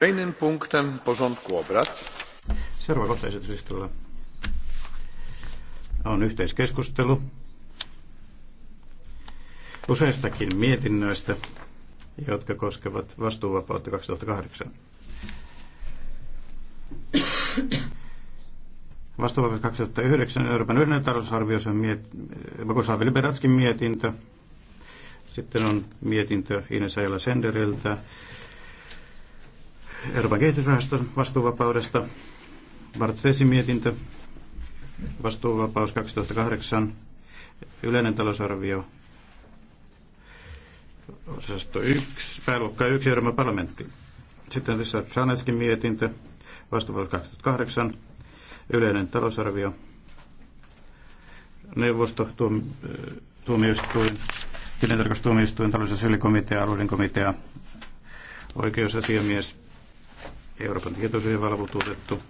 Kolejnym punktem porządku obrad. Seuraava kohta esityslistalla on yhteiskeskustelu useistakin mietinnöistä, jotka koskevat vastuuvapautta 2008. Vastuuvapautta 2009 Euroopan yhden talousarvio, se on miet- Vakuusavi Liberatskin mietintö. Sitten on mietintö Ines Ajala Senderiltä Euroopan kehitysrahaston vastuuvapaudesta. Bart mietintö. Vastuuvapaus 2008. Yleinen talousarvio. Osasto 1. Pääluokka 1. Euroopan parlamentti. Sitten tässä Saneskin mietintö. Vastuuvapaus 2008. Yleinen talousarvio. Neuvosto, tuomioistuin, tilintarkastuomioistuin, talous- ja alueiden komitea, oikeusasiamies, Euroopan tietosuojavalvotuutettu.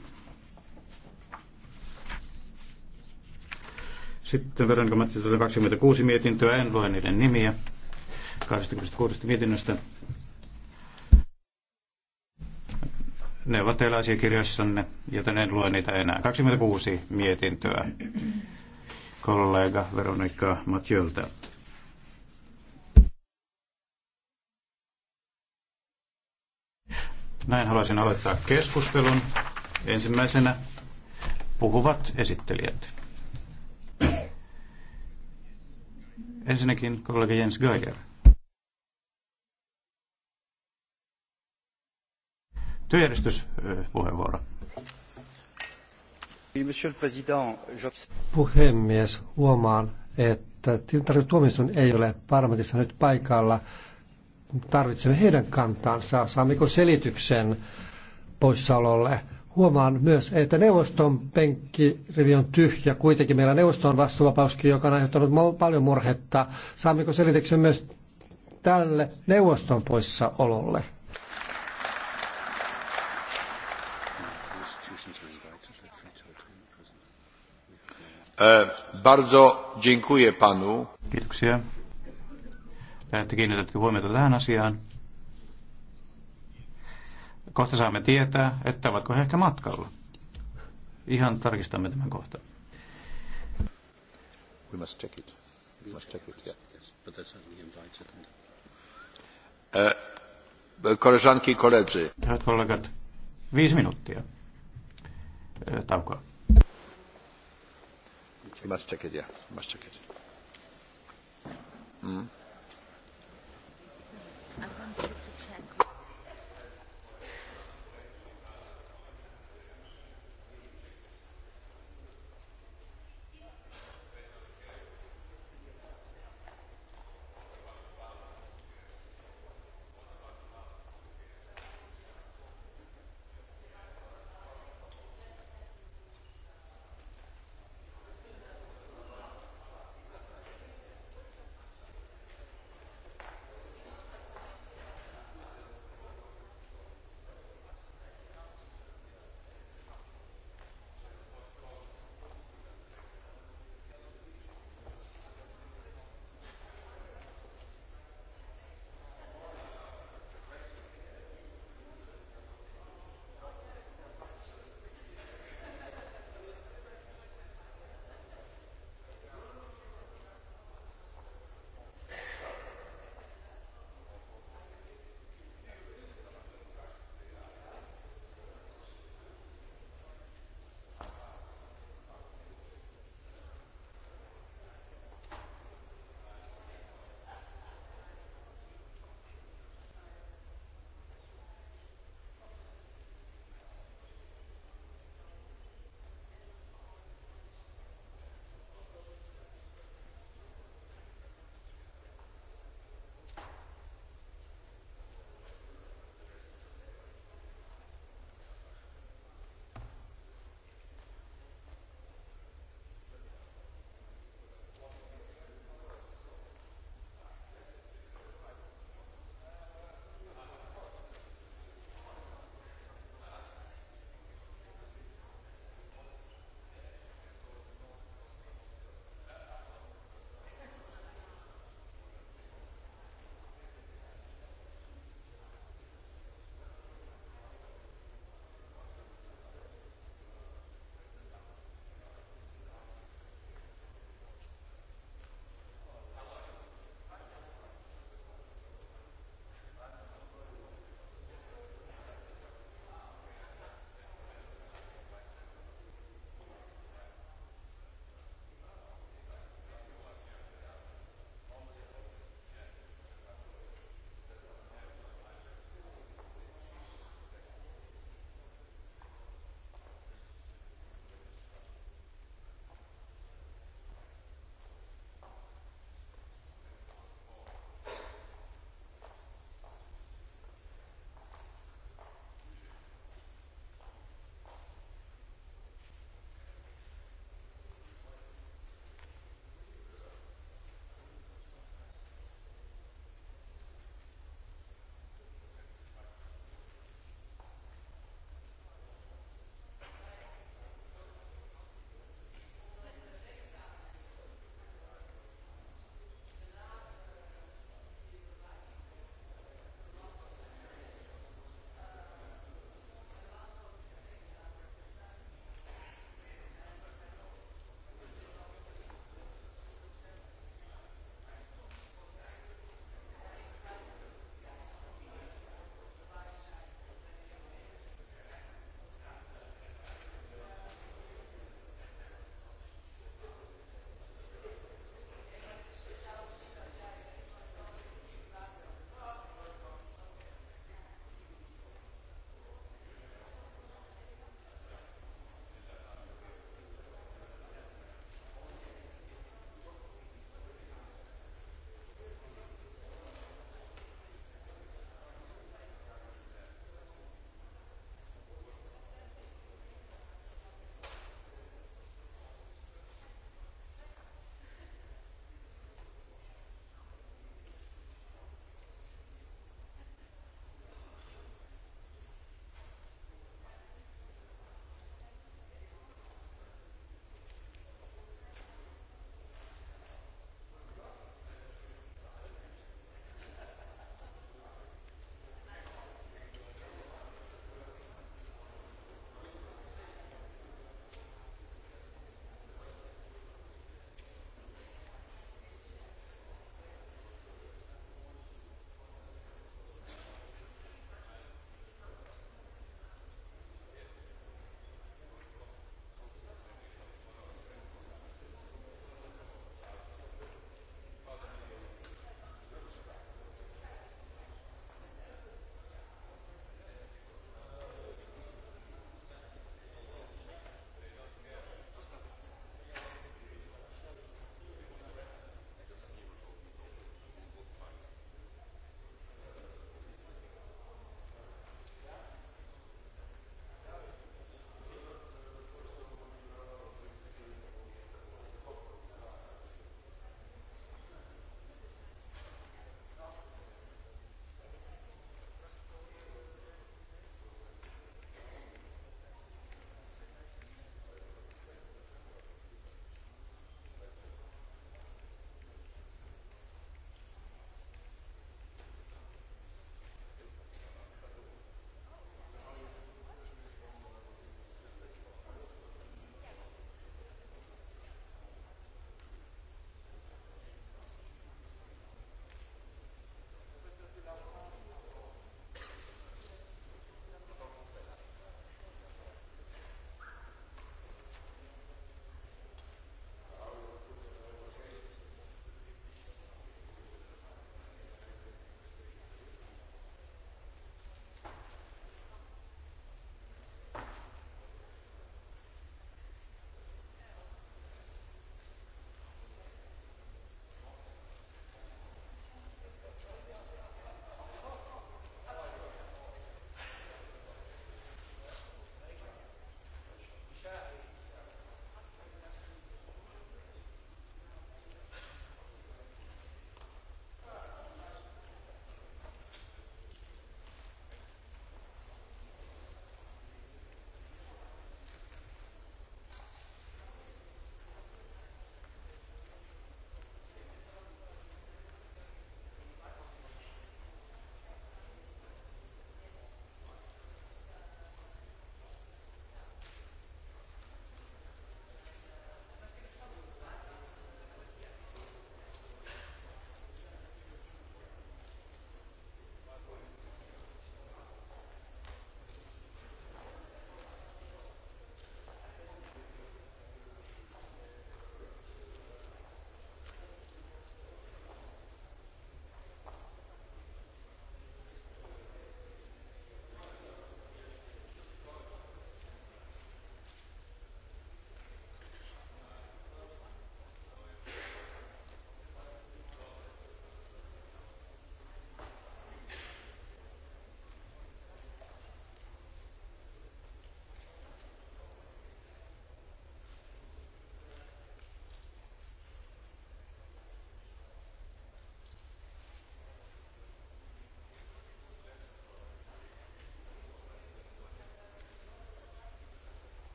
Sitten verran 26 mietintöä, en lue niiden nimiä. 26 mietinnöstä. Ne ovat teillä asiakirjoissanne, joten en lue niitä enää. 26 mietintöä kollega Veronika Matjöltä. Näin haluaisin aloittaa keskustelun. Ensimmäisenä puhuvat esittelijät. Ensinnäkin kollega Jens Geiger. Työjärjestyspuheenvuoro. Puhemies, huomaan, että Tintarin tuomiston ei ole parlamentissa nyt paikalla tarvitsemme heidän kantansa, saammeko selityksen poissaololle. Huomaan myös, että neuvoston penkkirivi on tyhjä. Kuitenkin meillä neuvoston vastuuvapauskin, joka on aiheuttanut paljon murhetta. Saammeko selityksen myös tälle neuvoston poissaololle? E, Kiitoksia että kiinnitätte huomiota tähän asiaan. Kohta saamme tietää, että ovatko he ehkä matkalla. Ihan tarkistamme tämän kohta. We must check it. We must check it, yeah. Yes, but uh, koleżanki i koledzy. Hyvät kollegat, viisi minuuttia e, taukoa. We must check it, yeah. We must check it. Mm. I've gone through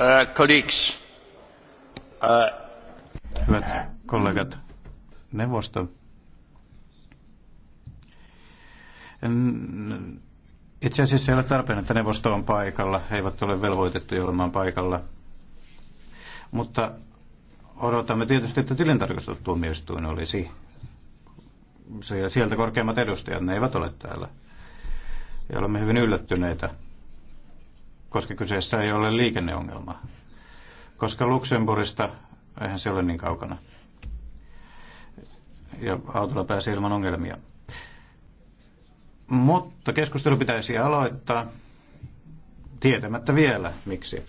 Uh, uh, Hyvät kollegat, neuvosto itse asiassa ei ole tarpeen, että neuvosto on paikalla. He eivät ole velvoitettuja olemaan paikalla. Mutta odotamme tietysti, että tilintarkastustuomioistuin olisi. Se, sieltä korkeimmat edustajat, ne eivät ole täällä. Ja olemme hyvin yllättyneitä koska kyseessä ei ole liikenneongelma. Koska Luxemburgista, eihän se ole niin kaukana. Ja autolla pääsee ilman ongelmia. Mutta keskustelu pitäisi aloittaa tietämättä vielä, miksi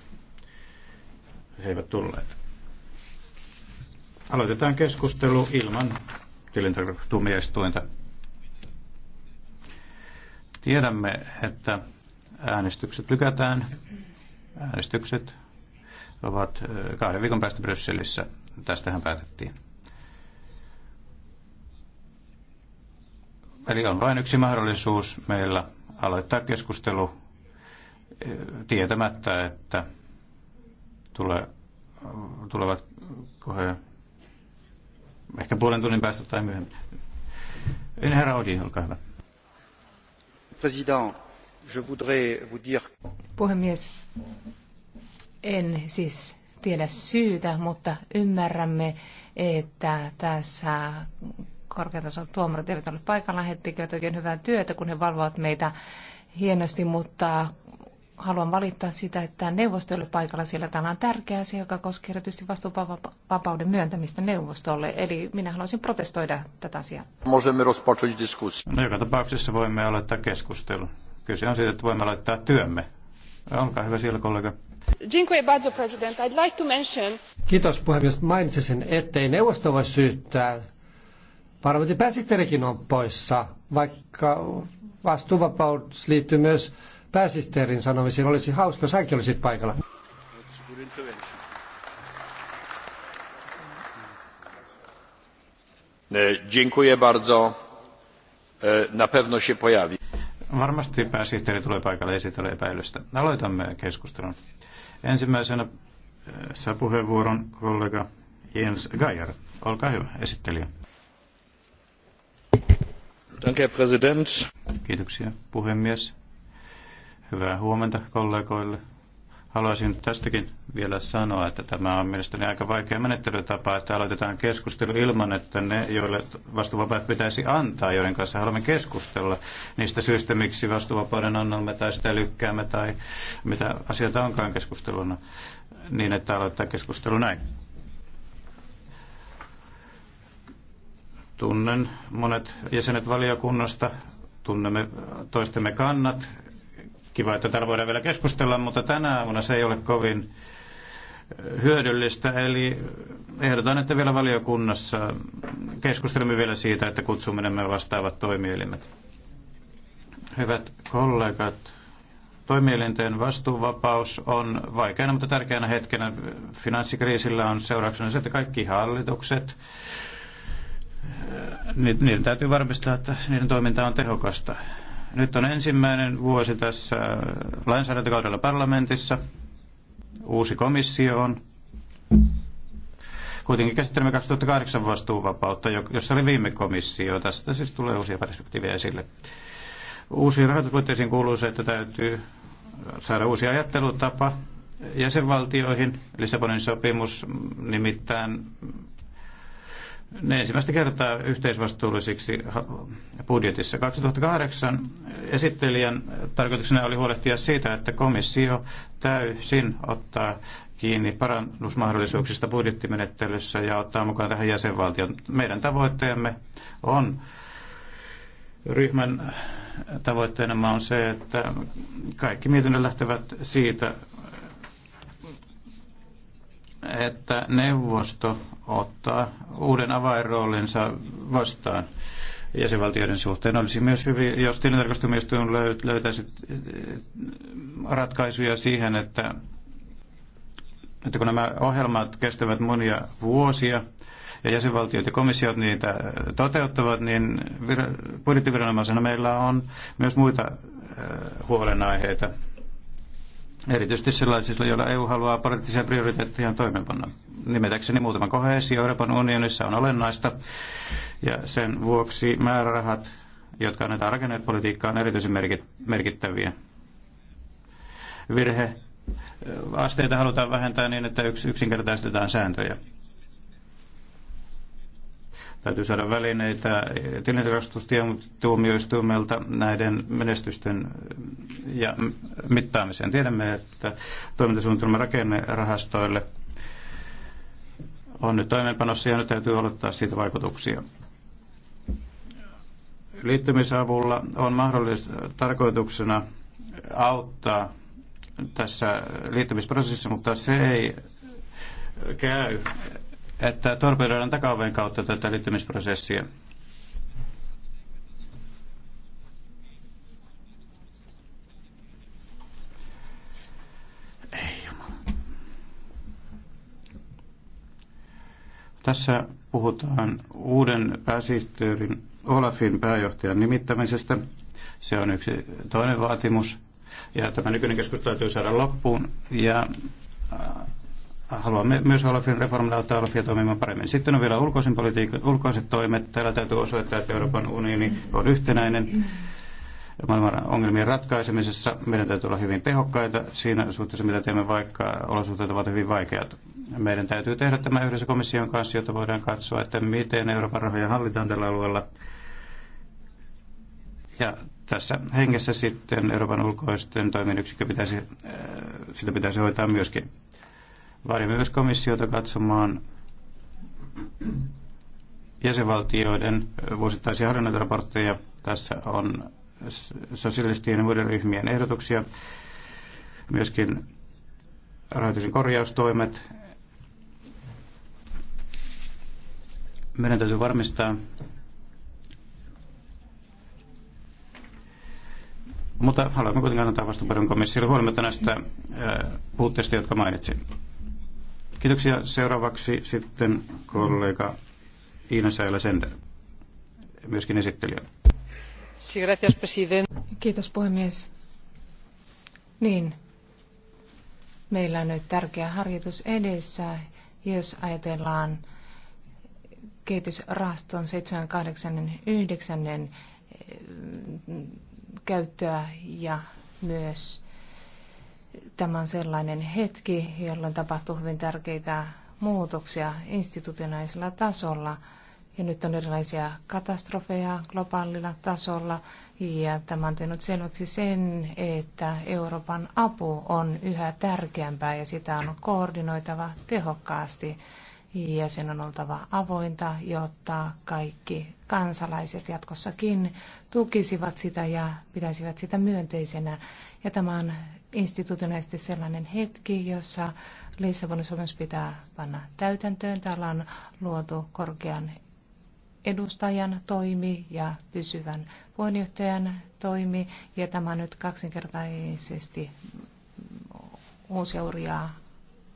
he eivät tulleet. Aloitetaan keskustelu ilman tilintarkastustuomioistuinta. Tiedämme, että Äänestykset lykätään. Äänestykset ovat äh, kahden viikon päästä Brysselissä. Tästähän päätettiin. Eli on vain yksi mahdollisuus meillä aloittaa keskustelu äh, tietämättä, että tule, tulevat kohe, ehkä puolen tunnin päästä tai myöhemmin. Herra Odi, olkaa hyvä. President. Puhemies, en siis tiedä syytä, mutta ymmärrämme, että tässä korkeatason tuomarit eivät ole paikalla. He tekevät oikein hyvää työtä, kun he valvovat meitä hienosti, mutta haluan valittaa sitä, että neuvosto ei ole paikalla, sillä tämä on tärkeä asia, joka koskee erityisesti vastuuvapauden myöntämistä neuvostolle. Eli minä haluaisin protestoida tätä asiaa. No, joka tapauksessa voimme aloittaa keskustelun. Kyse on siitä, että voimme aloittaa työmme. Olkaa hyvä siellä, kollega. Kiitos puhemies. Mainitsisin, ettei neuvosto voi syyttää. Parlamentin pääsihteerikin on poissa, vaikka vastuuvapaus liittyy myös pääsihteerin sanomisiin. Olisi hauska, jos hänkin olisi paikalla. E, dziękuję bardzo. E, na pewno się pojawi. Varmasti pääsihteeri tulee paikalle esitellä epäilystä. Aloitamme keskustelun. Ensimmäisenä äh, saa puheenvuoron kollega Jens Geier. Olkaa hyvä, esittelijä. Danke, President. Kiitoksia, puhemies. Hyvää huomenta kollegoille. Haluaisin tästäkin vielä sanoa, että tämä on mielestäni aika vaikea menettelytapa, että aloitetaan keskustelu ilman, että ne, joille vastuvapaat pitäisi antaa, joiden kanssa haluamme keskustella niistä syistä, miksi vastuvapauden annamme tai sitä lykkäämme tai mitä asioita onkaan keskusteluna, niin että aloittaa keskustelu näin. Tunnen monet jäsenet valiokunnasta, tunnemme toistemme kannat, Kiva, että täällä voidaan vielä keskustella, mutta tänä aamuna se ei ole kovin hyödyllistä. Eli ehdotan, että vielä valiokunnassa keskustelemme vielä siitä, että kutsuminemme vastaavat toimielimet. Hyvät kollegat, toimielinten vastuuvapaus on vaikeana, mutta tärkeänä hetkenä finanssikriisillä on seurauksena se, että kaikki hallitukset, niin niiden täytyy varmistaa, että niiden toiminta on tehokasta. Nyt on ensimmäinen vuosi tässä lainsäädäntökaudella parlamentissa. Uusi komissio on. Kuitenkin käsittelemme 2008 vastuuvapautta, jossa oli viime komissio. Tästä siis tulee uusia perspektiivejä esille. Uusiin rahoituspuitteisiin kuuluu se, että täytyy saada uusi ajattelutapa jäsenvaltioihin. Lissabonin sopimus nimittäin ne ensimmäistä kertaa yhteisvastuullisiksi budjetissa. 2008 esittelijän tarkoituksena oli huolehtia siitä, että komissio täysin ottaa kiinni parannusmahdollisuuksista budjettimenettelyssä ja ottaa mukaan tähän jäsenvaltion. Meidän tavoitteemme on ryhmän tavoitteena on se, että kaikki mietinnön lähtevät siitä että neuvosto ottaa uuden avainroolinsa vastaan jäsenvaltioiden suhteen. Olisi myös hyvin, jos tilintarkastumistuin löytäisi eh, ratkaisuja siihen, että, että kun nämä ohjelmat kestävät monia vuosia, ja jäsenvaltiot ja komissiot niitä eh, toteuttavat, niin budjettiviranomaisena meillä on myös muita eh, huolenaiheita erityisesti sellaisilla, joilla EU haluaa poliittisia prioriteetteja toimenpanna. Nimetäkseni muutama kohesio Euroopan unionissa on olennaista, ja sen vuoksi määrärahat, jotka annetaan rakennepolitiikkaan, on erityisen merkittäviä. Virhe asteita halutaan vähentää niin, että yksinkertaistetaan sääntöjä. Täytyy saada välineitä tilintarkastustuomioistuimelta näiden menestysten ja mittaamiseen. Tiedämme, että toimintasuunnitelman rahastoille on nyt toimeenpanossa ja nyt täytyy odottaa siitä vaikutuksia. Liittymisavulla on mahdollista tarkoituksena auttaa tässä liittymisprosessissa, mutta se ei käy että torpedoidaan takaoven kautta tätä liittymisprosessia. Ei. Tässä puhutaan uuden pääsihteerin Olafin pääjohtajan nimittämisestä. Se on yksi toinen vaatimus. Ja tämä nykyinen keskustelu täytyy saada loppuun. Ja äh, haluamme myös Olafin reformilla ottaa Olafia toimimaan paremmin. Sitten on vielä ulkoisen politiikan, ulkoiset toimet. Täällä täytyy osoittaa, että Euroopan unioni on yhtenäinen maailman ongelmien ratkaisemisessa. Meidän täytyy olla hyvin tehokkaita siinä suhteessa, mitä teemme, vaikka olosuhteet ovat hyvin vaikeat. Meidän täytyy tehdä tämä yhdessä komission kanssa, jotta voidaan katsoa, että miten Euroopan rahoja hallitaan tällä alueella. Ja tässä hengessä sitten Euroopan ulkoisten toimien yksikkö pitäisi, äh, sitä pitäisi hoitaa myöskin. Vaadimme myös komissiota katsomaan jäsenvaltioiden vuosittaisia harjoitusraportteja. Tässä on sosialistien ja muiden ryhmien ehdotuksia. Myöskin rahoituksen korjaustoimet. Meidän täytyy varmistaa, Mutta haluamme kuitenkin antaa vastapanon komissiolle huolimatta näistä puutteista, jotka mainitsin. Kiitoksia. Seuraavaksi sitten kollega Iina Säilä-Sender, myöskin esittelijä. Kiitos puhemies. Niin, meillä on nyt tärkeä harjoitus edessä, jos ajatellaan kehitysrahaston 789 eh, käyttöä ja myös Tämä on sellainen hetki, jolloin tapahtuu hyvin tärkeitä muutoksia institutionaalisella tasolla. Ja nyt on erilaisia katastrofeja globaalilla tasolla. Ja tämä on tehnyt selväksi sen, että Euroopan apu on yhä tärkeämpää ja sitä on koordinoitava tehokkaasti. Ja sen on oltava avointa, jotta kaikki kansalaiset jatkossakin tukisivat sitä ja pitäisivät sitä myönteisenä. Ja tämä on institutionaalisesti sellainen hetki, jossa Lissabonin sopimus pitää panna täytäntöön. Täällä on luotu korkean edustajan toimi ja pysyvän puheenjohtajan toimi. Ja tämä on nyt kaksinkertaisesti uusia uria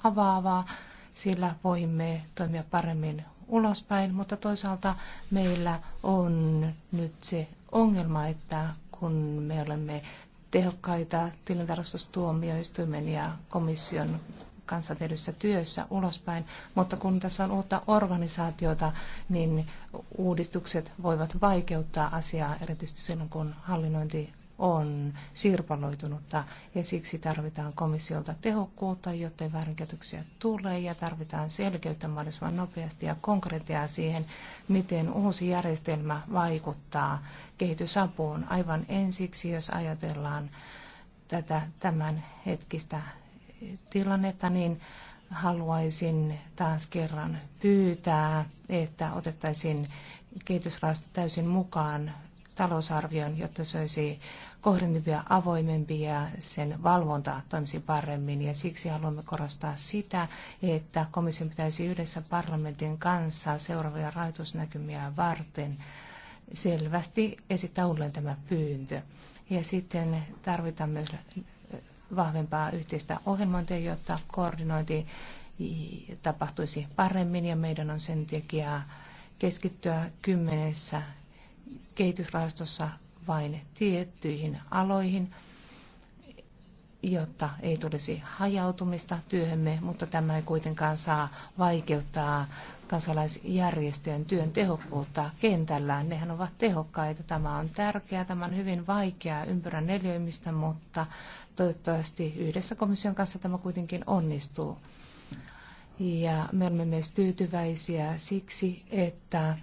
avaavaa, sillä voimme toimia paremmin ulospäin, mutta toisaalta meillä on nyt se ongelma, että kun me olemme tehokkaita tilintarkastustuomioistuimen ja komission kanssa tehdyssä työssä ulospäin, mutta kun tässä on uutta organisaatiota, niin uudistukset voivat vaikeuttaa asiaa erityisesti silloin, kun hallinnointi on sirpaloitunutta ja siksi tarvitaan komissiolta tehokkuutta, jotta väärinkäytöksiä tulee ja tarvitaan selkeyttä mahdollisimman nopeasti ja konkretiaa siihen, miten uusi järjestelmä vaikuttaa kehitysapuun. Aivan ensiksi, jos ajatellaan tätä tämän hetkistä tilannetta, niin haluaisin taas kerran pyytää, että otettaisiin kehitysrahasto täysin mukaan talousarvion, jotta se olisi kohdentuvia ja avoimempi ja sen valvonta toimisi paremmin. Ja siksi haluamme korostaa sitä, että komissio pitäisi yhdessä parlamentin kanssa seuraavia rahoitusnäkymiä varten selvästi esittää uudelleen tämä pyyntö. Ja sitten tarvitaan myös vahvempaa yhteistä ohjelmointia, jotta koordinointi tapahtuisi paremmin ja meidän on sen takia keskittyä kymmenessä kehitysrahastossa vain tiettyihin aloihin, jotta ei tulisi hajautumista työhömme, mutta tämä ei kuitenkaan saa vaikeuttaa kansalaisjärjestöjen työn tehokkuutta kentällään. Nehän ovat tehokkaita. Tämä on tärkeää, tämä on hyvin vaikeaa ympyrän neljöimistä, mutta toivottavasti yhdessä komission kanssa tämä kuitenkin onnistuu. Ja me olemme myös tyytyväisiä siksi, että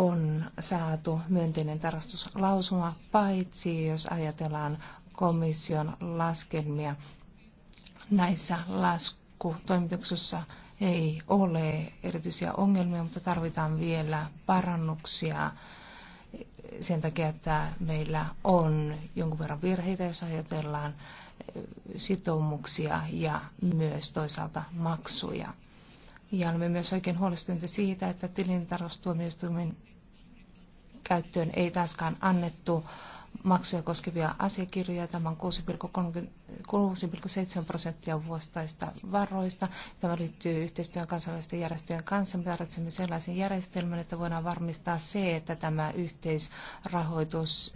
on saatu myönteinen tarkastuslausuma, paitsi jos ajatellaan komission laskelmia. Näissä laskutoimituksissa ei ole erityisiä ongelmia, mutta tarvitaan vielä parannuksia sen takia, että meillä on jonkun verran virheitä, jos ajatellaan sitoumuksia ja myös toisaalta maksuja. Ja olemme myös oikein huolestuneita siitä, että tilintarkastustuomioistuimen käyttöön ei taaskaan annettu maksuja koskevia asiakirjoja. Tämä on 6,7 prosenttia vuostaista varoista. Tämä liittyy yhteistyön kansainvälisten järjestöjen kanssa. Me tarvitsemme sellaisen järjestelmän, että voidaan varmistaa se, että tämä yhteisrahoitus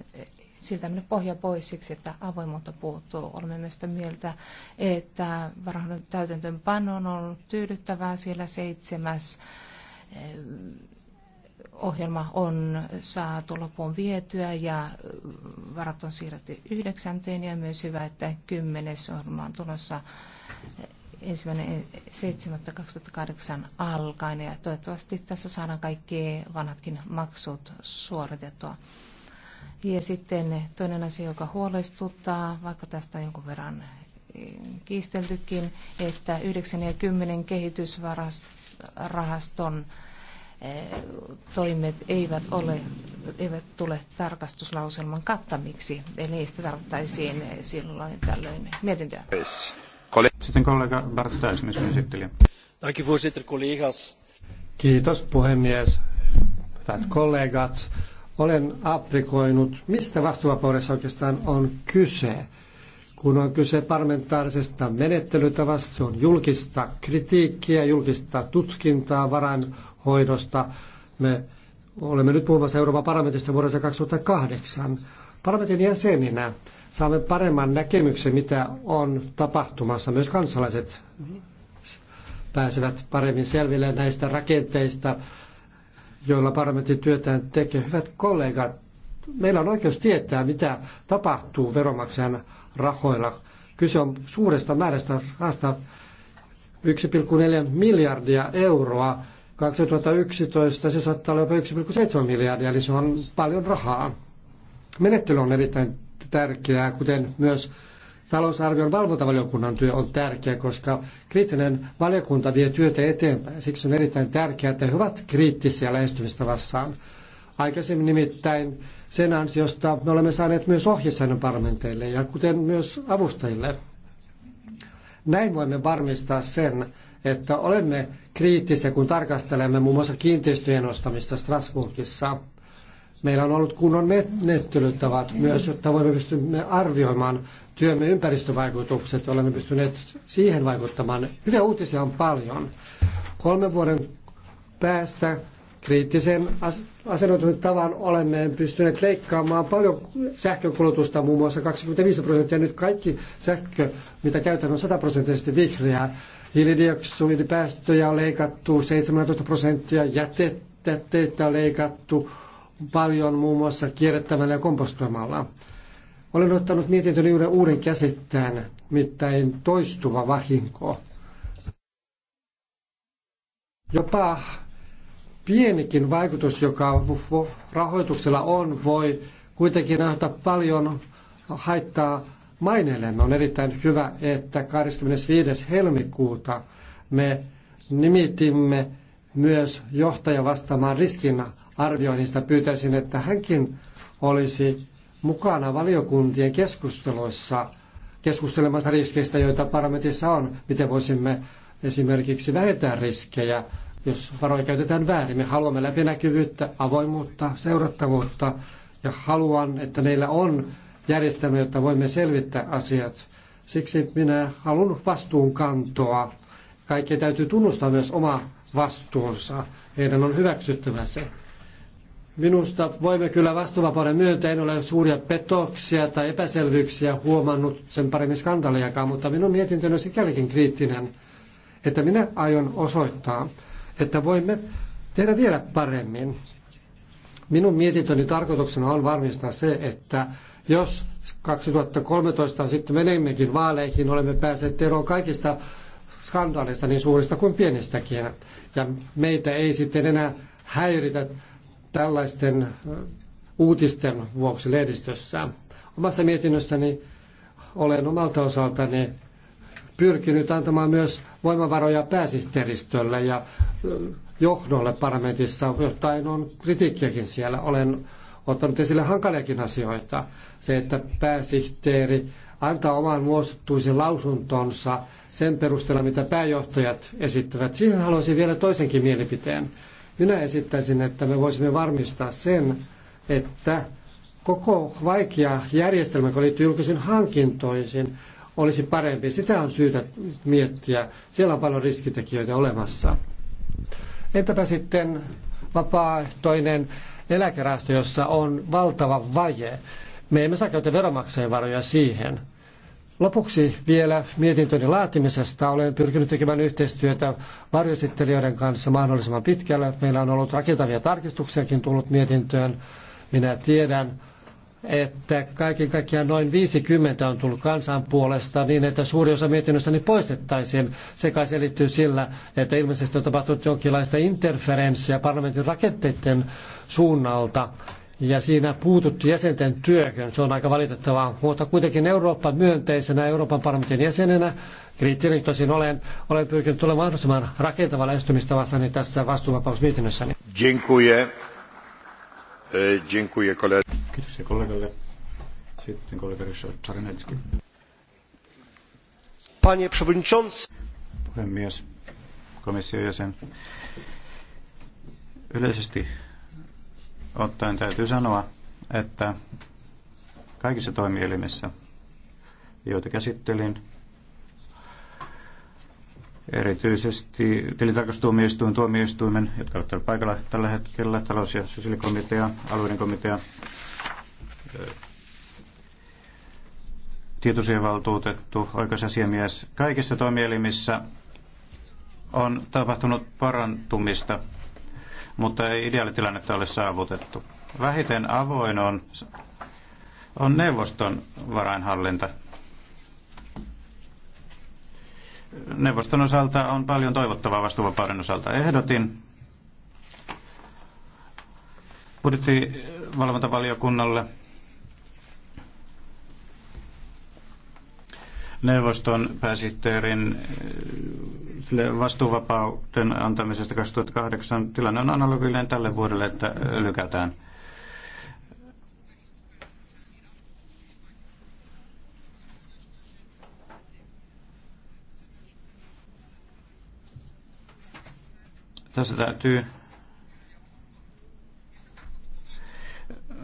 siltä mennyt pohja pois siksi, että avoimuutta puuttuu. Olemme myös sitä mieltä, että varhainen täytäntöönpano on ollut tyydyttävää siellä seitsemäs ohjelma on saatu loppuun vietyä ja varat on siirretty yhdeksänteen ja myös hyvä, että kymmenes ohjelma on tulossa ensimmäinen 7.2008 alkaen ja toivottavasti tässä saadaan kaikki vanhatkin maksut suoritettua. Ja sitten toinen asia, joka huolestuttaa, vaikka tästä on jonkun verran kiisteltykin, että 9 ja 10 rahaston toimet eivät, ole, eivät tule tarkastuslauselman kattamiksi, eli niistä tarvittaisiin silloin tällöin mietintöä. Sitten kollega Bart Täysmies, esittelijä. Kiitos puhemies. Hyvät kollegat, olen aprikoinut, mistä vastuuvapaudessa oikeastaan on kyse. Kun on kyse parlamentaarisesta menettelytavasta, se on julkista kritiikkiä, julkista tutkintaa varainhoidosta. Me olemme nyt puhumassa Euroopan parlamentista vuodesta 2008. Parlamentin jäseninä saamme paremman näkemyksen, mitä on tapahtumassa. Myös kansalaiset pääsevät paremmin selville näistä rakenteista, joilla parlamentin työtään tekee. Hyvät kollegat, meillä on oikeus tietää, mitä tapahtuu veronmaksajan rahoilla. Kyse on suuresta määrästä rahasta 1,4 miljardia euroa. 2011 se saattaa olla jopa 1,7 miljardia, eli se on paljon rahaa. Menettely on erittäin tärkeää, kuten myös talousarvion valvontavaliokunnan työ on tärkeä, koska kriittinen valiokunta vie työtä eteenpäin. Siksi on erittäin tärkeää, että he ovat kriittisiä lähestymistavassa. Aikaisemmin nimittäin sen ansiosta me olemme saaneet myös ohjesäännön parlamenteille ja kuten myös avustajille. Näin voimme varmistaa sen, että olemme kriittisiä, kun tarkastelemme muun muassa kiinteistöjen ostamista Strasbourgissa. Meillä on ollut kunnon menettelytavat myös, jotta voimme pystymme arvioimaan työmme ympäristövaikutukset. Olemme pystyneet siihen vaikuttamaan. Hyviä uutisia on paljon. Kolmen vuoden päästä kriittisen asennoitunut tavan olemme pystyneet leikkaamaan paljon sähkönkulutusta, muun muassa 25 prosenttia. Nyt kaikki sähkö, mitä käytän, on 100 prosenttisesti vihreää. Hiilidioksidipäästöjä on leikattu 17 prosenttia, jätteitä on leikattu paljon muun muassa kierrättämällä ja kompostoimalla. Olen ottanut mietintöni uuden, uuden käsitteen, mittain toistuva vahinko. Jopa pienikin vaikutus, joka rahoituksella on, voi kuitenkin nähdä paljon haittaa maineillemme. On erittäin hyvä, että 25. helmikuuta me nimitimme myös johtaja vastaamaan riskin arvioinnista. Pyytäisin, että hänkin olisi mukana valiokuntien keskusteluissa keskustelemassa riskeistä, joita parametissa on, miten voisimme esimerkiksi vähentää riskejä jos varoja käytetään väärin. Me haluamme läpinäkyvyyttä, avoimuutta, seurattavuutta ja haluan, että meillä on järjestelmä, jotta voimme selvittää asiat. Siksi minä haluan vastuunkantoa. Kaikki täytyy tunnustaa myös oma vastuunsa. Heidän on hyväksyttävä se. Minusta voimme kyllä vastuuvapauden myöntää, en ole suuria petoksia tai epäselvyyksiä huomannut sen paremmin skandaaliakaan, mutta minun mietintöni on sikälikin kriittinen, että minä aion osoittaa, että voimme tehdä vielä paremmin. Minun mietintöni tarkoituksena on varmistaa se, että jos 2013 sitten menemmekin vaaleihin, olemme päässeet eroon kaikista skandaaleista niin suurista kuin pienistäkin. Ja meitä ei sitten enää häiritä tällaisten uutisten vuoksi lehdistössä. Omassa mietinnössäni olen omalta osaltani pyrkinyt antamaan myös voimavaroja pääsihteeristölle ja johdolle parlamentissa, jotain on kritiikkiäkin siellä. Olen ottanut esille hankaliakin asioita. Se, että pääsihteeri antaa oman muostuisen lausuntonsa sen perusteella, mitä pääjohtajat esittävät. Siihen haluaisin vielä toisenkin mielipiteen. Minä esittäisin, että me voisimme varmistaa sen, että koko vaikea järjestelmä, joka liittyy julkisiin hankintoihin, olisi parempi. Sitä on syytä miettiä. Siellä on paljon riskitekijöitä olemassa. Entäpä sitten vapaaehtoinen eläkerahasto, jossa on valtava vaje. Me emme saa käyttää veronmaksajien varoja siihen. Lopuksi vielä mietintöni laatimisesta. Olen pyrkinyt tekemään yhteistyötä varjoesittelijöiden kanssa mahdollisimman pitkälle. Meillä on ollut rakentavia tarkistuksiakin tullut mietintöön. Minä tiedän, että kaiken kaikkiaan noin 50 on tullut kansan puolesta niin, että suuri osa mietinnöstäni poistettaisiin. Se kai selittyy sillä, että ilmeisesti on tapahtunut jonkinlaista interferenssiä parlamentin rakenteiden suunnalta ja siinä puututtu jäsenten työhön. Se on aika valitettavaa, mutta kuitenkin Eurooppa myönteisenä Euroopan parlamentin jäsenenä, kriittinen tosin olen, olen pyrkinyt olemaan mahdollisimman rakentava lähestymistavastani tässä vastuuvapausmietinnössäni. Dziękuję. E, dziękuję koledze. Kiitoksia kollegalle. Czarnecki. Panie przewodniczący. Puhemies, komission jäsen. Yleisesti ottaen täytyy sanoa, että kaikissa toimielimissä, joita käsittelin, Erityisesti tilintarkastustuomioistuin, tuomioistuimen, jotka ovat paikalla tällä hetkellä, talous- ja sosiaalikomitea, alueiden komitea, tietosuojavaltuutettu, oikeusasiamies. Kaikissa toimielimissä on tapahtunut parantumista, mutta ei ideaalitilannetta ole saavutettu. Vähiten avoin on, on neuvoston varainhallinta. neuvoston osalta on paljon toivottavaa vastuuvapauden osalta. Ehdotin budjettivalvontavaliokunnalle neuvoston pääsihteerin äh, vastuuvapauden antamisesta 2008. Tilanne on analoginen tälle vuodelle, että äh, lykätään. Tässä täytyy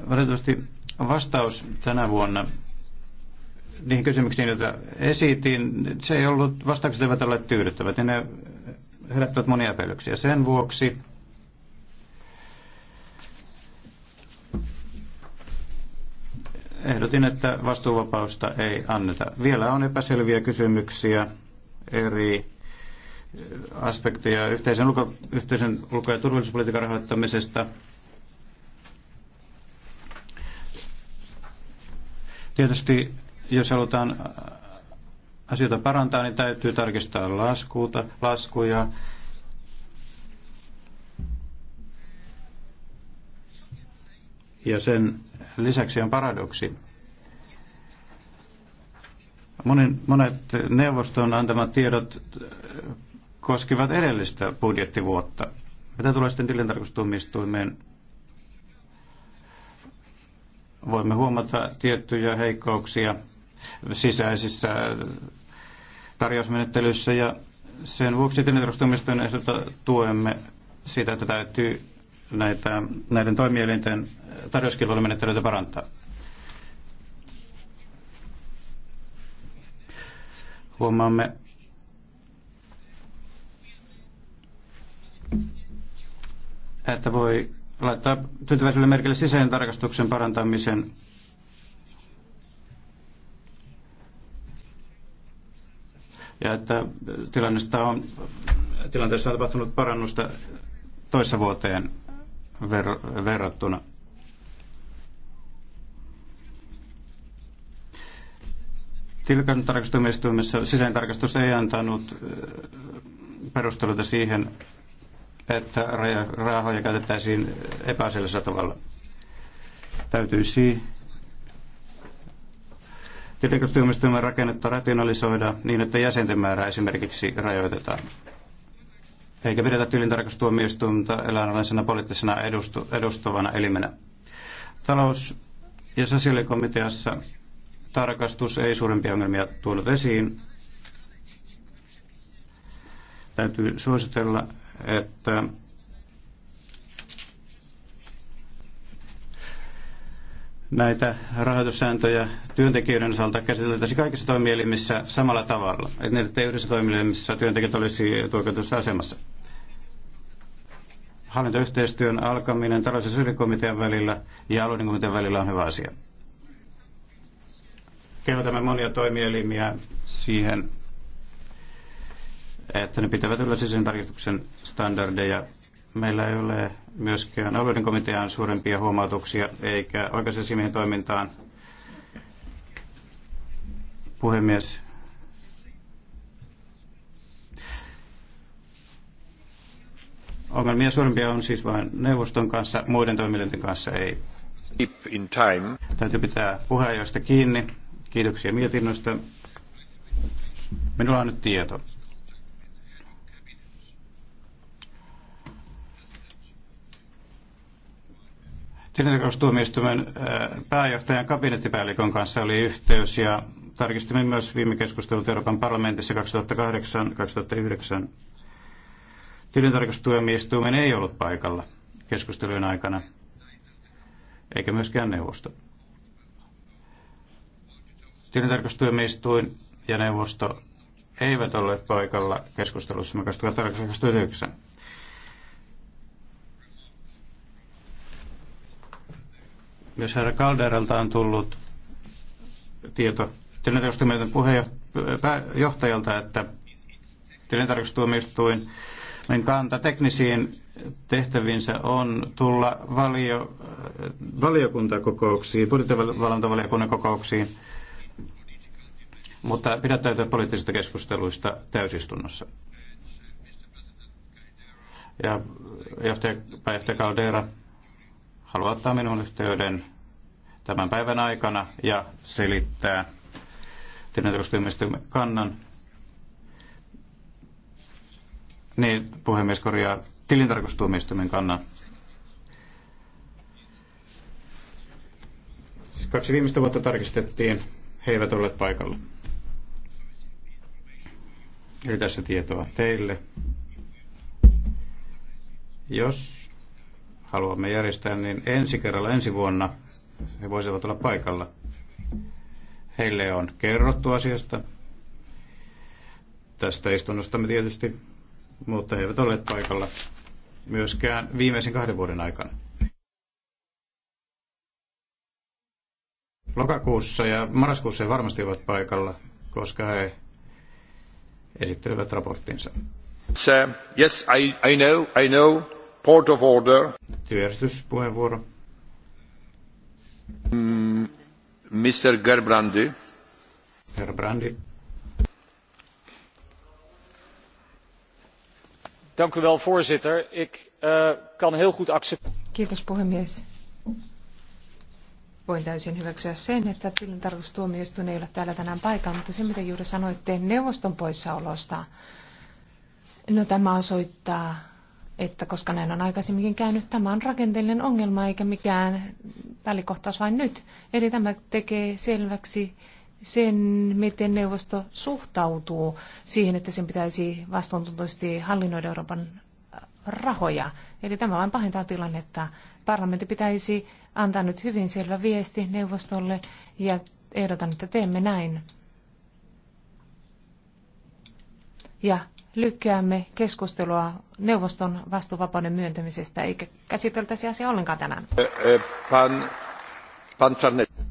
valitettavasti vastaus tänä vuonna niihin kysymyksiin, joita esitin, se ei ollut, vastaukset eivät ole tyydyttävät ja ne herättävät monia epäilyksiä. Sen vuoksi ehdotin, että vastuuvapausta ei anneta. Vielä on epäselviä kysymyksiä eri aspekteja yhteisen ulko, yhteisen ulko- ja turvallisuuspolitiikan rahoittamisesta. Tietysti jos halutaan asioita parantaa, niin täytyy tarkistaa laskuuta, laskuja. Ja sen lisäksi on paradoksi. monet neuvoston antamat tiedot koskivat edellistä budjettivuotta. Mitä tulee sitten tilintarkastustuomioistuimeen, voimme huomata tiettyjä heikkouksia sisäisissä tarjousmenettelyissä ja sen vuoksi tilintarkastustuomioistuimen ehdota tuemme sitä, että täytyy näitä, näiden toimielinten tarjouskilpailumenettelyitä parantaa. Huomaamme että voi laittaa tyytyväisyyden merkille sisäisen tarkastuksen parantamisen ja että tilannesta on, tilanteessa on tapahtunut parannusta toissa vuoteen ver- verrattuna. Tilkantarkastustuomioistuimessa sisäinen tarkastus ei antanut äh, perusteluita siihen, että rahoja käytettäisiin epäselvällä tavalla. Täytyisi tilikastuomioistuimen rakennetta rationalisoida niin, että jäsenten määrää esimerkiksi rajoitetaan. Eikä pidetä tilintarkastustuomioistuinta eläinalaisena poliittisena edustu, edustavana elimenä. Talous- ja sosiaalikomiteassa tarkastus ei suurempia ongelmia tuonut esiin. Täytyy suositella että näitä rahoitussääntöjä työntekijöiden osalta käsiteltäisiin kaikissa toimielimissä samalla tavalla. Että ne, ettei yhdessä toimielimissä työntekijät olisi tuokatussa asemassa. Hallintoyhteistyön alkaminen talous- ja syrjikomitean välillä ja alueiden komitean välillä on hyvä asia. Kehotamme monia toimielimiä siihen että ne pitävät yllä sisäisen tarkistuksen standardeja. Meillä ei ole myöskään alueiden komiteaan suurempia huomautuksia eikä oikeusasiamiehen toimintaan. Puhemies, Ongelmia suurempia on siis vain neuvoston kanssa, muiden toimielinten kanssa ei. Keep in time. Täytyy pitää puheenjohtajasta kiinni. Kiitoksia mietinnöstä. Minulla on nyt tieto. tilintarkastustuomioistuimen pääjohtajan kabinettipäällikön kanssa oli yhteys ja tarkistimme myös viime keskustelut Euroopan parlamentissa 2008-2009. Tilintarkastustuomioistuimen ei ollut paikalla keskustelujen aikana, eikä myöskään neuvosto. Tilintarkastustuomioistuin ja neuvosto eivät olleet paikalla keskustelussa 2008-2009. Myös herra Kalderalta on tullut tieto tilintarkastustuomioiden puheenjohtajalta, että tilintarkastustuomioistuin niin kanta teknisiin tehtäviinsä on tulla valio, valiokuntakokouksiin, budjettivalantavaliokunnan kokouksiin, mutta pidättäytyä poliittisista keskusteluista täysistunnossa. Ja johtaja, pääjohtaja Caldera haluaa ottaa minun yhteyden tämän päivän aikana ja selittää tilintarkastustuomioistuimme kannan. Niin, puhemies korjaa tilintarkastustuomioistuimen kannan. Siis kaksi viimeistä vuotta tarkistettiin, he eivät olleet paikalla. Eli tässä tietoa teille. Jos haluamme järjestää, niin ensi kerralla, ensi vuonna he voisivat olla paikalla. Heille on kerrottu asiasta. Tästä me tietysti, mutta he eivät olleet paikalla myöskään viimeisen kahden vuoden aikana. Lokakuussa ja marraskuussa he varmasti ovat paikalla, koska he esittelevät raporttinsa. yes, I, I know, I know. Port of order. Työjärjestyspuheenvuoro. Mm, Mr. Gerbrandi. Gerbrandi. Dank u wel, voorzitter. Ik uh, kan heel goed accepteren. Kiitos puhemies. Voin täysin hyväksyä sen, että tilintarkastustuomioistuin ei ole täällä tänään paikalla, mutta se mitä juuri sanoitte neuvoston poissaolosta, no tämä osoittaa että koska näin on aikaisemminkin käynyt, tämä on rakenteellinen ongelma eikä mikään välikohtaus vain nyt. Eli tämä tekee selväksi sen, miten neuvosto suhtautuu siihen, että sen pitäisi vastuuntuntoisesti hallinnoida Euroopan rahoja. Eli tämä vain pahentaa tilannetta. Parlamentti pitäisi antaa nyt hyvin selvä viesti neuvostolle ja ehdotan, että teemme näin. Ja lykkäämme keskustelua neuvoston vastuuvapauden myöntämisestä, eikä käsiteltäisi asiaa ollenkaan tänään. Eh, eh, pan,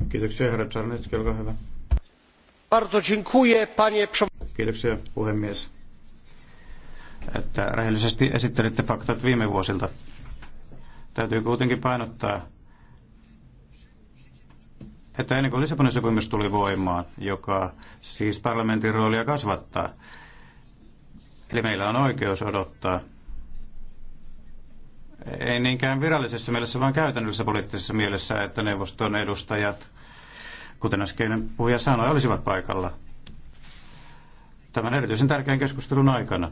Kiitoksia, herra Czarnecki, olkaa hyvä. Bardzo dziękuję, panie... Kiitoksia, puhemies, että rehellisesti esittelitte faktat viime vuosilta. Täytyy kuitenkin painottaa, että ennen kuin Lissabonin sopimus tuli voimaan, joka siis parlamentin roolia kasvattaa, Eli meillä on oikeus odottaa, ei niinkään virallisessa mielessä, vaan käytännössä poliittisessa mielessä, että neuvoston edustajat, kuten äskeinen puhuja sanoi, olisivat paikalla tämän erityisen tärkeän keskustelun aikana.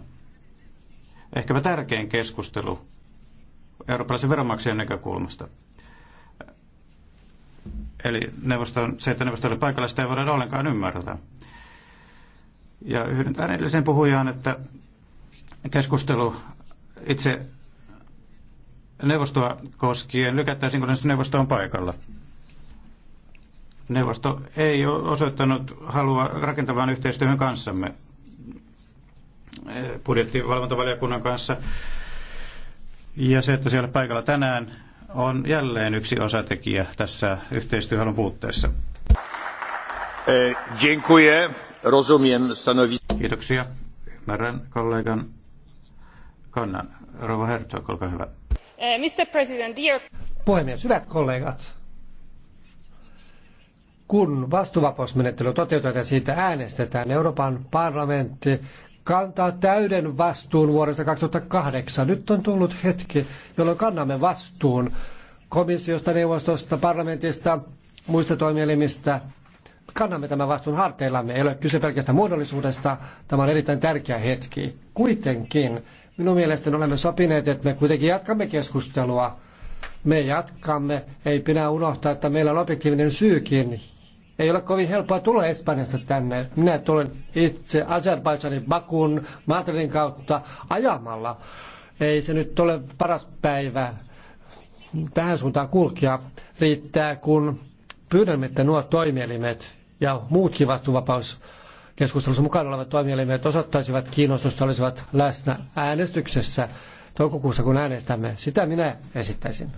Ehkäpä tärkein keskustelu eurooppalaisen veronmaksajan näkökulmasta. Eli neuvoston, se, että neuvosto oli paikalla, sitä ei voida ollenkaan ymmärtää. Ja yhden edelliseen puhujaan, että keskustelu itse neuvostoa koskien lykättäisiin, kun neuvosto on paikalla. Neuvosto ei ole osoittanut halua rakentavaan yhteistyöhön kanssamme eh, budjettivalvontavaliokunnan kanssa. Ja se, että siellä paikalla tänään, on jälleen yksi osatekijä tässä yhteistyöhalun puutteessa. Eh, Kiitoksia. Ymmärrän kollegan kannan. Rova Herzog, olkaa hyvä. Eh, Mr. President, dear... Puhemies, hyvät kollegat. Kun vastuvapausmenettely toteutetaan ja siitä äänestetään, Euroopan parlamentti kantaa täyden vastuun vuodesta 2008. Nyt on tullut hetki, jolloin kannamme vastuun komissiosta, neuvostosta, parlamentista, muista toimielimistä. Kannamme tämän vastuun harteillamme. Ei ole kyse pelkästään muodollisuudesta. Tämä on erittäin tärkeä hetki. Kuitenkin Minun mielestäni olemme sopineet, että me kuitenkin jatkamme keskustelua. Me jatkamme. Ei pidä unohtaa, että meillä on objektiivinen syykin. Ei ole kovin helppoa tulla Espanjasta tänne. Minä tulen itse Azerbaidžanin Bakun Madridin kautta ajamalla. Ei se nyt ole paras päivä tähän suuntaan kulkea. Riittää, kun pyydämme, että nuo toimielimet ja muutkin vastuuvapaus keskustelussa mukana olevat toimielimet osoittaisivat kiinnostusta, olisivat läsnä äänestyksessä toukokuussa, kun äänestämme. Sitä minä esittäisin.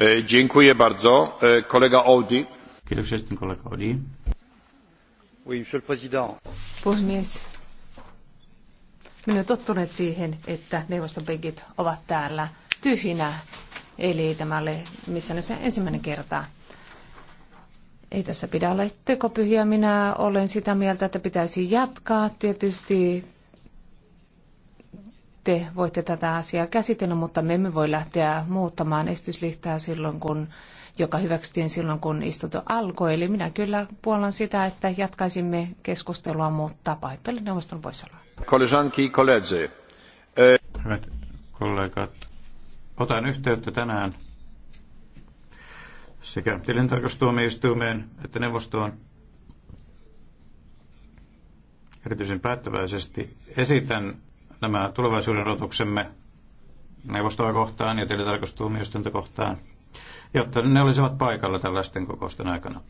E, dziękuję bardzo. E, kollega Audi. Kiitoksia sitten kollega Audi. Oui, monsieur le président. Puhemies. Me olemme tottuneet siihen, että neuvoston penkit ovat täällä tyhjinä. Eli tämä oli missä nyt se ensimmäinen kerta. Ei tässä pidä olla tekopyhiä. Minä olen sitä mieltä, että pitäisi jatkaa. Tietysti te voitte tätä asiaa käsitellä, mutta me emme voi lähteä muuttamaan estyslihtää silloin, kun joka hyväksyttiin silloin, kun istunto alkoi. Eli minä kyllä puolan sitä, että jatkaisimme keskustelua, mutta pahoittelen neuvoston poissaoloa. Koleżanki i e- Hyvät kollegat, otan yhteyttä tänään sekä tilintarkastuomioistuimeen että neuvostoon erityisen päättäväisesti esitän nämä tulevaisuuden odotuksemme neuvostoa kohtaan ja tilintarkastuomioistuinta kohtaan, jotta ne olisivat paikalla tällaisten kokousten aikana.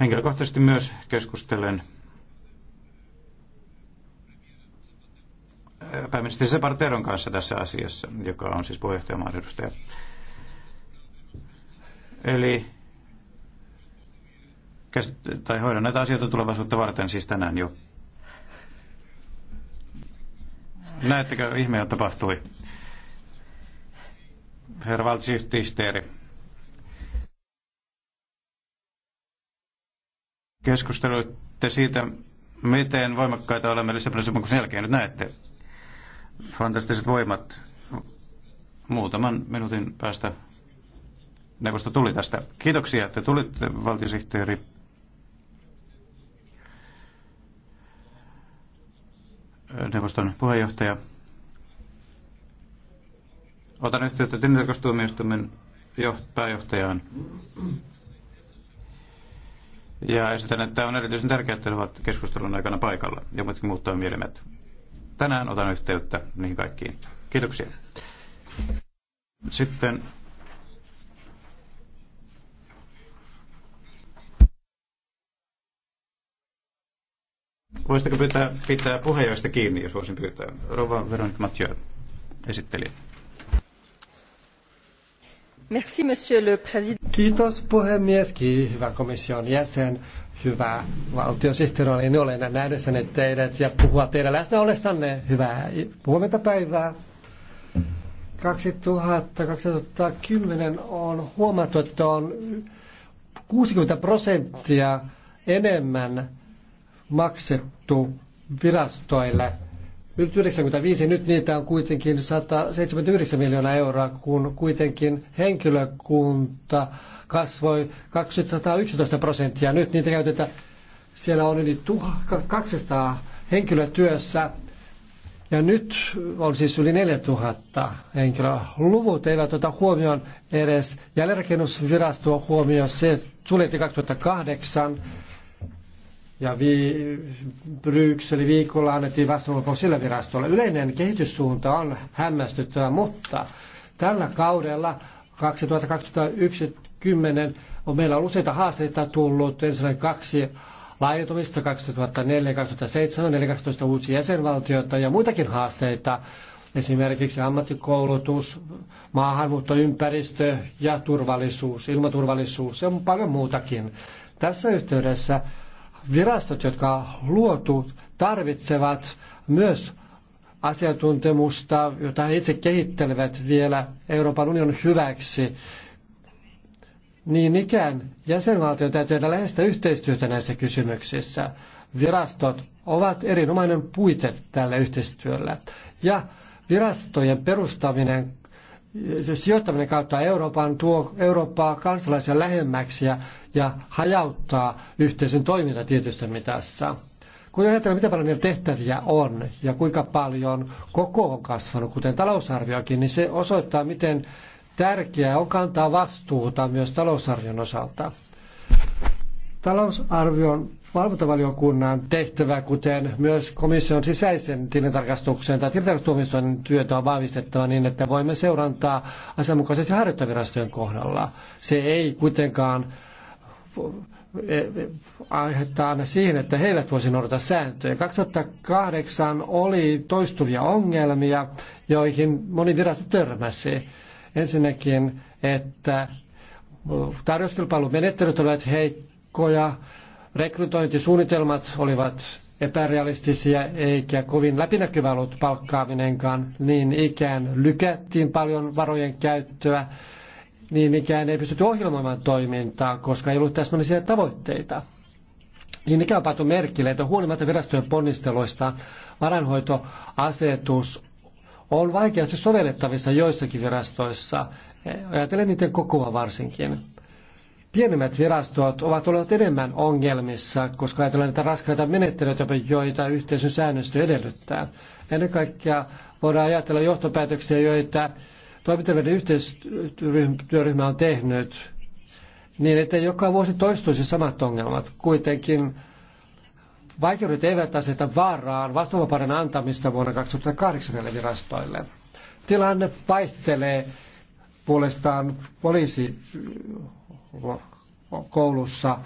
Henkilökohtaisesti myös keskustelen pääministeri Separteron kanssa tässä asiassa, joka on siis puheenjohtajamaan edustaja. Eli tai hoidan näitä asioita tulevaisuutta varten siis tänään jo. Näettekö, ihmeä tapahtui. Herra valtsihteeri. Keskusteluitte siitä, miten voimakkaita olemme Lissabonin sopimuksen jälkeen. Nyt näette fantastiset voimat muutaman minuutin päästä neuvosto tuli tästä. Kiitoksia, että tulitte, valtiosihteeri. Neuvoston puheenjohtaja. Otan yhteyttä tilintarkastuomioistuimen pääjohtajaan. Ja esitän, että on erityisen tärkeää, että ovat keskustelun aikana paikalla ja muutkin muuttaa toimielimet. Tänään otan yhteyttä niihin kaikkiin. Kiitoksia. Sitten Voisitteko pitää, pitää puheenjohtajista kiinni, jos voisin pyytää? Rova Veronika Mathieu, esittelijä. Merci, monsieur le président. Kiitos puhemies, hyvä komission jäsen, hyvä valtiosihteeri, olen olen nähdessäni teidät ja puhua teidän läsnäolestanne. Hyvää huomenta päivää. 2010 on huomattu, että on 60 prosenttia enemmän maksettu virastoille. Nyt 95, nyt niitä on kuitenkin 179 miljoonaa euroa, kun kuitenkin henkilökunta kasvoi 211 prosenttia. Nyt niitä käytetään, siellä on yli 200 henkilöä työssä ja nyt on siis yli 4000 henkilöä. Luvut eivät ota huomioon edes jälleenrakennusvirastoa huomioon. Se suljettiin 2008 ja vi, Brykseli viikolla annettiin vastuunvapaus sillä virastolla. Yleinen kehityssuunta on hämmästyttävä, mutta tällä kaudella 2010 on meillä useita haasteita tullut. Ensinnäkin kaksi laajentumista 2004, 2007, 14 uusi jäsenvaltiota ja muitakin haasteita, esimerkiksi ammattikoulutus, maahanmuuttoympäristö ja turvallisuus, ilmaturvallisuus ja paljon muutakin. Tässä yhteydessä virastot, jotka luotu, tarvitsevat myös asiantuntemusta, jota he itse kehittelevät vielä Euroopan unionin hyväksi. Niin ikään jäsenvaltion täytyy tehdä läheistä yhteistyötä näissä kysymyksissä. Virastot ovat erinomainen puite tälle yhteistyölle. Ja virastojen perustaminen sijoittaminen kautta Euroopan tuo Eurooppaa kansalaisia lähemmäksi ja ja hajauttaa yhteisön toiminta tietyssä mitassa. Kun ajatellaan, mitä paljon tehtäviä on ja kuinka paljon koko on kasvanut, kuten talousarviokin, niin se osoittaa, miten tärkeää on kantaa vastuuta myös talousarvion osalta. Talousarvion valvontavaliokunnan tehtävä, kuten myös komission sisäisen tilintarkastuksen tai tilintarkastustuomioistuimen työtä on vahvistettava niin, että voimme seurantaa asianmukaisesti harjoittavirastojen kohdalla. Se ei kuitenkaan aihetaan siihen, että he eivät voisi noudata sääntöjä. 2008 oli toistuvia ongelmia, joihin moni virasto törmäsi. Ensinnäkin, että tarjouskilpailumenettelyt olivat heikkoja, rekrytointisuunnitelmat olivat epärealistisia eikä kovin läpinäkyvä ollut palkkaaminenkaan, niin ikään lykättiin paljon varojen käyttöä niin ikään ei pystytty ohjelmoimaan toimintaa, koska ei ollut täsmällisiä tavoitteita. Niin mikä on pantu merkille, että huolimatta virastojen ponnisteluista varanhoitoasetus on vaikeasti sovellettavissa joissakin virastoissa, ajatellen niiden kokoa varsinkin. Pienemmät virastot ovat olleet enemmän ongelmissa, koska ajatellaan niitä raskaita menettelyitä, joita yhteisön säännöstö edellyttää. Ennen kaikkea voidaan ajatella johtopäätöksiä, joita toimintavälinen yhteistyöryhmä on tehnyt, niin että joka vuosi toistuisi samat ongelmat. Kuitenkin vaikeudet eivät aseta vaaraan vastuuvapauden antamista vuonna 2008 näille virastoille. Tilanne vaihtelee puolestaan poliisikoulussa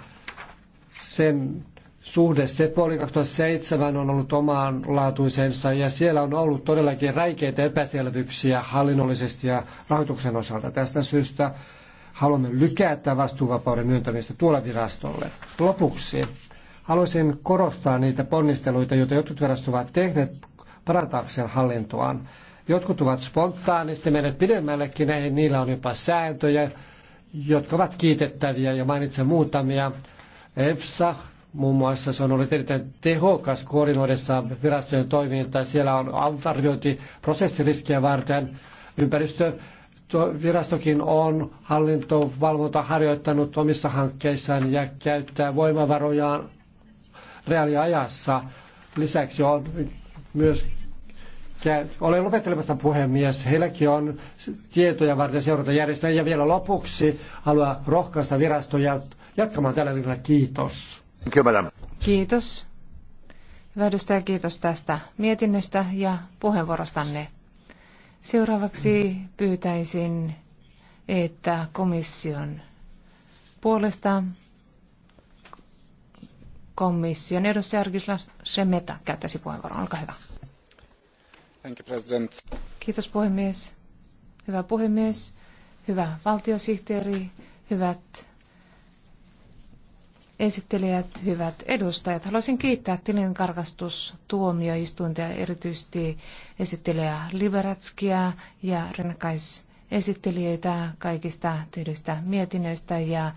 sen suhde Sepoli 2007 on ollut omaan ja siellä on ollut todellakin räikeitä epäselvyyksiä hallinnollisesti ja rahoituksen osalta. Tästä syystä haluamme lykätä vastuuvapauden myöntämistä tuolle virastolle. Lopuksi haluaisin korostaa niitä ponnisteluita, joita jotkut virastot ovat tehneet parantaakseen hallintoaan. Jotkut ovat spontaanisti menneet pidemmällekin, näihin niillä on jopa sääntöjä, jotka ovat kiitettäviä ja mainitsen muutamia. EFSA, Muun muassa se on ollut erittäin tehokas koordinoidessa virastojen toimintaa. Siellä on arvioitu prosessiriskiä varten. Ympäristövirastokin on hallintovalvonta harjoittanut omissa hankkeissaan ja käyttää voimavarojaan reaaliajassa. Lisäksi on myös ja olen lopettelemassa puhemies. Heilläkin on tietoja varten seurantajärjestelmä. Ja vielä lopuksi haluan rohkaista virastoja jatkamaan tällä linjalla. Kiitos. Kiitos. Hyvä edustaja, kiitos tästä mietinnöstä ja puheenvuorostanne. Seuraavaksi pyytäisin, että komission puolesta komission edustaja Argislas Semeta käyttäisi puheenvuoron. Olkaa hyvä. Thank you, President. Kiitos puhemies. Hyvä puhemies, hyvä valtiosihteeri, hyvät esittelijät, hyvät edustajat. Haluaisin kiittää tilintarkastustuomioistuinta ja erityisesti esittelijä Liberatskia ja rinnakkaisesittelijöitä kaikista tehdyistä mietinnöistä ja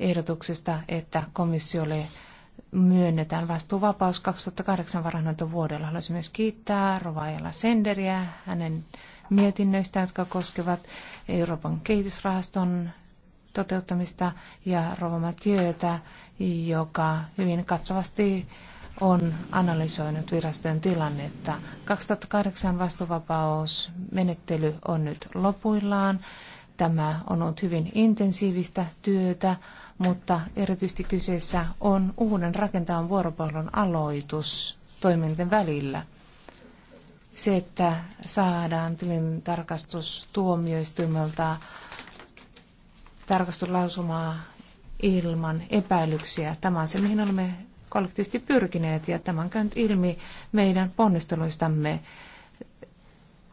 ehdotuksesta, että komissiolle myönnetään vastuuvapaus 2008 vuodella. Haluaisin myös kiittää Rovaajalla Senderiä hänen mietinnöistä, jotka koskevat Euroopan kehitysrahaston toteuttamista ja Rova Mathieuta joka hyvin kattavasti on analysoinut virastojen tilannetta. 2008 vastuvapausmenettely on nyt lopuillaan. Tämä on ollut hyvin intensiivistä työtä, mutta erityisesti kyseessä on uuden rakentavan vuoropuhelun aloitus toiminten välillä. Se, että saadaan tilintarkastustuomioistuimelta tarkastuslausumaa ilman epäilyksiä. Tämä on se, mihin olemme kollektiivisesti pyrkineet ja tämä on käynyt ilmi meidän ponnisteluistamme.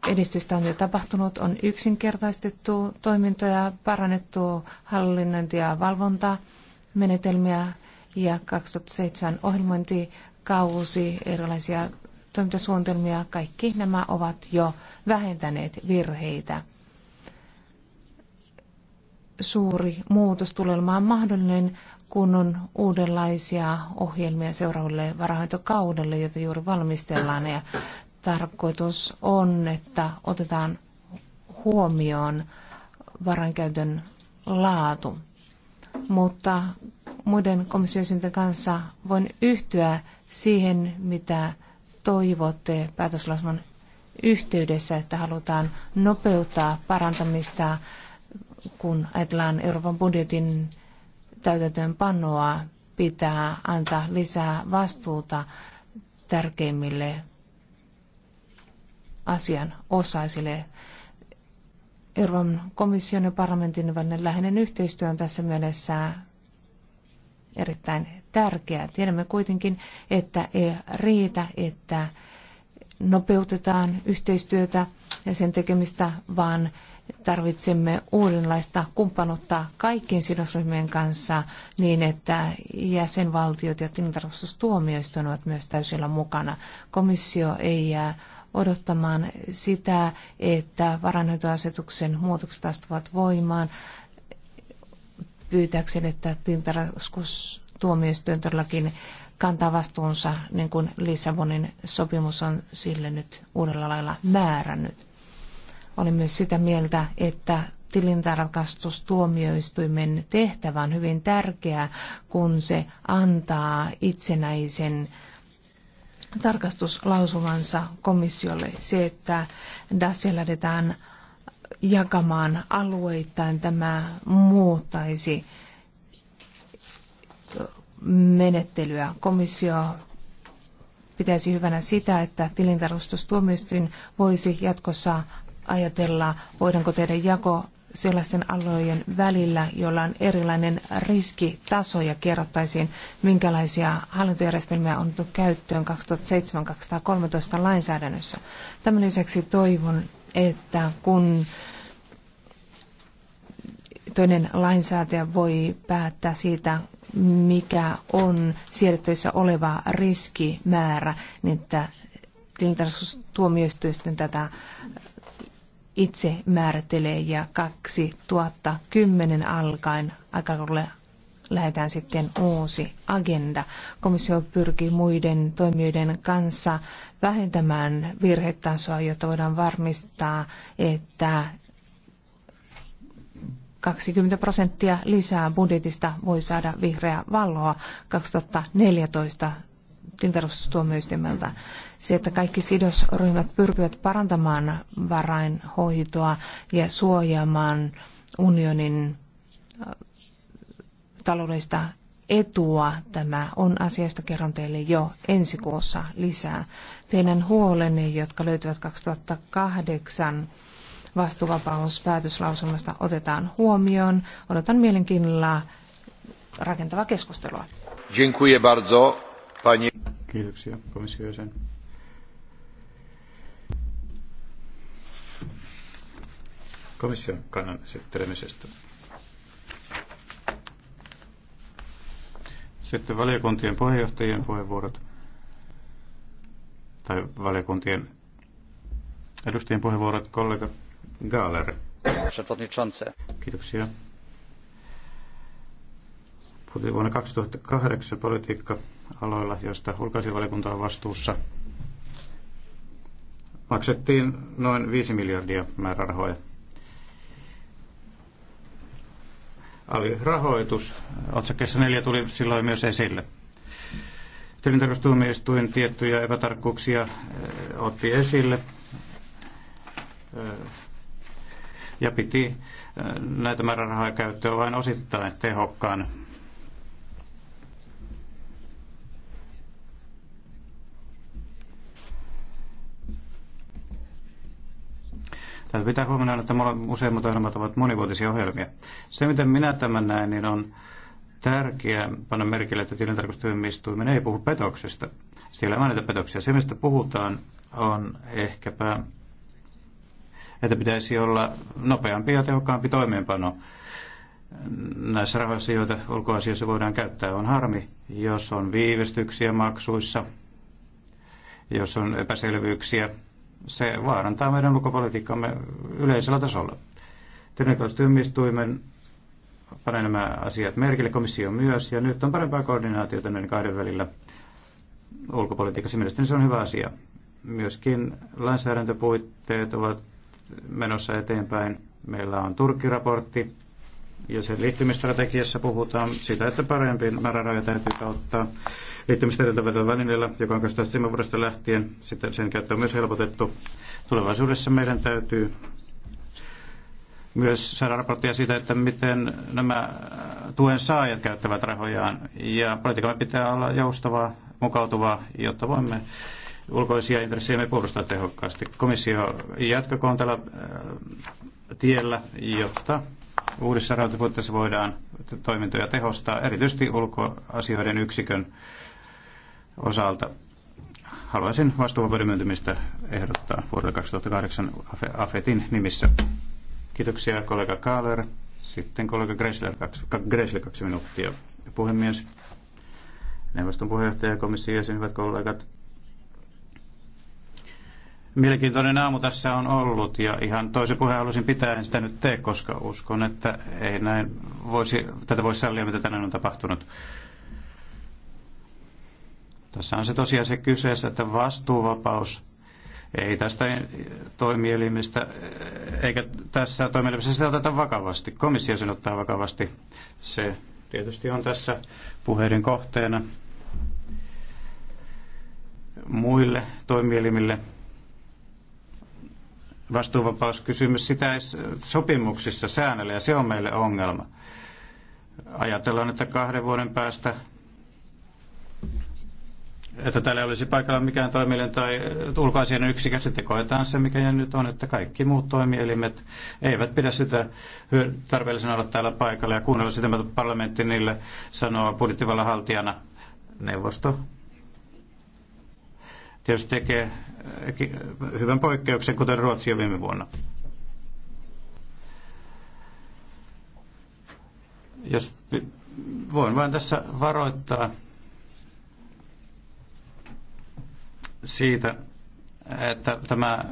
Edistystä on jo tapahtunut, on yksinkertaistettu toimintoja, parannettu hallinnointia ja valvontaa menetelmiä ja 2007 ohjelmointikausi, erilaisia toimintasuunnitelmia, kaikki nämä ovat jo vähentäneet virheitä suuri muutos tulee olemaan mahdollinen, kun on uudenlaisia ohjelmia seuraavalle varahoitokaudelle, jota juuri valmistellaan. Ja tarkoitus on, että otetaan huomioon varankäytön laatu. Mutta muiden komissiosinten kanssa voin yhtyä siihen, mitä toivotte päätöslausman yhteydessä, että halutaan nopeuttaa parantamista kun ajatellaan Euroopan budjetin täytäntöönpanoa, pitää antaa lisää vastuuta tärkeimmille asian osaisille. Euroopan komission ja parlamentin välinen läheinen yhteistyö on tässä mielessä erittäin tärkeää. Tiedämme kuitenkin, että ei riitä, että nopeutetaan yhteistyötä ja sen tekemistä, vaan tarvitsemme uudenlaista kumppanuutta kaikkien sidosryhmien kanssa niin, että jäsenvaltiot ja tilintarkastustuomioistuin ovat myös täysillä mukana. Komissio ei jää odottamaan sitä, että varainhoitoasetuksen muutokset astuvat voimaan pyytäkseen, että tilintarkastustuomioistuin todellakin kantaa vastuunsa, niin kuin Lissabonin sopimus on sille nyt uudella lailla määrännyt. Olen myös sitä mieltä, että tilintarkastustuomioistuimen tehtävä on hyvin tärkeä, kun se antaa itsenäisen tarkastuslausumansa komissiolle. Se, että DASia lähdetään jakamaan alueittain, tämä muuttaisi menettelyä. Komissio pitäisi hyvänä sitä, että tilintarkastustuomioistuin voisi jatkossa ajatella, voidaanko tehdä jako sellaisten alojen välillä, joilla on erilainen riskitaso ja kerrottaisiin, minkälaisia hallintojärjestelmiä on otettu käyttöön 2007-2013 lainsäädännössä. Tämän lisäksi toivon, että kun toinen lainsäätäjä voi päättää siitä, mikä on siedettävissä oleva riskimäärä, niin että tilintarkastustuomioistuisten tätä itse määrittelee ja 2010 alkaen aikakaudelle lähdetään sitten uusi agenda. Komissio pyrkii muiden toimijoiden kanssa vähentämään virhetasoa, jotta voidaan varmistaa, että 20 prosenttia lisää budjetista voi saada vihreää valoa 2014 tilintarkastustuomioistuimelta Se, että kaikki sidosryhmät pyrkivät parantamaan varainhoitoa ja suojaamaan unionin äh, taloudellista etua. Tämä on asiasta kerron teille jo ensi kuussa lisää. Teidän huolenne, jotka löytyvät 2008 vastuuvapauspäätöslauselmasta, otetaan huomioon. Odotan mielenkiinnolla rakentavaa keskustelua. Dziękuję bardzo. Panie... Kiitoksia komission jäsen. Komission kannan esittelemisestä. Sitten valiokuntien puheenjohtajien puheenvuorot tai valiokuntien edustajien puheenvuorot kollega Gaaler. Kiitoksia kuten vuonna 2008 politiikka-aloilla, joista ulkoasiavaliokunta on vastuussa, maksettiin noin 5 miljardia määrärahoja. Alirahoitus otsakkeessa 4 tuli silloin myös esille. Tilintarkastustuomioistuin tiettyjä epätarkkuuksia eh, otti esille eh, ja piti eh, näitä määrärahoja käyttöä vain osittain tehokkaan Täällä pitää huomioida, että useimmat ohjelmat ovat monivuotisia ohjelmia. Se, miten minä tämän näen, niin on tärkeää panna merkille, että tilintarkastustuomioistuimen ei puhu petoksista. Siellä ei mainita petoksia. Se, mistä puhutaan, on ehkäpä, että pitäisi olla nopeampi ja tehokkaampi toimeenpano näissä rahoissa, joita ulkoasioissa voidaan käyttää. On harmi, jos on viivästyksiä maksuissa, jos on epäselvyyksiä se vaarantaa meidän ulkopolitiikkamme yleisellä tasolla. Tyrnäköistyömistuimen panee nämä asiat merkille, komissio myös, ja nyt on parempaa koordinaatiota näiden kahden välillä ulkopolitiikassa. Mielestäni se on hyvä asia. Myöskin lainsäädäntöpuitteet ovat menossa eteenpäin. Meillä on Turkki-raportti, ja sen liittymistrategiassa puhutaan sitä, että parempiin määrärajoja täytyy ottaa liittymistä edeltävällä välineellä, joka on 2007 vuodesta lähtien. Sitten sen käyttö on myös helpotettu. Tulevaisuudessa meidän täytyy myös saada raporttia siitä, että miten nämä tuen saajat käyttävät rahojaan. Ja politiikalla pitää olla joustavaa, mukautuvaa, jotta voimme ulkoisia me puolustaa tehokkaasti. Komissio jatkakoon tällä äh, tiellä, jotta Uudessa rautapuutteessa voidaan toimintoja tehostaa, erityisesti ulkoasioiden yksikön osalta. Haluaisin vastuuvapauden myöntymistä ehdottaa vuodelle 2008 AFETin nimissä. Kiitoksia kollega Kaaler. Sitten kollega Gressler kaksi, kaksi minuuttia. Puhemies, neuvoston puheenjohtaja ja komission jäsen, hyvät kollegat. Mielenkiintoinen aamu tässä on ollut ja ihan toisen puheen halusin pitää, en sitä nyt tee, koska uskon, että ei näin voisi, tätä voisi sallia, mitä tänään on tapahtunut. Tässä on se tosiaan se kyseessä, että vastuuvapaus ei tästä toimielimistä, eikä tässä toimielimistä sitä oteta vakavasti. Komissio sen ottaa vakavasti. Se tietysti on tässä puheiden kohteena muille toimielimille vastuuvapauskysymys, sitä ei sopimuksissa säännellä ja se on meille ongelma. Ajatellaan, että kahden vuoden päästä että täällä ei olisi paikalla mikään toimielin tai ulkoasian yksikä, sitten koetaan se, mikä nyt on, että kaikki muut toimielimet eivät pidä sitä tarpeellisena olla täällä paikalla ja kuunnella sitä, mitä parlamentti niille sanoo budjettivallan haltijana. Neuvosto tietysti tekee eh, hyvän poikkeuksen, kuten Ruotsi jo viime vuonna. Jos voin vain tässä varoittaa siitä, että tämä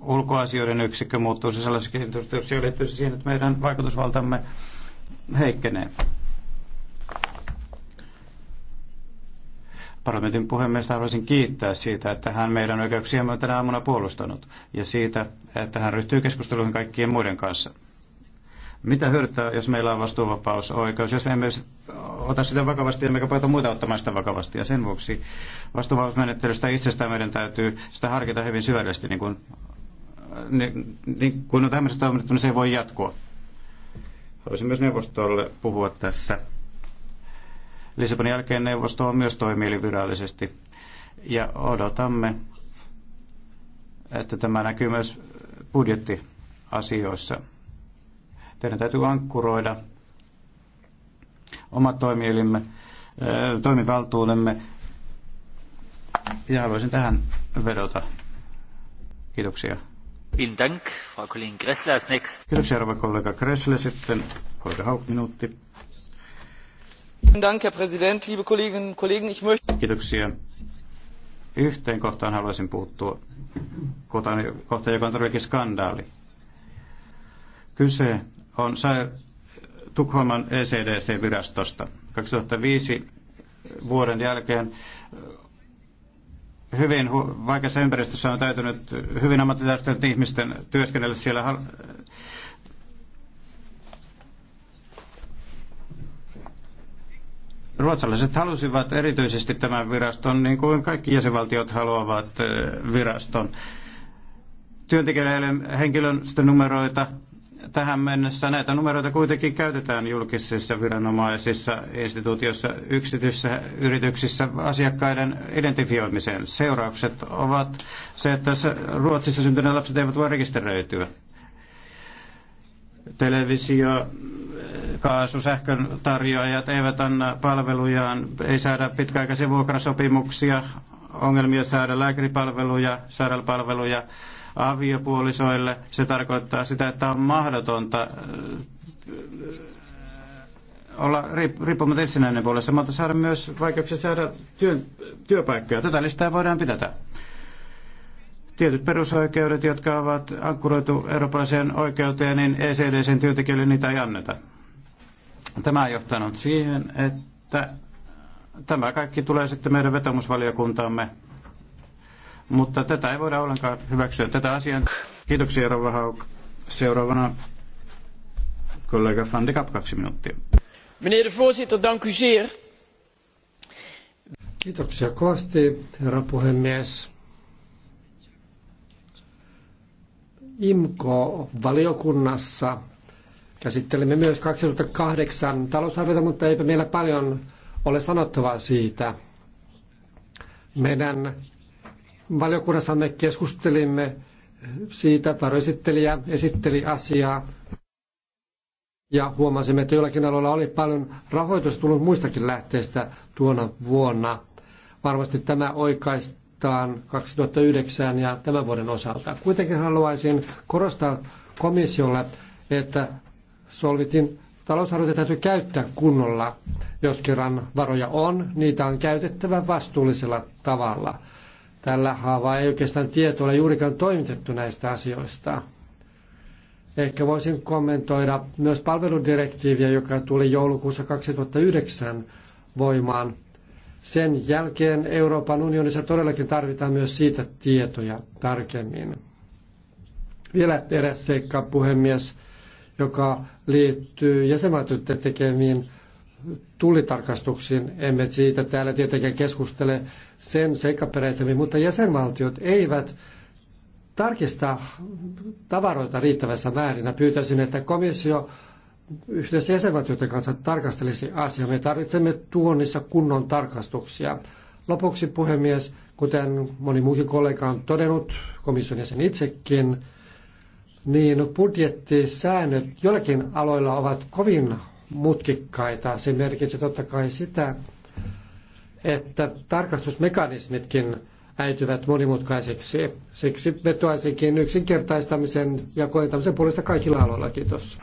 ulkoasioiden yksikkö muuttuu sellaiseksi instituutioksi, joka liittyy siihen, että meidän vaikutusvaltamme heikkenee. Parlamentin puhemiestä haluaisin kiittää siitä, että hän meidän oikeuksiamme on tänä aamuna puolustanut ja siitä, että hän ryhtyy keskusteluun kaikkien muiden kanssa. Mitä hyödyttää, jos meillä on vastuuvapausoikeus, jos me emme ota sitä vakavasti emmekä paita muita ottamaan sitä vakavasti. Ja sen vuoksi vastuuvapausmenettelystä itsestään meidän täytyy sitä harkita hyvin syvällisesti, niin kuin, niin, niin, kun on tämmöistä toimintaa, niin se ei voi jatkua. Haluaisin myös neuvostolle puhua tässä Lissabonin jälkeen neuvosto on myös toimieli virallisesti ja odotamme, että tämä näkyy myös budjettiasioissa. Teidän täytyy ankkuroida omat toimielimme, toimivaltuudemme ja haluaisin tähän vedota. Kiitoksia. Dank, Frau Kollegin Kressler Kiitoksia, rouva kollega Kressle Sitten kollega minuutti. Kiitoksia. Yhteen kohtaan haluaisin puuttua, kohtaan, joka on todellakin skandaali. Kyse on Tukholman ECDC-virastosta. 2005 vuoden jälkeen hyvin vaikeassa ympäristössä on täytynyt hyvin ammattitaitoisten ihmisten työskennellä siellä Ruotsalaiset halusivat erityisesti tämän viraston, niin kuin kaikki jäsenvaltiot haluavat eh, viraston. Työntekijöiden henkilöstönumeroita tähän mennessä. Näitä numeroita kuitenkin käytetään julkisissa viranomaisissa, instituutioissa, yksityisissä yrityksissä asiakkaiden identifioimiseen. Seuraukset ovat se, että Ruotsissa syntyneet lapset eivät voi rekisteröityä. Televisio, kaasusähkön tarjoajat eivät anna palvelujaan, ei saada pitkäaikaisia vuokrasopimuksia, ongelmia saada lääkäripalveluja, sairaalapalveluja aviopuolisoille. Se tarkoittaa sitä, että on mahdotonta äh, olla riippumatta itsenäinen puolessa, mutta saada myös vaikeuksia saada työn, työpaikkoja. Tätä listaa voidaan pitää. Tietyt perusoikeudet, jotka ovat ankkuroitu eurooppalaiseen oikeuteen, niin ECDCn työntekijöille niitä ei anneta. Tämä on johtanut siihen, että tämä kaikki tulee sitten meidän vetomusvaliokuntaamme. Mutta tätä ei voida ollenkaan hyväksyä. Tätä asiaa. Kiitoksia, Rova Hauk. Seuraavana kollega Van de Kap, kaksi minuuttia. Meneer de voorzitter, dank u zeer. Kiitoksia kovasti, herra puhemies. IMKO-valiokunnassa Käsittelemme myös 2008 talousarviota, mutta eipä meillä paljon ole sanottavaa siitä. Meidän valiokunnassamme keskustelimme siitä, varoesittelijä esitteli asiaa ja huomasimme, että joillakin aloilla oli paljon rahoitusta tullut muistakin lähteistä tuona vuonna. Varmasti tämä oikaistaan 2009 ja tämän vuoden osalta. Kuitenkin haluaisin korostaa komissiolle, että Solvitin talousarviota täytyy käyttää kunnolla. Jos kerran varoja on, niitä on käytettävä vastuullisella tavalla. Tällä haavaa ei oikeastaan tietoa ole juurikaan toimitettu näistä asioista. Ehkä voisin kommentoida myös palveludirektiiviä, joka tuli joulukuussa 2009 voimaan. Sen jälkeen Euroopan unionissa todellakin tarvitaan myös siitä tietoja tarkemmin. Vielä eräs seikka, puhemies, joka liittyy jäsenvaltioiden tekemiin tullitarkastuksiin. Emme siitä täällä tietenkään keskustele sen seikkaperäisemmin, mutta jäsenvaltiot eivät tarkista tavaroita riittävässä määrin. Pyytäisin, että komissio yhdessä jäsenvaltioiden kanssa tarkastelisi asiaa. Me tarvitsemme tuonnissa kunnon tarkastuksia. Lopuksi puhemies, kuten moni muukin kollega on todennut, komission jäsen itsekin, niin no, budjettisäännöt jollakin aloilla ovat kovin mutkikkaita. Se merkitsee totta kai sitä, että tarkastusmekanismitkin äityvät monimutkaiseksi. Siksi vetoaisinkin yksinkertaistamisen ja koetamisen puolesta kaikilla aloilla. Kiitos.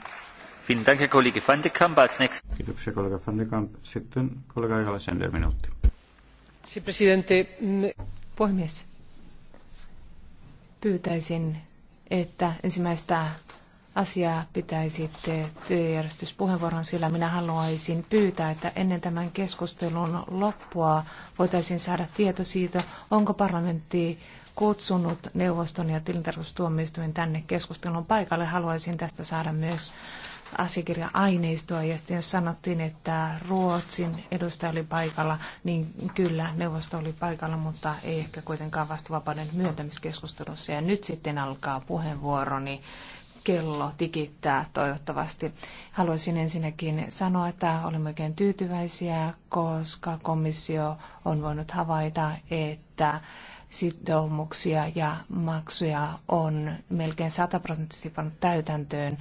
Kiitoksia kollega Fandekamp. Sitten kollega Jala Sender minuutti. Puhemies, pyytäisin että ensimmäistä asiaa pitäisi työjärjestyspuheenvuoron, sillä minä haluaisin pyytää, että ennen tämän keskustelun loppua voitaisiin saada tieto siitä, onko parlamentti kutsunut neuvoston ja tilintarkastustuomioistuimen tänne keskustelun paikalle. Haluaisin tästä saada myös asiakirja-aineistoa ja sitten jos sanottiin, että Ruotsin edustaja oli paikalla, niin kyllä neuvosto oli paikalla, mutta ei ehkä kuitenkaan vastuvapauden myöntämiskeskustelussa. Ja nyt sitten alkaa puheenvuoroni kello tikittää toivottavasti. Haluaisin ensinnäkin sanoa, että olemme oikein tyytyväisiä, koska komissio on voinut havaita, että sitoumuksia ja maksuja on melkein sataprosenttisesti pannut täytäntöön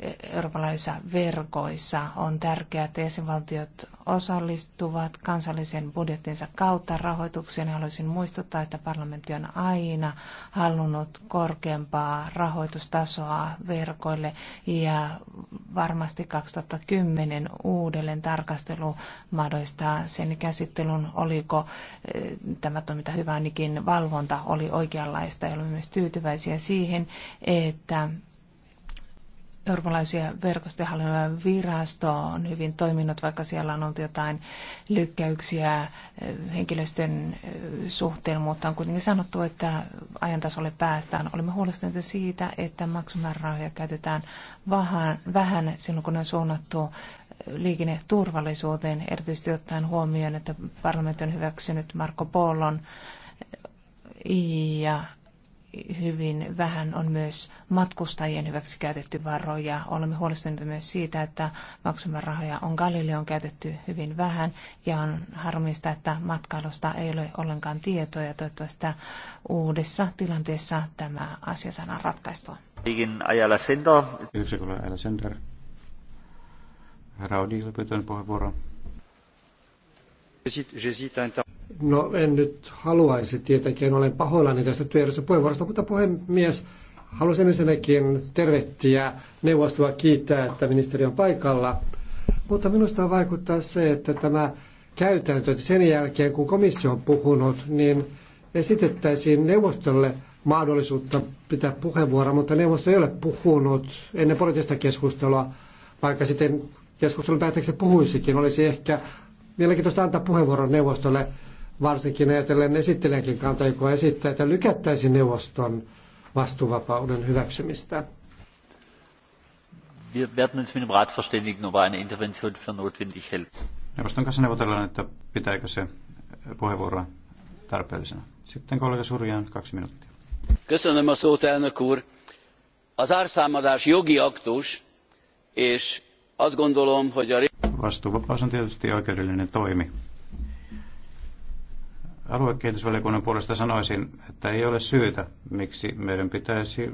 eh, eurooppalaisissa verkoissa. On tärkeää, että jäsenvaltiot osallistuvat kansallisen budjettinsa kautta rahoitukseen. Haluaisin muistuttaa, että parlamentti on aina halunnut korkeampaa rahoitustasoa verkoille ja varmasti 2010 uudelleen tarkastelu mahdollistaa sen käsittelyn, oliko eh, tämä toiminta hyvää, niin kuitenkin valvonta oli oikeanlaista ja olemme myös tyytyväisiä siihen, että eurooppalaisia verkostoja hallinnoiva virasto on hyvin toiminut, vaikka siellä on ollut jotain lykkäyksiä eh, henkilöstön eh, suhteen, mutta on kuitenkin sanottu, että ajan tasolle päästään. Olemme huolestuneita siitä, että maksumäärärahoja käytetään vähän, vähän silloin, kun on suunnattu eh, liikenneturvallisuuteen, erityisesti ottaen huomioon, että parlamentti on hyväksynyt Marko Pollon ja hyvin vähän on myös matkustajien hyväksi käytetty varoja. Olemme huolestuneita myös siitä, että rahoja on Galileon käytetty hyvin vähän ja on harmista, että matkailusta ei ole ollenkaan tietoja. Toivottavasti uudessa tilanteessa tämä asia saadaan ratkaistua. Ajala Sender. Yksi Ajala Sender. Herra Odil, puheenvuoro. No en nyt haluaisi tietenkin, olen pahoillani tästä työjärjestön puheenvuorosta, mutta puhemies, haluaisin ensinnäkin tervehtiä neuvostoa kiittää, että ministeri on paikalla. Mutta minusta vaikuttaa se, että tämä käytäntö, että sen jälkeen kun komissio on puhunut, niin esitettäisiin neuvostolle mahdollisuutta pitää puheenvuoro, mutta neuvosto ei ole puhunut ennen poliittista keskustelua, vaikka sitten keskustelun päätteeksi puhuisikin. Olisi ehkä mielenkiintoista antaa puheenvuoro neuvostolle varsinkin ajatellen esittelijänkin kanta, joka esittää, että lykättäisiin neuvoston vastuuvapauden hyväksymistä. Wir werden uns mit dem Rat verständigen, ob er eine Intervention für notwendig hält. Neuvoston kanssa neuvotellaan, että pitääkö se puheenvuoroa tarpeellisena. Sitten kollega Surjaan kaksi minuuttia. Köszönöm a szót, elnök úr. Az árszámadás jogi aktus, és azt gondolom, hogy a... Vastuuvapaus on tietysti oikeudellinen toimi, Aluekehitysvaliokunnan puolesta sanoisin, että ei ole syytä, miksi meidän pitäisi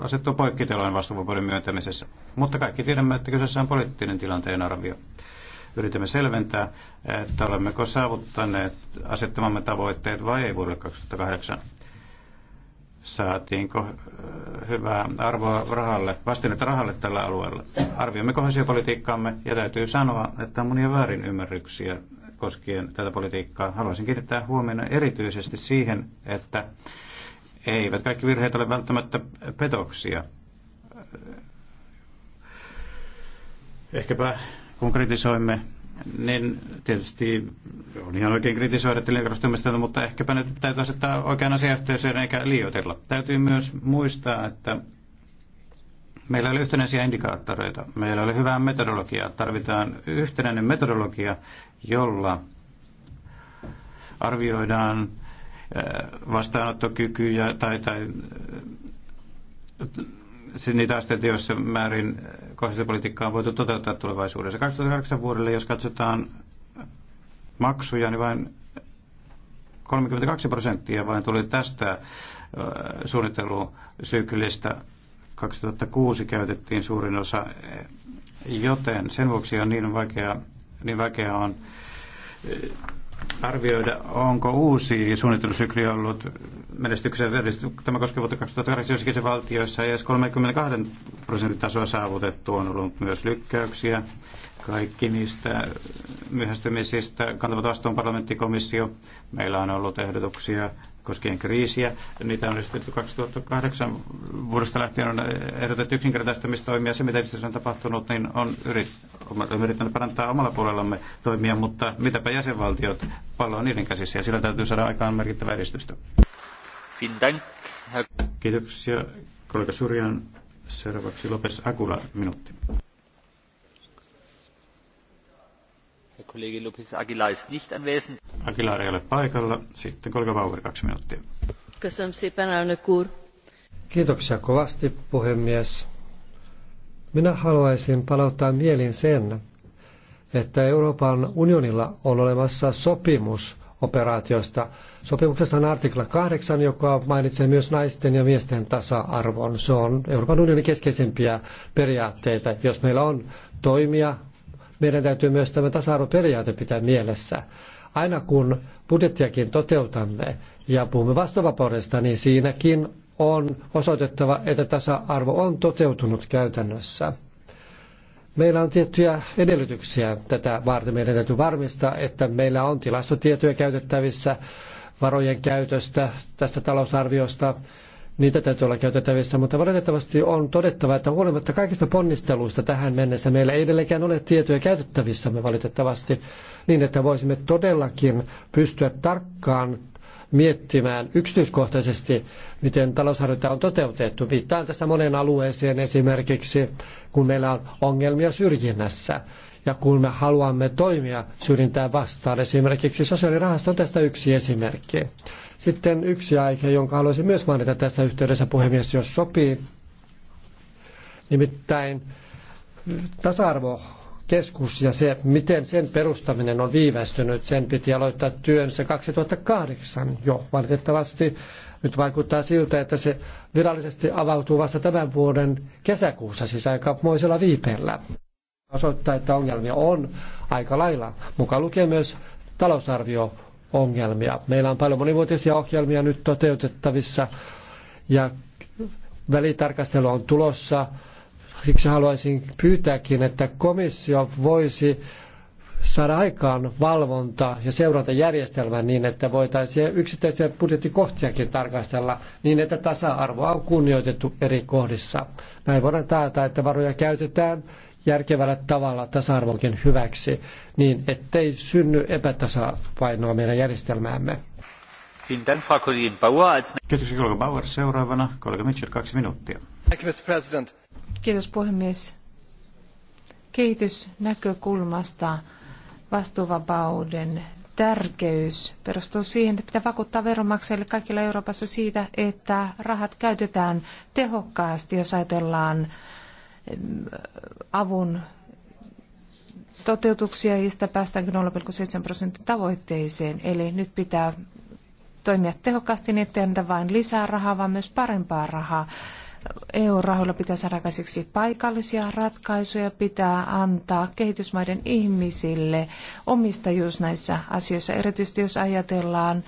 asettua poikkiteloin vastuuvapauden myöntämisessä. Mutta kaikki tiedämme, että kyseessä on poliittinen tilanteen arvio. Yritämme selventää, että olemmeko saavuttaneet asettamamme tavoitteet vai ei vuodelle 2008. Saatiinko äh, hyvää arvoa rahalle, vastinetta rahalle tällä alueella? Arvioimme kohesiopolitiikkaamme ja täytyy sanoa, että on monia väärinymmärryksiä koskien tätä politiikkaa. Haluaisin kiinnittää huomioon erityisesti siihen, että eivät kaikki virheet ole välttämättä petoksia. Ehkäpä kun kritisoimme, niin tietysti on ihan oikein kritisoida tilintarkastusmiestelmää, mutta ehkäpä nyt täytyy asettaa oikean asiayhteisöön eikä liioitella. Täytyy myös muistaa, että meillä oli yhtenäisiä indikaattoreita, meillä oli hyvää metodologiaa, tarvitaan yhtenäinen metodologia, jolla arvioidaan äh, vastaanottokykyjä tai, tai äh, niitä asteita, joissa määrin äh, kohdistopolitiikkaa on voitu toteuttaa tulevaisuudessa. 2008 vuodelle, jos katsotaan maksuja, niin vain 32 prosenttia vain tuli tästä suunnittelusyklistä. 2006 käytettiin suurin osa, joten sen vuoksi on niin vaikea niin vaikea on eh, arvioida, onko uusi suunnittelusykli ollut menestyksellinen. Tämä koskee vuotta 2008 jossakin valtioissa ja 32 prosentin tasoa saavutettu on ollut myös lykkäyksiä. Kaikki niistä myöhästymisistä kantavat vastuun parlamenttikomissio. Meillä on ollut ehdotuksia koskien kriisiä. Niitä on esitetty 2008 vuodesta lähtien on ehdotettu yksinkertaistamistoimia. Se, mitä itse on tapahtunut, niin on yrittänyt parantaa omalla puolellamme toimia, mutta mitäpä jäsenvaltiot, pallo on niiden käsissä ja sillä täytyy saada aikaan merkittävää edistystä. Kiitoksia. Kollega Surjan. Seuraavaksi Lopes Akula, minuutti. Kollegi Lopez Aguilar ist nicht anwesend. Aguilar ei ole paikalla. Sitten kollega Bauer, kaksi minuuttia. Kiitoksia kovasti, puhemies. Minä haluaisin palauttaa mielin sen, että Euroopan unionilla on olemassa sopimus operaatiosta. Sopimuksessa on artikla 8, joka mainitsee myös naisten ja miesten tasa-arvon. Se on Euroopan unionin keskeisimpiä periaatteita. Jos meillä on toimia meidän täytyy myös tämä tasa-arvoperiaate pitää mielessä. Aina kun budjettiakin toteutamme ja puhumme vastuvapaudesta, niin siinäkin on osoitettava, että tasa-arvo on toteutunut käytännössä. Meillä on tiettyjä edellytyksiä tätä varten. Meidän täytyy varmistaa, että meillä on tilastotietoja käytettävissä varojen käytöstä tästä talousarviosta niitä täytyy olla käytettävissä, mutta valitettavasti on todettava, että huolimatta kaikista ponnisteluista tähän mennessä meillä ei edelleenkään ole tietoja käytettävissämme valitettavasti niin, että voisimme todellakin pystyä tarkkaan miettimään yksityiskohtaisesti, miten talousharjoita on toteutettu. Viittaan tässä moneen alueeseen esimerkiksi, kun meillä on ongelmia syrjinnässä ja kun me haluamme toimia syrjintää vastaan. Esimerkiksi sosiaalirahasto on tästä yksi esimerkki. Sitten yksi aihe, jonka haluaisin myös mainita tässä yhteydessä, puhemies, jos sopii. Nimittäin tasa-arvokeskus ja se, miten sen perustaminen on viivästynyt, sen piti aloittaa työnsä 2008 jo. Valitettavasti nyt vaikuttaa siltä, että se virallisesti avautuu vasta tämän vuoden kesäkuussa, siis aikamoisella viipellä osoittaa, että ongelmia on aika lailla, mukaan lukee myös talousarvio-ongelmia. Meillä on paljon monivuotisia ohjelmia nyt toteutettavissa ja välitarkastelu on tulossa. Siksi haluaisin pyytääkin, että komissio voisi saada aikaan valvonta- ja seurantajärjestelmän niin, että voitaisiin yksittäisiä budjettikohtiakin tarkastella niin, että tasa-arvoa on kunnioitettu eri kohdissa. Näin voidaan taata, että varoja käytetään järkevällä tavalla tasa-arvonkin hyväksi, niin ettei synny epätasapainoa meidän järjestelmäämme. Kiitos kollega Bauer. Seuraavana kollega Mitchell, kaksi minuuttia. Kiitos puhemies. Kehitysnäkökulmasta vastuuvapauden tärkeys perustuu siihen, että pitää vakuuttaa veronmaksajille kaikilla Euroopassa siitä, että rahat käytetään tehokkaasti, jos ajatellaan avun toteutuksia ja sitä päästään 0,7 prosentin tavoitteeseen. Eli nyt pitää toimia tehokkaasti, niin ettei anneta vain lisää rahaa, vaan myös parempaa rahaa. EU-rahoilla pitää saada käsiksi paikallisia ratkaisuja, pitää antaa kehitysmaiden ihmisille omistajuus näissä asioissa, erityisesti jos ajatellaan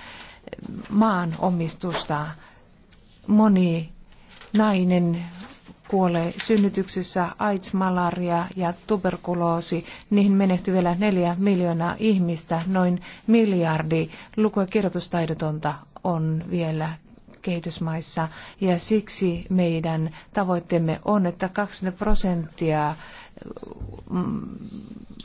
maan omistusta. Moni nainen kuolee synnytyksissä, AIDS, malaria ja tuberkuloosi. Niihin menehtyy vielä neljä miljoonaa ihmistä, noin miljardi. Luku- ja kirjoitustaidotonta on vielä kehitysmaissa ja siksi meidän tavoitteemme on, että 20 prosenttia mm,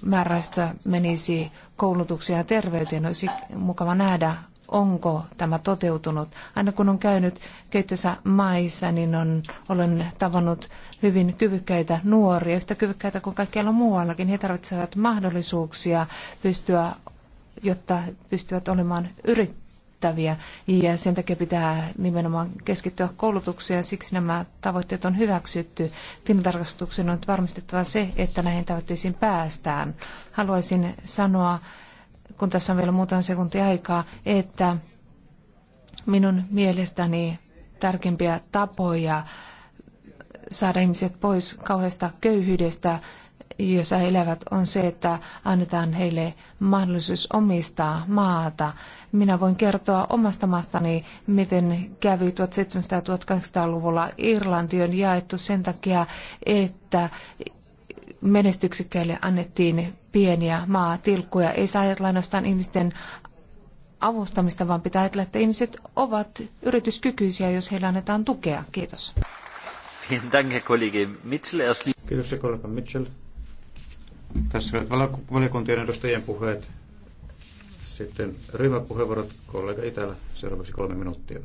määräistä menisi koulutukseen ja terveyteen. Olisi mukava nähdä, onko tämä toteutunut. Aina kun on käynyt kehittyvissä maissa, niin on, olen tavannut hyvin kyvykkäitä nuoria, yhtä kyvykkäitä kuin kaikkialla muuallakin. He tarvitsevat mahdollisuuksia pystyä, jotta pystyvät olemaan yrittäjiä ja sen takia pitää nimenomaan keskittyä koulutukseen. Siksi nämä tavoitteet on hyväksytty. Tilintarkastuksen on varmistettava se, että näihin tavoitteisiin päästään. Haluaisin sanoa, kun tässä on vielä muutama sekunti aikaa, että minun mielestäni tärkeimpiä tapoja saada ihmiset pois kauheasta köyhyydestä, jossa he elävät, on se, että annetaan heille mahdollisuus omistaa maata. Minä voin kertoa omasta maastani, miten kävi 1700-1800-luvulla Irlanti on jaettu sen takia, että menestyksiköille annettiin pieniä maatilkkuja. Ei saa ajatella ainoastaan ihmisten avustamista, vaan pitää ajatella, että ihmiset ovat yrityskykyisiä, jos heille annetaan tukea. Kiitos. Kiitos kollega Mitchell. Tässä olivat valiokuntien edustajien puheet. Sitten ryhmäpuheenvuorot kollega Itälä. Seuraavaksi kolme minuuttia.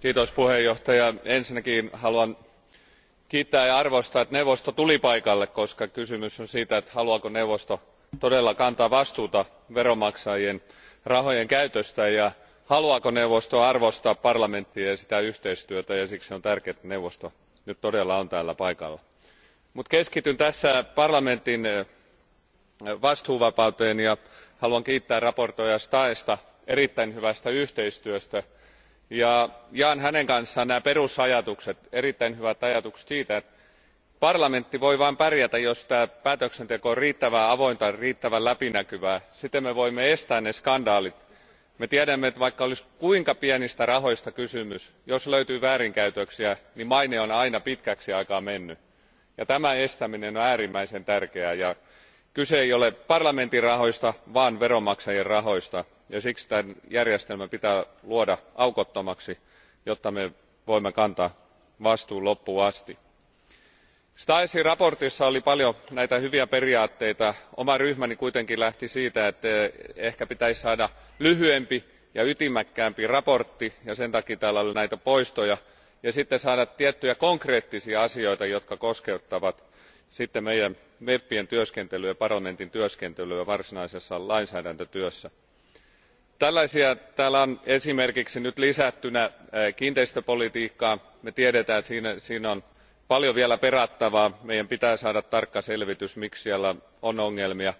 Kiitos puheenjohtaja. Ensinnäkin haluan kiittää ja arvostaa että neuvosto tuli paikalle koska kysymys on siitä haluaako neuvosto todella kantaa vastuuta veronmaksajien rahojen käytöstä ja haluaako neuvosto arvostaa parlamenttia ja sitä yhteistyötä ja siksi on tärkeää että neuvosto nyt todella on täällä paikalla. keskityn tässä parlamentin eh, vastuuvapauteen ja haluan kiittää esittelijä staesta erittäin hyvästä yhteistyöstä ja jaan hänen kanssaan nämä perusajatukset erittäin hyvät ajatukset siitä että parlamentti voi vain pärjätä jos päätöksenteko on riittävän avointa riittävän läpinäkyvää. siten me voimme estää ne skandaalit. me tiedämme että vaikka olisi kuinka pienistä rahoista kysymys jos löytyy väärinkäytöksiä niin maine on aina pitkäksi aikaa mennyt. Ja tämän estäminen on äärimmäisen tärkeää ja kyse ei ole parlamentin rahoista vaan veronmaksajien rahoista ja siksi tämä järjestelmä pitää luoda aukottomaksi jotta me voimme kantaa vastuun loppuun asti. staesin mietinnössä oli paljon näitä hyviä periaatteita. oma ryhmäni kuitenkin lähti siitä että ehkä pitäisi saada lyhyempi ja ytimekkäämpi mietintö ja sen takia täällä oli näitä poistoja ja sitten saada tiettyjä konkreettisia asioita jotka koskettavat sitten meidän meppien työskentelyä ja parlamentin työskentelyä varsinaisessa lainsäädäntötyössä tällaisia täällä on esimerkiksi nyt lisättynä eh, kiinteistöpolitiikkaan. me tiedämme että siinä on paljon vielä perattavaa. meidän pitää saada tarkka selvitys miksi siellä on ongelmia.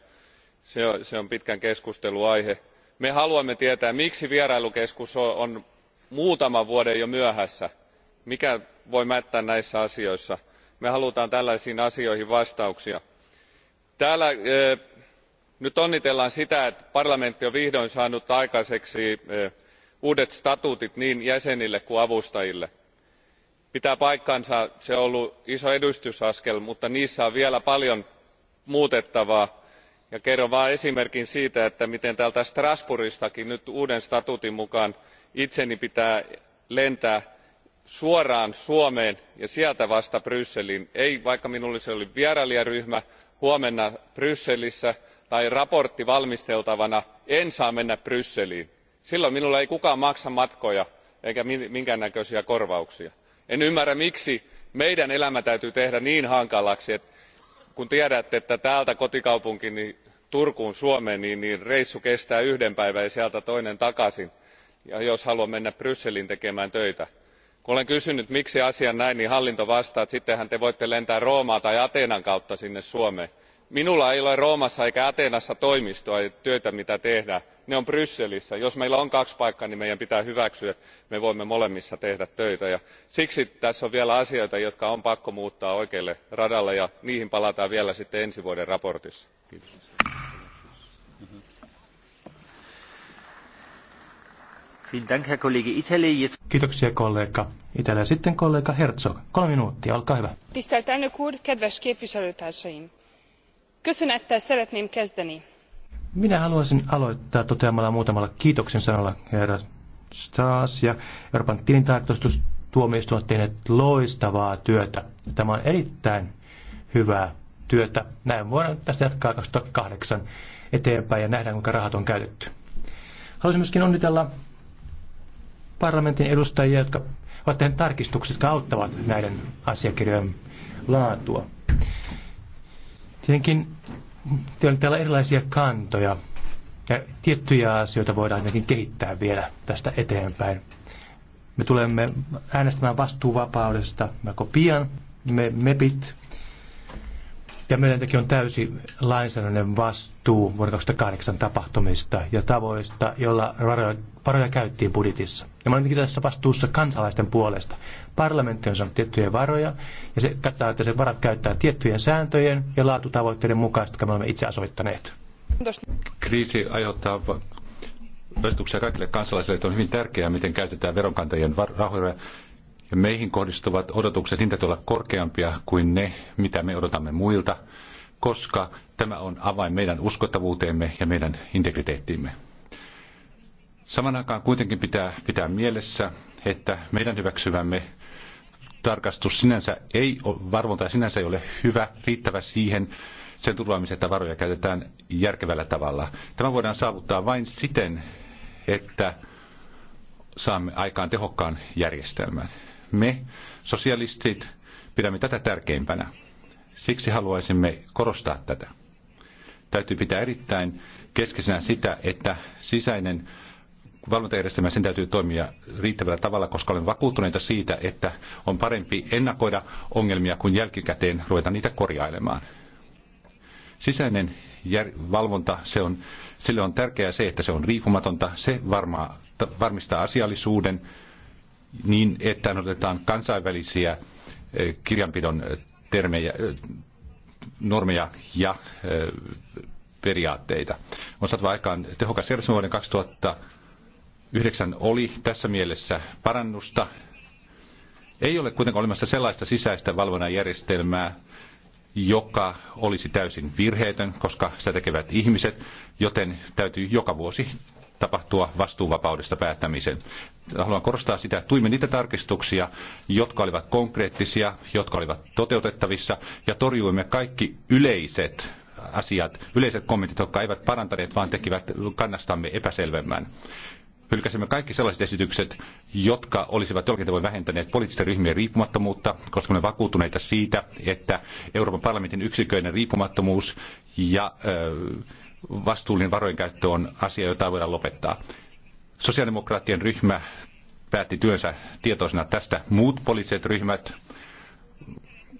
se on pitkän keskustelun aihe. me haluamme tietää miksi vierailukeskus on muutaman vuoden jo myöhässä. mikä voi mättää näissä asioissa? me haluamme tällaisiin asioihin vastauksia. täällä eh, nyt onnitellaan sitä että parlamentti on vihdoin saanut aikaiseksi e, uudet statuutit niin jäsenille kuin avustajille. pitää paikkansa se on ollut iso edistysaskel mutta niissä on vielä paljon muutettavaa ja kerron vain esimerkin siitä miten täältä strasbourgistakin nyt uuden statuutin mukaan itseni pitää lentää suoraan suomeen ja sieltä vasta brysseliin ei vaikka minulla olisi vierailijaryhmä huomenna brysselissä tai mietintö valmisteltavana en saa mennä brysseliin silloin minulle ei kukaan maksa matkoja eikä minkään näköisiä korvauksia. en ymmärrä miksi meidän elämämme täytyy tehdä niin hankalaksi kun tiedätte että täältä kotikaupunkiini turkuun suomeen niin, niin reissu kestää yhden päivän ja sieltä toinen takaisin jos haluan mennä brysseliin tekemään töitä. kun olen kysynyt miksi asia on näin niin hallinto vastaa että sittenhän te voitte lentää rooman tai ateenan kautta sinne suomeen minulla ei ole roomassa eikä ateenassa toimistoa ja työtä mitä tehdä. Ne ovat brysselissä. jos meillä on kaksi paikkaa niin meidän pitää hyväksyä että me voimme molemmissa tehdä töitä ja siksi tässä on vielä asioita jotka on pakko muuttaa oikealle radalle ja niihin palataan vielä sitten ensi vuoden raportissa. Kiitoksia kollega Itälä. Sitten kollega Herzog. Kolme minuuttia, olkaa hyvä. Köszönettel szeretném kezdeni. Minä haluaisin aloittaa toteamalla muutamalla kiitoksen sanalla herra Stas ja Euroopan tilintarkastustuomioistuin ovat tehneet loistavaa työtä. Tämä on erittäin hyvää työtä. Näin voidaan tästä jatkaa 2008 eteenpäin ja nähdään, kuinka rahat on käytetty. Haluaisin myöskin onnitella parlamentin edustajia, jotka ovat tehneet tarkistukset, jotka auttavat näiden asiakirjojen laatua. Tietenkin teillä on täällä erilaisia kantoja ja tiettyjä asioita voidaan jotenkin kehittää vielä tästä eteenpäin. Me tulemme äänestämään vastuuvapaudesta melko pian, me MEPit, ja teki on täysi lainsäädännön vastuu vuoden 2008 tapahtumista ja tavoista, joilla varoja, varoja käyttiin budjetissa. Ja mä olen tässä vastuussa kansalaisten puolesta. Parlamentti on saanut tiettyjä varoja ja se katsotaan, että se varat käyttää tiettyjen sääntöjen ja laatutavoitteiden mukaista, jotka me olemme itse asoittaneet. Kriisi aiheuttaa vastuksia kaikille kansalaisille, että on hyvin tärkeää, miten käytetään veronkantajien rahoja. Ja meihin kohdistuvat odotukset, hintat olla korkeampia kuin ne, mitä me odotamme muilta, koska tämä on avain meidän uskottavuuteemme ja meidän integriteettiimme. Saman aikaan kuitenkin pitää pitää mielessä, että meidän hyväksyvämme tarkastus sinänsä ei, varvonta sinänsä ei ole hyvä, riittävä siihen, sen turvaamiseen, että varoja käytetään järkevällä tavalla. Tämä voidaan saavuttaa vain siten, että saamme aikaan tehokkaan järjestelmän. Me, sosialistit, pidämme tätä tärkeimpänä. Siksi haluaisimme korostaa tätä. Täytyy pitää erittäin keskeisenä sitä, että sisäinen valvontajärjestelmä sen täytyy toimia riittävällä tavalla, koska olen vakuuttuneita siitä, että on parempi ennakoida ongelmia kuin jälkikäteen ruveta niitä korjailemaan. Sisäinen valvonta, se on, sille on tärkeää se, että se on riippumatonta. Se varmaa, varmistaa asiallisuuden niin, että otetaan kansainvälisiä eh, kirjanpidon eh, termejä, eh, normeja ja periaatteita. On saatu aikaan tehokas järjestelmä vuoden 2000 Yhdeksän oli tässä mielessä parannusta. Ei ole kuitenkaan olemassa sellaista sisäistä valvonnan järjestelmää, joka olisi täysin virheetön, koska sitä tekevät ihmiset, joten täytyy joka vuosi tapahtua vastuuvapaudesta päättämisen. Haluan korostaa sitä, että tuimme niitä tarkistuksia, jotka olivat konkreettisia, jotka olivat toteutettavissa, ja torjuimme kaikki yleiset asiat, yleiset kommentit, jotka eivät parantaneet, vaan tekivät kannastamme epäselvemmän hylkäsimme kaikki sellaiset esitykset, jotka olisivat jollakin tavoin vähentäneet poliittisten ryhmien riippumattomuutta, koska me vakuuttuneita siitä, että Euroopan parlamentin yksiköiden riippumattomuus ja vastuullinen varojen käyttö on asia, jota voidaan lopettaa. Sosiaalidemokraattien ryhmä päätti työnsä tietoisena tästä. Muut poliittiset ryhmät,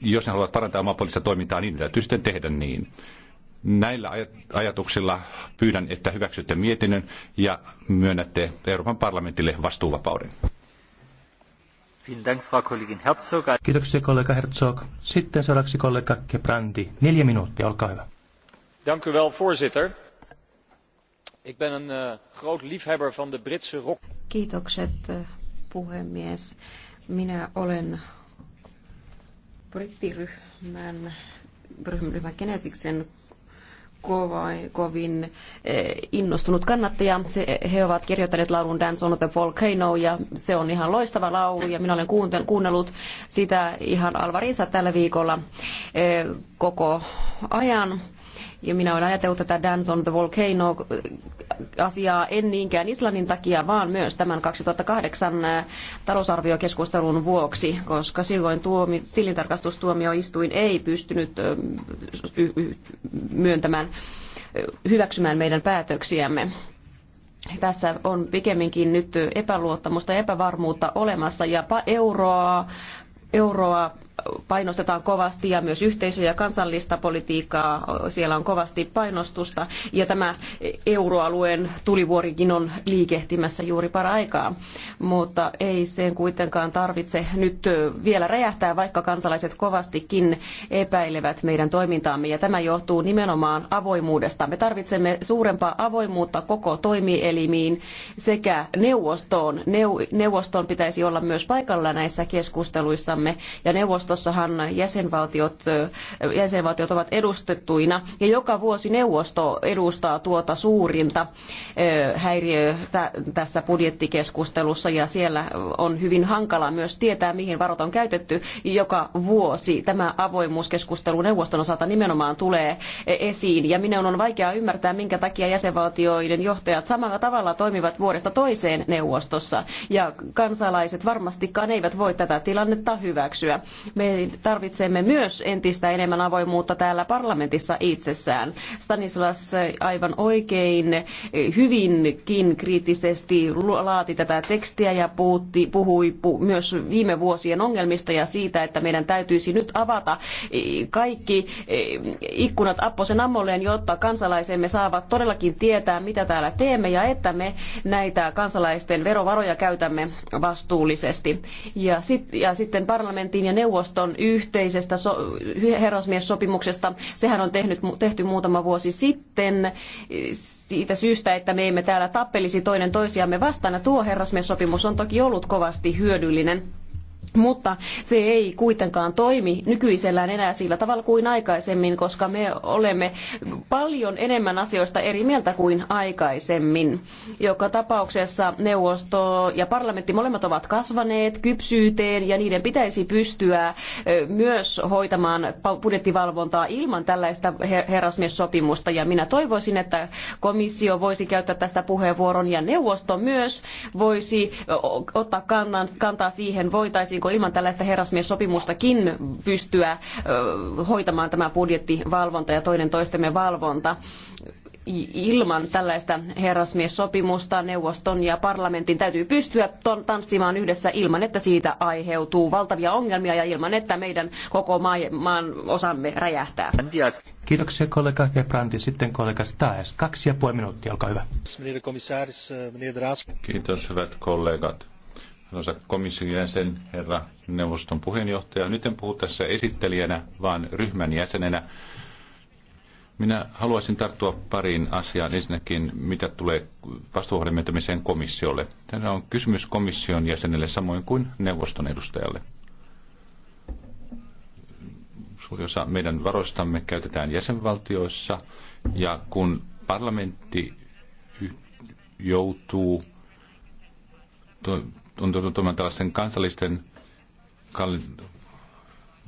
jos ne haluavat parantaa omaa poliittista toimintaa, niin täytyy sitten tehdä niin. Näillä ajatuksilla pyydän, että hyväksytte mietinnön ja myönnätte Euroopan parlamentille vastuuvapauden. Kiitoksia kollega Herzog. Sitten seuraavaksi kollega Kebrandi. Neljä minuuttia, olkaa hyvä. Dank u wel, voorzitter. Ik ben een uh, groot liefhebber van de Britse rock. Kiitokset, eh, puhemies. Minä olen brittiryhmän ryhmän Genesiksen kovin eh, innostunut kannattaja. he ovat kirjoittaneet laulun Dance on the Volcano ja se on ihan loistava laulu ja minä olen kuunnellut sitä ihan alvarinsa tällä viikolla eh, koko ajan ja minä olen ajatellut tätä Dance on the Volcano-asiaa äh, en niinkään Islannin takia, vaan myös tämän 2008 äh, talousarviokeskustelun vuoksi, koska silloin tuomi, tilintarkastustuomioistuin ei pystynyt äh, myöntämään hyväksymään meidän päätöksiämme tässä on pikemminkin nyt epäluottamusta ja epävarmuutta olemassa ja euroa, euroa painostetaan kovasti ja myös yhteisö- ja kansallista politiikkaa, siellä on kovasti painostusta ja tämä euroalueen tulivuorikin on liikehtimässä juuri paraikaa, mutta ei sen kuitenkaan tarvitse nyt vielä räjähtää, vaikka kansalaiset kovastikin epäilevät meidän toimintaamme ja tämä johtuu nimenomaan avoimuudesta. Me tarvitsemme suurempaa avoimuutta koko toimielimiin sekä neuvostoon. Neu- neuvoston pitäisi olla myös paikalla näissä keskusteluissamme ja neuvosto neuvostossahan jäsenvaltiot, jäsenvaltiot ovat edustettuina ja joka vuosi neuvosto edustaa tuota suurinta häiriötä tässä budjettikeskustelussa ja siellä on hyvin hankala myös tietää, mihin varat on käytetty joka vuosi. Tämä avoimuuskeskustelu neuvoston osalta nimenomaan tulee esiin ja minun on vaikea ymmärtää, minkä takia jäsenvaltioiden johtajat samalla tavalla toimivat vuodesta toiseen neuvostossa ja kansalaiset varmastikaan eivät voi tätä tilannetta hyväksyä. Me tarvitsemme myös entistä enemmän avoimuutta täällä parlamentissa itsessään. Stanislas aivan oikein hyvinkin kriittisesti laati tätä tekstiä ja puhutti, puhui myös viime vuosien ongelmista ja siitä, että meidän täytyisi nyt avata e, kaikki e, ikkunat Apposen ammolleen, jotta kansalaisemme saavat todellakin tietää, mitä täällä teemme ja että me näitä kansalaisten verovaroja käytämme vastuullisesti. Ja, sit, ja sitten parlamentin ja neuvoston neuvoston yhteisestä so- herrasmiessopimuksesta. Sehän on tehnyt, tehty muutama vuosi sitten eh, siitä syystä, että me emme täällä tappelisi toinen toisiamme vastaan. Ja tuo herrasmiessopimus on toki ollut kovasti hyödyllinen mutta se ei kuitenkaan toimi nykyisellään enää sillä tavalla kuin aikaisemmin, koska me olemme paljon enemmän asioista eri mieltä kuin aikaisemmin. Joka tapauksessa neuvosto ja parlamentti molemmat ovat kasvaneet kypsyyteen ja niiden pitäisi pystyä myös hoitamaan budjettivalvontaa ilman tällaista herrasmiessopimusta. Ja minä toivoisin, että komissio voisi käyttää tästä puheenvuoron ja neuvosto myös voisi ottaa kantaa siihen, voitaisiin voitaisiinko ilman tällaista herrasmies-sopimustakin pystyä hoitamaan tämä budjettivalvonta ja toinen toistemme valvonta ilman tällaista herrasmiessopimusta sopimusta neuvoston ja parlamentin täytyy pystyä tanssimaan yhdessä ilman, että siitä aiheutuu valtavia ongelmia ja ilman, että meidän koko maan osamme räjähtää. Kiitoksia kollega Gebrandi. Sitten kollega Staes. Kaksi ja puoli minuuttia, olkaa hyvä. Kiitos hyvät kollegat arvoisa komission jäsen, herra neuvoston puheenjohtaja. Nyt en puhu tässä esittelijänä, vaan ryhmän jäsenenä. Minä haluaisin tarttua pariin asiaan. Ensinnäkin, mitä tulee vastuuhdelmentämiseen komissiolle. Tämä on kysymys komission jäsenelle samoin kuin neuvoston edustajalle. Suuri osa meidän varoistamme käytetään jäsenvaltioissa, ja kun parlamentti joutuu on tuntumaan tällaisten kansallisten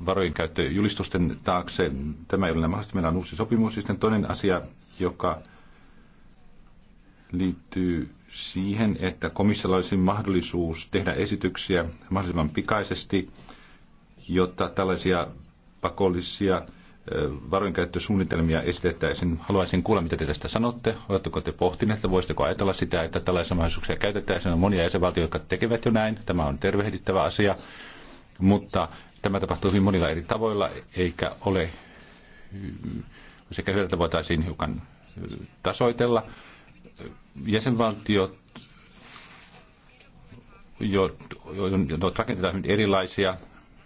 varojen käyttöjulistusten taakse. Tämä ei ole mahdollista. Meillä on uusi sopimus. Sitten toinen asia, joka liittyy siihen, että komissiolla olisi mahdollisuus tehdä esityksiä mahdollisimman pikaisesti, jotta tällaisia pakollisia varoinkäyttösuunnitelmia esitettäisiin. Haluaisin kuulla, mitä te tästä sanotte. Oletteko te pohtineet, että voisitteko ajatella sitä, että tällaisia mahdollisuuksia käytetään? On monia jäsenvaltioita, jotka tekevät jo näin. Tämä on tervehdittävä asia. Mutta tämä tapahtuu hyvin monilla eri tavoilla, eikä ole sekä hyödytä voitaisiin hiukan tasoitella. Jäsenvaltiot jo, jo, jo, jo rakentetaan hyvin erilaisia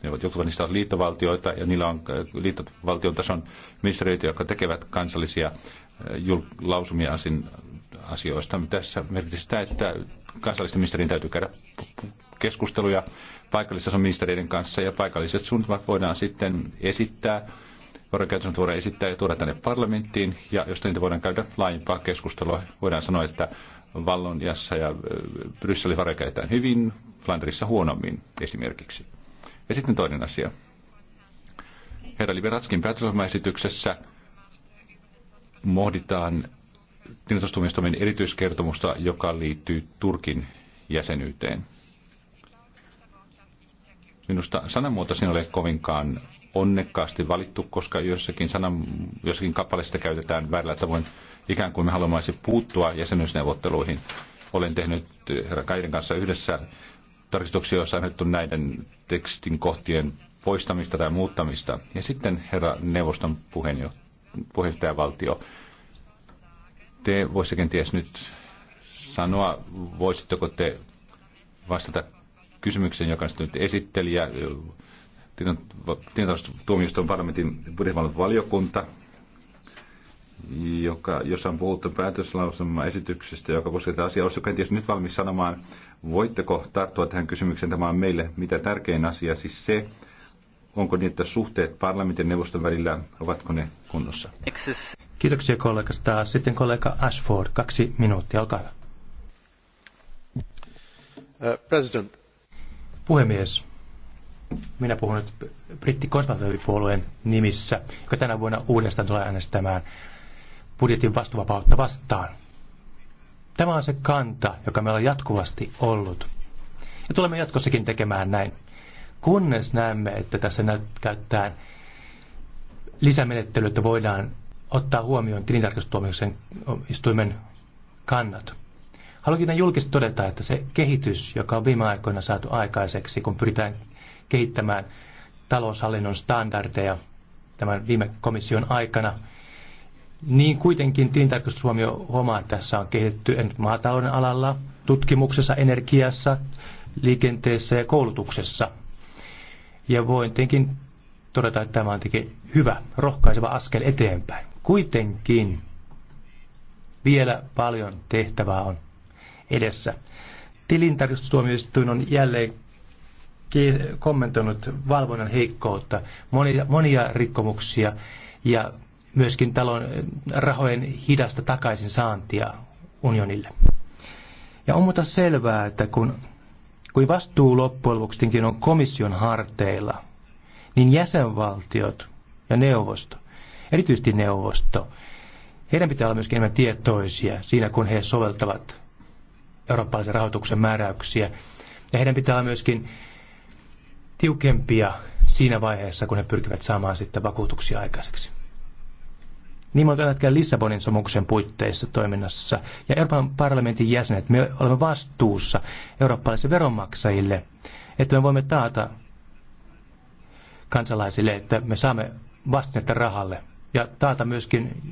ne ovat jotkut niistä liittovaltioita ja niillä on äh, liittovaltion tason ministeriöitä, jotka tekevät kansallisia äh, lausumia asioista. Tässä merkitsee sitä, että kansallisten ministerien täytyy käydä keskusteluja paikallisten ministeriöiden kanssa ja paikalliset suunnitelmat voidaan sitten esittää varakäytössä voidaan esittää ja tuoda tänne parlamenttiin, ja jos niitä voidaan käydä laajempaa keskustelua, voidaan sanoa, että Valloniassa ja äh, Brysselin käytetään hyvin, Flanderissa huonommin esimerkiksi. Ja sitten toinen asia. Herra Liberatskin päätösosmaesityksessä mohditaan tilintarkastustuomioistuimen erityiskertomusta, joka liittyy Turkin jäsenyyteen. Minusta sanamuoto siinä ole kovinkaan onnekkaasti valittu, koska jossakin, sanan, jossakin kappaleista käytetään väärällä tavoin ikään kuin me haluaisin puuttua jäsenyysneuvotteluihin. Olen tehnyt herra Kaiden kanssa yhdessä tarkistuksia, joissa on näiden tekstin kohtien poistamista tai muuttamista. Ja sitten herra neuvoston puheenjohtajavaltio, te voisitte kenties nyt sanoa, voisitteko te vastata kysymykseen, joka nyt esitteli ja tuomioistuin parlamentin budjettivalvontavaliokunta joka, jossa on puhuttu esityksestä, joka koskee tätä asiaa. Olisiko kenties nyt valmis sanomaan, voitteko tarttua tähän kysymykseen? Tämä on meille mitä tärkein asia, siis se, onko niin, että suhteet parlamentin ja neuvoston välillä, ovatko ne kunnossa? Kiitoksia kollegasta. Sitten kollega Ashford, kaksi minuuttia, olkaa hyvä. Uh, president. Puhemies, minä puhun nyt brittikonservatiivipuolueen nimissä, joka tänä vuonna uudestaan tulee äänestämään budjetin vastuvapautta vastaan. Tämä on se kanta, joka meillä on jatkuvasti ollut. Ja tulemme jatkossakin tekemään näin, kunnes näemme, että tässä käyttää lisämenettelyä, että voidaan ottaa huomioon tilintarkastustuomioksen istuimen kannat. Haluankin julkisesti todeta, että se kehitys, joka on viime aikoina saatu aikaiseksi, kun pyritään kehittämään taloushallinnon standardeja tämän viime komission aikana, niin kuitenkin tilintarkastustuomio huomaa, että tässä on kehitetty maatalouden alalla, tutkimuksessa, energiassa, liikenteessä ja koulutuksessa. Ja voin tietenkin todeta, että tämä on tietenkin hyvä, rohkaiseva askel eteenpäin. Kuitenkin vielä paljon tehtävää on edessä. Tilintarkastustuomioistuin on jälleen kommentoinut valvonnan heikkoutta, monia, monia rikkomuksia ja myöskin talon eh, rahojen hidasta takaisin saantia unionille. Ja on muuta selvää, että kun, kun vastuu loppujen lopuksi on komission harteilla, niin jäsenvaltiot ja neuvosto, erityisesti neuvosto, heidän pitää olla myöskin enemmän tietoisia siinä, kun he soveltavat eurooppalaisen rahoituksen määräyksiä. Ja heidän pitää olla myöskin tiukempia siinä vaiheessa, kun he pyrkivät saamaan sitten vakuutuksia aikaiseksi niin me hetkellä Lissabonin sopimuksen puitteissa toiminnassa. Ja Euroopan parlamentin jäsenet, me olemme vastuussa eurooppalaisille veronmaksajille, että me voimme taata kansalaisille, että me saamme vastinetta rahalle. Ja taata myöskin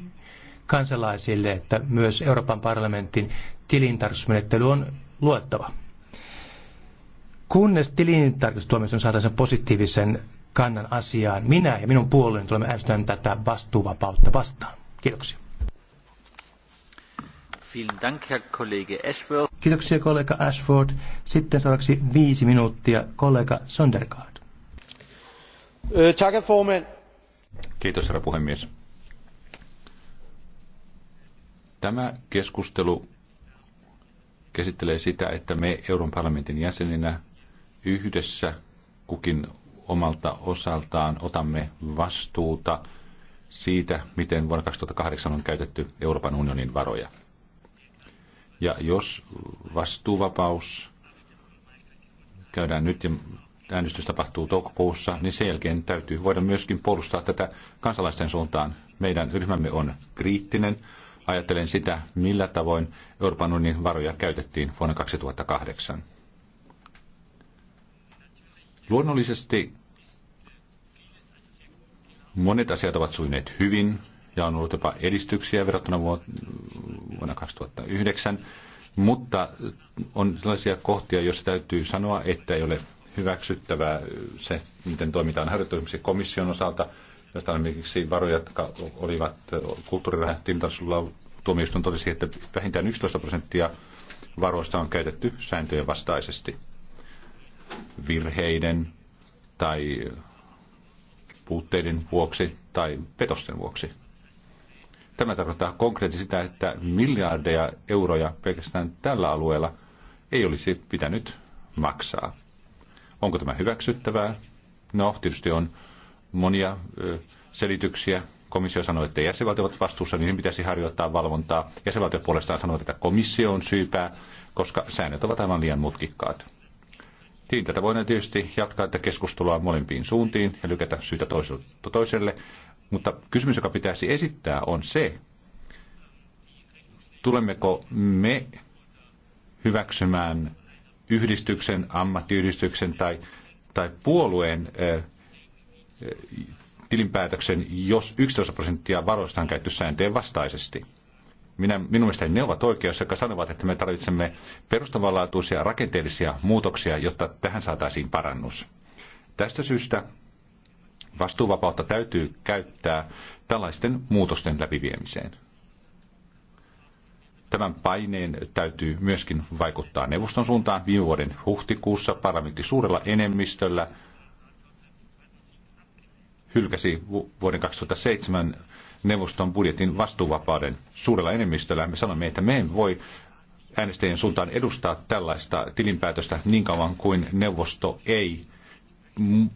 kansalaisille, että myös Euroopan parlamentin tilintarkastusmenettely on luottava. Kunnes tilintarkastustuomioistuin saadaan sen positiivisen kannan asiaan. Minä ja minun puolueeni tulemme äänestämään tätä vastuuvapautta vastaan. Kiitoksia. Kiitoksia kollega Ashford. Sitten seuraavaksi viisi minuuttia kollega Sondergaard. Kiitos herra puhemies. Tämä keskustelu käsittelee sitä, että me Euroopan parlamentin jäseninä yhdessä kukin omalta osaltaan otamme vastuuta siitä, miten vuonna 2008 on käytetty Euroopan unionin varoja. Ja jos vastuuvapaus käydään nyt ja äänestys tapahtuu toukokuussa, niin sen jälkeen täytyy voida myöskin puolustaa tätä kansalaisten suuntaan. Meidän ryhmämme on kriittinen. Ajattelen sitä, millä tavoin Euroopan unionin varoja käytettiin vuonna 2008. Luonnollisesti Monet asiat ovat sujuneet hyvin ja on ollut jopa edistyksiä verrattuna vuonna 2009, mutta on sellaisia kohtia, joissa täytyy sanoa, että ei ole hyväksyttävää se, miten toimitaan harjoittu komission osalta, josta esimerkiksi varoja, jotka olivat kulttuurilähtöimitasolla tuomioistuin totesi, että vähintään 11 prosenttia varoista on käytetty sääntöjen vastaisesti. Virheiden tai puutteiden vuoksi tai petosten vuoksi. Tämä tarkoittaa konkreettisesti sitä, että miljardeja euroja pelkästään tällä alueella ei olisi pitänyt maksaa. Onko tämä hyväksyttävää? No, tietysti on monia selityksiä. Komissio sanoi, että jäsenvaltiot ovat vastuussa, niin pitäisi harjoittaa valvontaa. Jäsenvaltiot puolestaan sanovat, että komissio on syypää, koska säännöt ovat aivan liian mutkikkaat. Niin, tätä voidaan tietysti jatkaa tätä keskustelua molempiin suuntiin ja lykätä syytä toiselle, mutta kysymys, joka pitäisi esittää, on se, tulemmeko me hyväksymään yhdistyksen, ammattiyhdistyksen tai, tai puolueen ö, tilinpäätöksen, jos 11 prosenttia varoista on käytetty sääntöjen vastaisesti minä, minun mielestäni ne ovat oikeassa, jotka sanovat, että me tarvitsemme perustavanlaatuisia rakenteellisia muutoksia, jotta tähän saataisiin parannus. Tästä syystä vastuuvapautta täytyy käyttää tällaisten muutosten läpiviemiseen. Tämän paineen täytyy myöskin vaikuttaa neuvoston suuntaan. Viime vuoden huhtikuussa parlamentti suurella enemmistöllä hylkäsi vuoden 2007 neuvoston budjetin vastuuvapauden suurella enemmistöllä. Me sanomme, että me emme voi äänestäjien suuntaan edustaa tällaista tilinpäätöstä niin kauan kuin neuvosto ei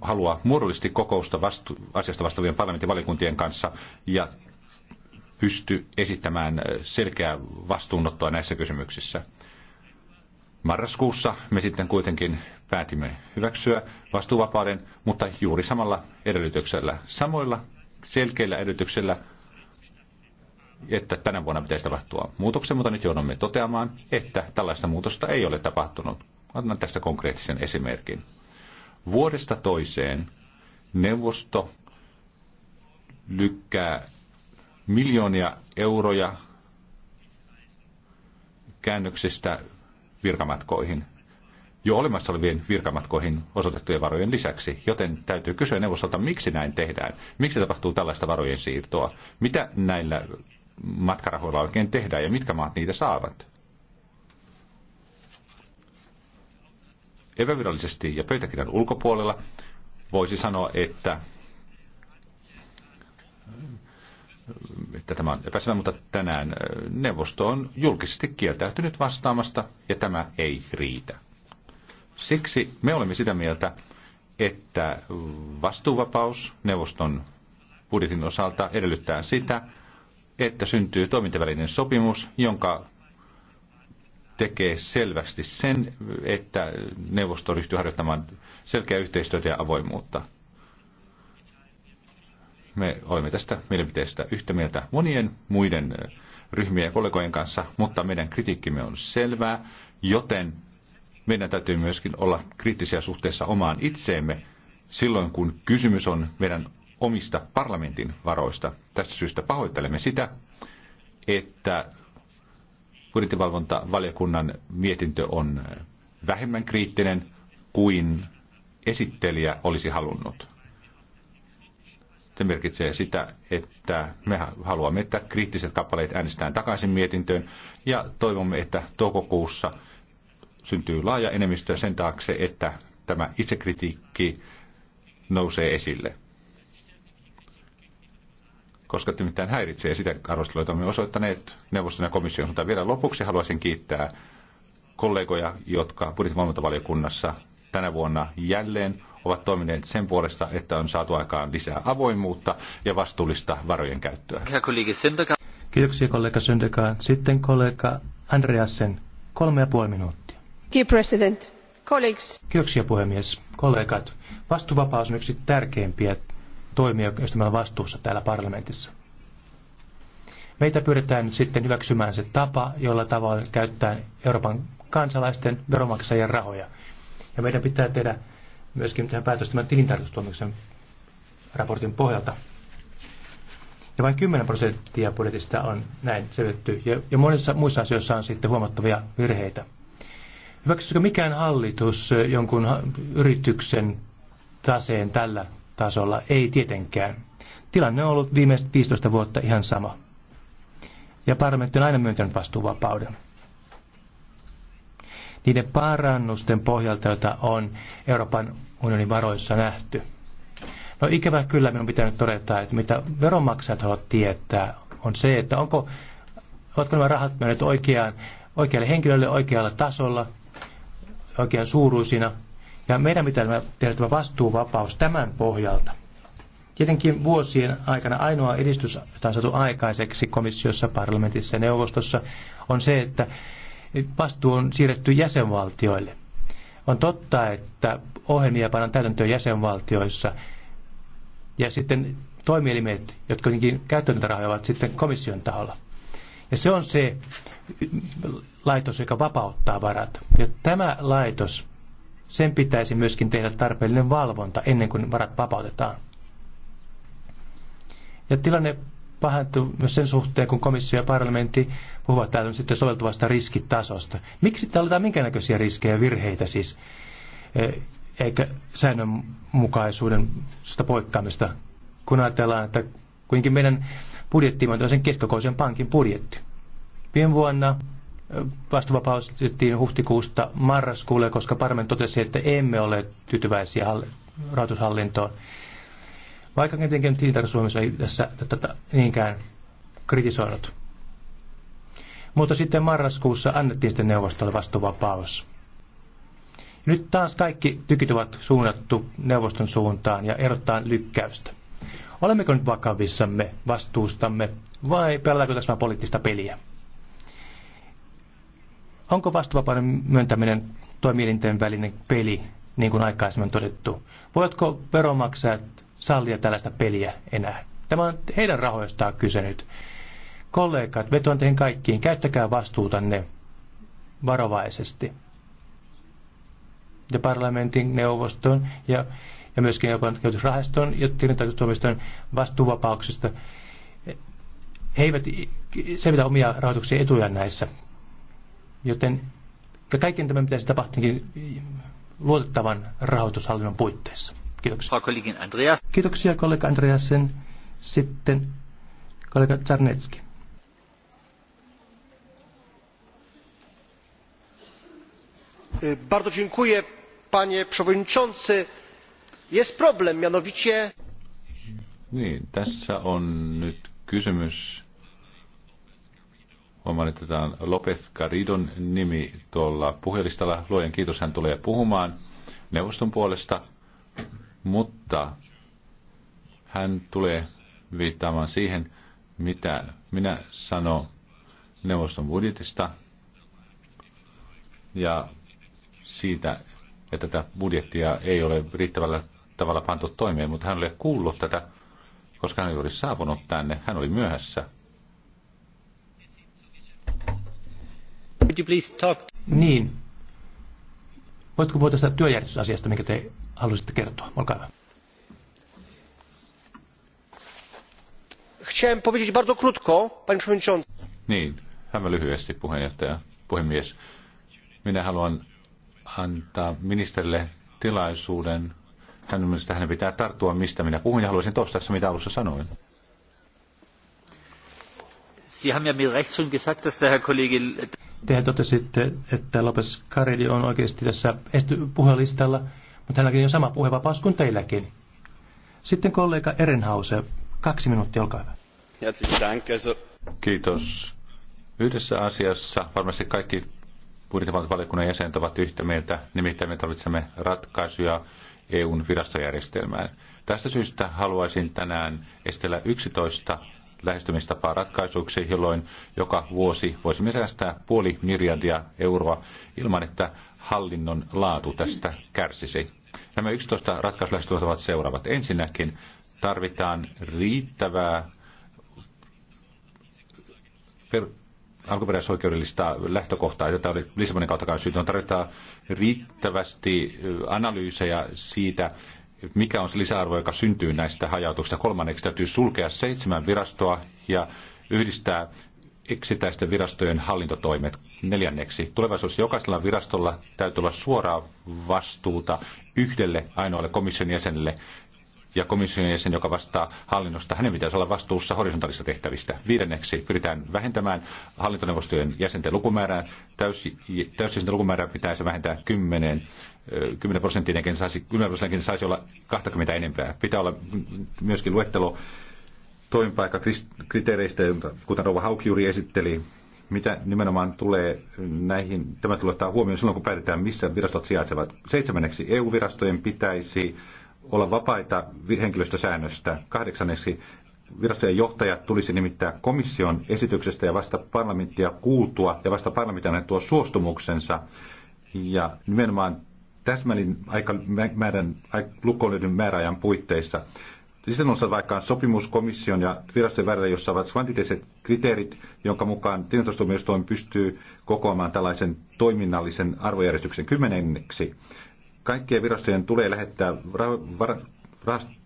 halua muodollisesti kokousta vastu, asiasta vastaavien parlamentin valiokuntien kanssa ja pysty esittämään selkeää vastuunottoa näissä kysymyksissä. Marraskuussa me sitten kuitenkin päätimme hyväksyä vastuuvapauden, mutta juuri samalla edellytyksellä, samoilla selkeillä edellytyksellä, että tänä vuonna pitäisi tapahtua muutoksen, mutta nyt joudumme toteamaan, että tällaista muutosta ei ole tapahtunut. Otan tästä konkreettisen esimerkin. Vuodesta toiseen neuvosto lykkää miljoonia euroja käännöksistä virkamatkoihin jo olemassa olevien virkamatkoihin osoitettujen varojen lisäksi. Joten täytyy kysyä neuvostolta, miksi näin tehdään? Miksi tapahtuu tällaista varojen siirtoa? Mitä näillä matkarahoilla oikein tehdään ja mitkä maat niitä saavat? Epävirallisesti ja pöytäkirjan ulkopuolella voisi sanoa, että että tämä on epäselvä, mutta tänään neuvosto on julkisesti kieltäytynyt vastaamasta ja tämä ei riitä. Siksi me olemme sitä mieltä, että vastuuvapaus neuvoston budjetin osalta edellyttää sitä, että syntyy toimintavälinen sopimus, jonka tekee selvästi sen, että neuvosto ryhtyy harjoittamaan selkeää yhteistyötä ja avoimuutta. Me olemme tästä mielipiteestä yhtä mieltä monien muiden ryhmien ja kollegojen kanssa, mutta meidän kritiikkimme on selvää, joten meidän täytyy myöskin olla kriittisiä suhteessa omaan itseemme silloin, kun kysymys on meidän omista parlamentin varoista. Tästä syystä pahoittelemme sitä, että budjettivalvontavaliokunnan mietintö on vähemmän kriittinen kuin esittelijä olisi halunnut. Se merkitsee sitä, että me haluamme, että kriittiset kappaleet äänestetään takaisin mietintöön ja toivomme, että toukokuussa – syntyy laaja enemmistö sen taakse, että tämä itsekritiikki nousee esille. Koska nimittäin häiritsee sitä arvostelua, jota olemme osoittaneet neuvoston ja komission suuntaan. Vielä lopuksi haluaisin kiittää kollegoja, jotka budjettivalvontavaliokunnassa tänä vuonna jälleen ovat toimineet sen puolesta, että on saatu aikaan lisää avoimuutta ja vastuullista varojen käyttöä. Kiitoksia kollega Syndekaan. Sitten kollega Andreasen, kolme ja puoli minuuttia arvoisa puhemies. Kollegat, vastuuvapaus on yksi tärkeimpiä toimia, joista me vastuussa täällä parlamentissa. Meitä pyydetään sitten hyväksymään se tapa, jolla tavalla käyttää Euroopan kansalaisten veronmaksajien rahoja. Ja meidän pitää tehdä myöskin tehdä päätös tämän tilintarkastustuomioiksen raportin pohjalta. Ja vain 10 prosenttia budjetista on näin selvitetty, ja, ja monissa muissa asioissa on sitten huomattavia virheitä. Hyväksyisikö mikään hallitus jonkun yrityksen taseen tällä tasolla? Ei tietenkään. Tilanne on ollut viimeiset 15 vuotta ihan sama. Ja parlamentti on aina myöntänyt vastuuvapauden. Niiden parannusten pohjalta, joita on Euroopan unionin varoissa nähty. No ikävä kyllä minun pitää nyt todeta, että mitä veronmaksajat haluavat tietää, on se, että onko, ovatko nämä rahat menneet oikeaan, oikealle henkilölle oikealla tasolla – oikean suuruisina. Ja meidän pitää tehdä tämä vastuuvapaus tämän pohjalta. Tietenkin vuosien aikana ainoa edistys, jota on saatu aikaiseksi komissiossa, parlamentissa ja neuvostossa, on se, että vastuu on siirretty jäsenvaltioille. On totta, että ohjelmia pannaan täytäntöön jäsenvaltioissa ja sitten toimielimet, jotka käyttöön rahoja, ovat sitten komission taholla. Ja se on se laitos, joka vapauttaa varat. Ja tämä laitos, sen pitäisi myöskin tehdä tarpeellinen valvonta ennen kuin varat vapautetaan. Ja tilanne pahentuu myös sen suhteen, kun komissio ja parlamentti puhuvat täällä sitten soveltuvasta riskitasosta. Miksi täällä aletaan minkäännäköisiä riskejä ja virheitä siis, e, eikä säännönmukaisuuden poikkeamista, kun ajatellaan, että Kuitenkin meidän budjettimme on tällaisen keskokoisen pankin budjetti. Viime vuonna vastuvapautettiin huhtikuusta marraskuulle, koska Parmen totesi, että emme ole tyytyväisiä rahoitushallintoon. Vaikka tietenkin tilintarkastusvoimissa ei tässä tätä niinkään kritisoinut. Mutta sitten marraskuussa annettiin sitten neuvostolle vastuvapaus. Nyt taas kaikki tykit ovat suunnattu neuvoston suuntaan ja erottaa lykkäystä. Olemmeko nyt vakavissamme vastuustamme vai pelataanko tässä vain poliittista peliä? Onko vastuvapauden myöntäminen toimielinten välinen peli, niin kuin aikaisemmin on todettu? Voitko veronmaksajat sallia tällaista peliä enää? Tämä on heidän rahoistaan kyse nyt. Kollegat, vetoan teihin kaikkiin, käyttäkää vastuutanne varovaisesti. Ja parlamentin, neuvoston ja ja myöskin Euroopan kehitysrahaston ja tilintarkastustuomioistuimen vastuuvapauksista. He eivät selvitä omia rahoituksia etuja näissä. Joten kaiken tämän pitäisi tapahtua luotettavan rahoitushallinnon puitteissa. Kiitoksia. Andreas. Kiitoksia kollega Andreasen. Sitten kollega Czarnecki. Bardzo dziękuję, panie przewodniczący jest problem, mianowicie... Niin, tässä on nyt kysymys. Huomaan, että tämä on Lopez Caridon nimi tuolla puhelistalla. Luojan kiitos, hän tulee puhumaan neuvoston puolesta, mutta hän tulee viittaamaan siihen, mitä minä sanon neuvoston budjetista ja siitä, että tätä budjettia ei ole riittävällä tavalla pantu toimeen, mutta hän oli kuullut tätä, koska hän oli saapunut tänne. Hän oli myöhässä. Could you please talk? Niin. Voitko puhua tästä työjärjestysasiasta, minkä te halusitte kertoa? Olkaa hyvä. Chciałem powiedzieć bardzo krótko, panie przewodniczący. Niin, lyhyesti puheenjohtaja, puhemies. Minä haluan antaa ministerille tilaisuuden hän on että hänen pitää tarttua, mistä minä puhun, ja haluaisin tuosta tässä, mitä alussa sanoin. Sie haben ja mit Recht schon gesagt, dass der Herr Kollege... Tehän totesitte, että Lopes Karidi on oikeasti tässä puhelistalla, mutta hänelläkin on sama puhevapaus kuin teilläkin. Sitten kollega Erenhause, kaksi minuuttia, olkaa hyvä. Kiitos. Yhdessä asiassa varmasti kaikki budjettivaliokunnan jäsenet ovat yhtä mieltä, nimittäin me tarvitsemme ratkaisuja EUn virastojärjestelmään. Tästä syystä haluaisin tänään estellä 11 lähestymistapaa ratkaisuksi, jolloin joka vuosi voisimme säästää puoli miljardia euroa ilman, että hallinnon laatu tästä kärsisi. Nämä 11 ratkaisulähestymistapaa ovat seuraavat. Ensinnäkin tarvitaan riittävää alkuperäisoikeudellista lähtökohtaa, jota oli Lissabonin kautta syytä, on tarvitaan riittävästi analyysejä siitä, mikä on se lisäarvo, joka syntyy näistä hajautuksista. Kolmanneksi täytyy sulkea seitsemän virastoa ja yhdistää yksittäisten virastojen hallintotoimet. Neljänneksi, tulevaisuudessa jokaisella virastolla täytyy olla suoraa vastuuta yhdelle ainoalle komission jäsenelle ja komission jäsen, joka vastaa hallinnosta, hänen pitäisi olla vastuussa horisontaalisista tehtävistä. Viidenneksi pyritään vähentämään hallintoneuvostojen jäsenten lukumäärää. Täysi, täysi lukumäärää pitäisi vähentää 10, 10 prosenttia, saisi, 10 prosenttia saisi olla 20 enempää. Pitää olla myöskin luettelo toimipaikkakriteereistä, kuten Rouva Hauk juuri esitteli, mitä nimenomaan tulee näihin, tämä tulee ottaa huomioon silloin, kun päätetään, missä virastot sijaitsevat. Seitsemänneksi EU-virastojen pitäisi olla vapaita henkilöstösäännöstä. Kahdeksanneksi virastojen johtajat tulisi nimittää komission esityksestä ja vasta parlamenttia kuultua ja vasta parlamentin annettua suostumuksensa. Ja nimenomaan täsmällin aikamäärän, lukkoon määräajan puitteissa. Sitten on vaikka sopimus komission ja virastojen välillä, jossa ovat kvantiteiset kriteerit, jonka mukaan tilintarkastustuomioistuin pystyy kokoamaan tällaisen toiminnallisen arvojärjestyksen kymmenenneksi kaikkien virastojen tulee lähettää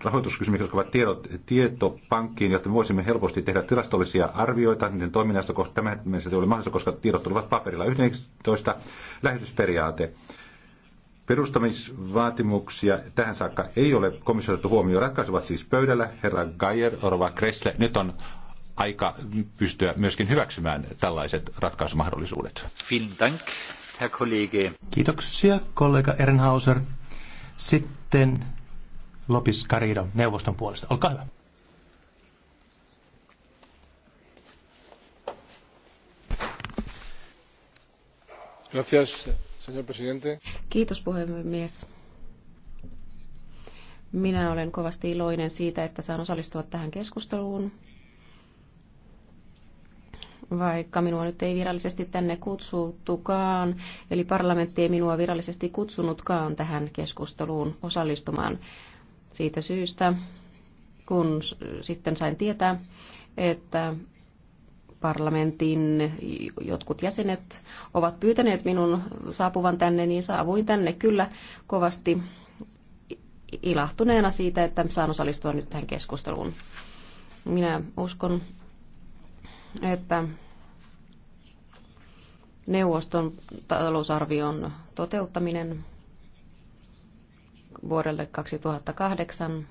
rahoituskysymykset ovat tiedot tieto pankkiin, jotta me voisimme helposti tehdä tilastollisia arvioita niiden toiminnasta, koska tämä ei ole mahdollista, koska tiedot tulivat paperilla. 11. Lähetysperiaate. Perustamisvaatimuksia tähän saakka ei ole komissioitettu huomioon. Ratkaisuvat siis pöydällä. Herra Gayer, Orva Kressle. Nyt on aika pystyä myöskin hyväksymään tällaiset ratkaisumahdollisuudet. Vielen Herr Kollege. Kiitoksia, kollega Ehrenhauser. Sitten Lopis Carido neuvoston puolesta. Olkaa hyvä. Gracias, señor presidente. Kiitos puhemies. Minä olen kovasti iloinen siitä, että saan osallistua tähän keskusteluun vaikka minua nyt ei virallisesti tänne kutsuttukaan, eli parlamentti ei minua virallisesti kutsunutkaan tähän keskusteluun osallistumaan siitä syystä, kun sitten sain tietää, että parlamentin jotkut jäsenet ovat pyytäneet minun saapuvan tänne, niin saavuin tänne kyllä kovasti ilahtuneena siitä, että saan osallistua nyt tähän keskusteluun. Minä uskon, että neuvoston talousarvion toteuttaminen vuodelle 2008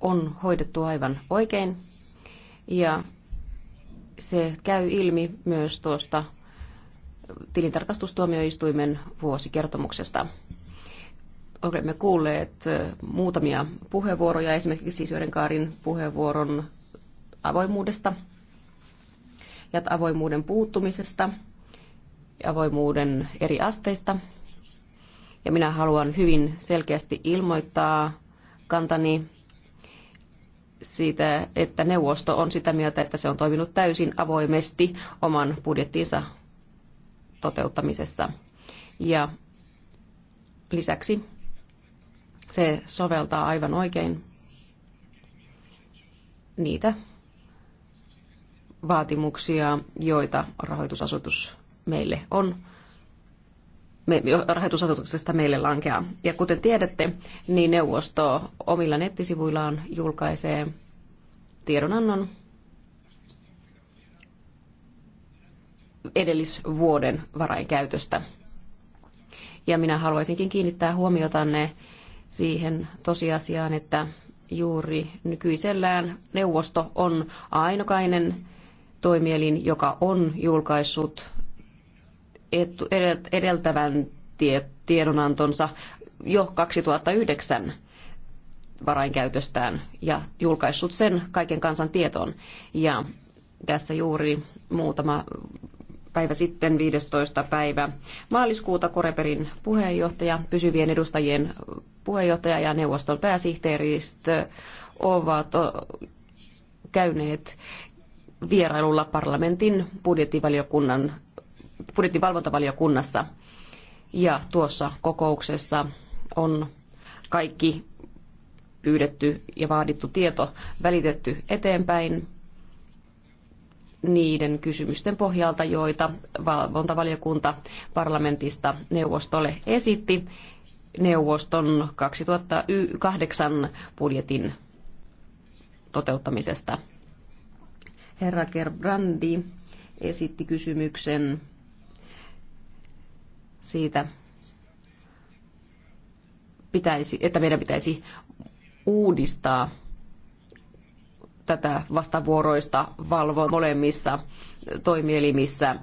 on hoidettu aivan oikein ja se käy ilmi myös tuosta tilintarkastustuomioistuimen vuosikertomuksesta. Olemme kuulleet muutamia puheenvuoroja, esimerkiksi Syödenkaarin puheenvuoron avoimuudesta – ja avoimuuden puuttumisesta ja avoimuuden eri asteista. Ja minä haluan hyvin selkeästi ilmoittaa kantani siitä, että neuvosto on sitä mieltä, että se on toiminut täysin avoimesti oman budjettinsa toteuttamisessa. Ja lisäksi se soveltaa aivan oikein niitä vaatimuksia, joita rahoitusasetus meille on me, rahoitusasetuksesta meille lankeaa. Ja kuten tiedätte, niin neuvosto omilla nettisivuillaan julkaisee tiedonannon edellisvuoden käytöstä. Ja minä haluaisinkin kiinnittää huomiotanne siihen tosiasiaan, että juuri nykyisellään neuvosto on ainokainen toimielin, joka on julkaissut edeltävän tiedonantonsa jo 2009 varainkäytöstään ja julkaissut sen kaiken kansan tietoon. Ja tässä juuri muutama päivä sitten, 15. päivä maaliskuuta, Koreperin puheenjohtaja, pysyvien edustajien puheenjohtaja ja neuvoston pääsihteeristö ovat käyneet vierailulla parlamentin budjettivaliokunnan, budjettivalvontavaliokunnassa. Ja tuossa kokouksessa on kaikki pyydetty ja vaadittu tieto välitetty eteenpäin niiden kysymysten pohjalta, joita valvontavaliokunta parlamentista neuvostolle esitti neuvoston 2008 budjetin toteuttamisesta. Herra Gerbrandi esitti kysymyksen siitä, pitäisi, että meidän pitäisi uudistaa tätä vastavuoroista valvoa molemmissa toimielimissä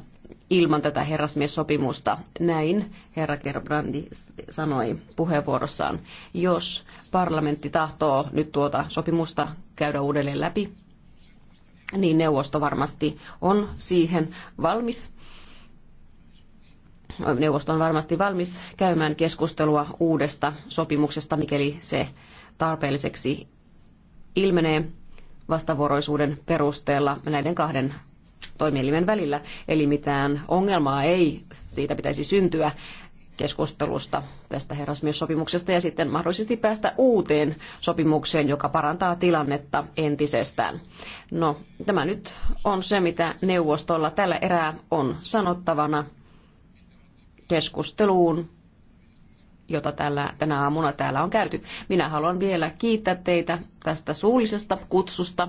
ilman tätä herrasmiessopimusta. Näin herra Gerbrandi sanoi puheenvuorossaan. Jos parlamentti tahtoo nyt tuota sopimusta käydä uudelleen läpi, niin neuvosto varmasti on siihen valmis. Neuvosto on varmasti valmis käymään keskustelua uudesta sopimuksesta, mikäli se tarpeelliseksi ilmenee vastavuoroisuuden perusteella näiden kahden toimielimen välillä. Eli mitään ongelmaa ei siitä pitäisi syntyä keskustelusta tästä herrasmiessopimuksesta ja sitten mahdollisesti päästä uuteen sopimukseen, joka parantaa tilannetta entisestään. No, tämä nyt on se, mitä neuvostolla tällä erää on sanottavana keskusteluun, jota tällä, tänä aamuna täällä on käyty. Minä haluan vielä kiittää teitä tästä suullisesta kutsusta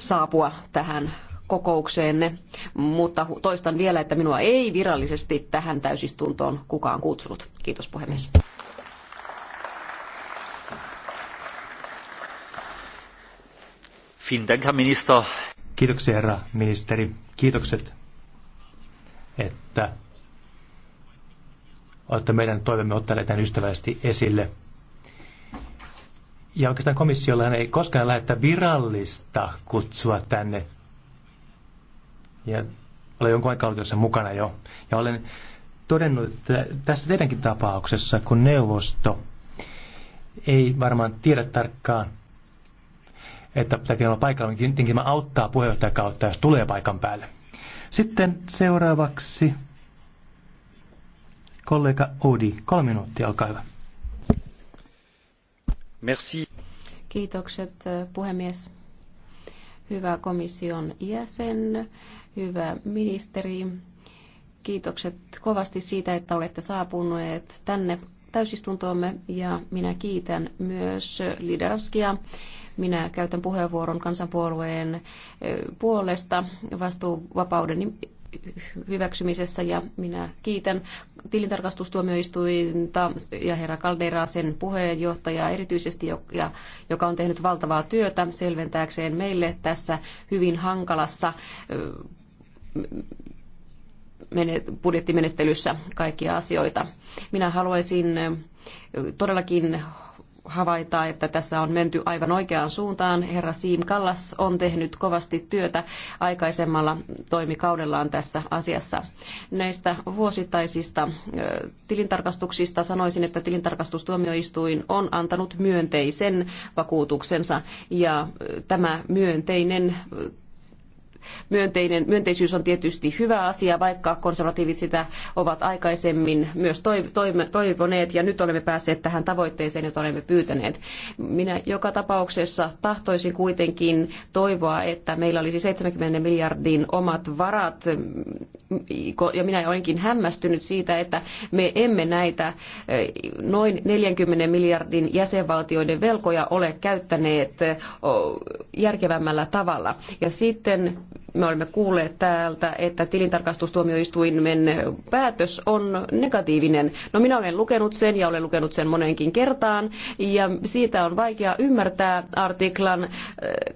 saapua tähän kokoukseenne, mutta toistan vielä, että minua ei virallisesti tähän täysistuntoon kukaan kutsunut. Kiitos puhemies. Kiitoksia herra ministeri. Kiitokset, että olette meidän toivemme ottaneet tämän ystävällisesti esille. Ja oikeastaan komissiollahan ei koskaan lähetä virallista kutsua tänne ja olen jonkun aikaa ollut mukana jo. Ja olen todennut, että tässä teidänkin tapauksessa, kun neuvosto ei varmaan tiedä tarkkaan, että pitääkin olla paikalla, niin mä auttaa kautta, jos tulee paikan päälle. Sitten seuraavaksi kollega Odi. Kolme minuuttia, olkaa hyvä. Merci. Kiitokset puhemies. Hyvä komission jäsen. Hyvä ministeri, kiitokset kovasti siitä, että olette saapuneet tänne täysistuntoomme ja minä kiitän myös Liderovskia. Minä käytän puheenvuoron kansanpuolueen eh, puolesta vastuuvapauden hyväksymisessä ja minä kiitän tilintarkastustuomioistuinta ja herra Calderaa sen puheenjohtajaa erityisesti, joka on tehnyt valtavaa työtä selventääkseen meille tässä hyvin hankalassa budjettimenettelyssä kaikkia asioita. Minä haluaisin todellakin havaita, että tässä on menty aivan oikeaan suuntaan. Herra Siim Kallas on tehnyt kovasti työtä aikaisemmalla toimikaudellaan tässä asiassa. Näistä vuosittaisista tilintarkastuksista sanoisin, että tilintarkastustuomioistuin on antanut myönteisen vakuutuksensa ja tämä myönteinen Myönteinen, myönteisyys on tietysti hyvä asia, vaikka konservatiivit sitä ovat aikaisemmin myös toivoneet ja nyt olemme päässeet tähän tavoitteeseen, jota olemme pyytäneet. Minä joka tapauksessa tahtoisin kuitenkin toivoa, että meillä olisi 70 miljardin omat varat ja minä olenkin hämmästynyt siitä, että me emme näitä eh, noin 40 miljardin jäsenvaltioiden velkoja ole käyttäneet eh, järkevämmällä tavalla. Ja sitten me olemme kuulleet täältä, että tilintarkastustuomioistuimen päätös on negatiivinen. No minä olen lukenut sen ja olen lukenut sen moneenkin kertaan ja siitä on vaikea ymmärtää artiklan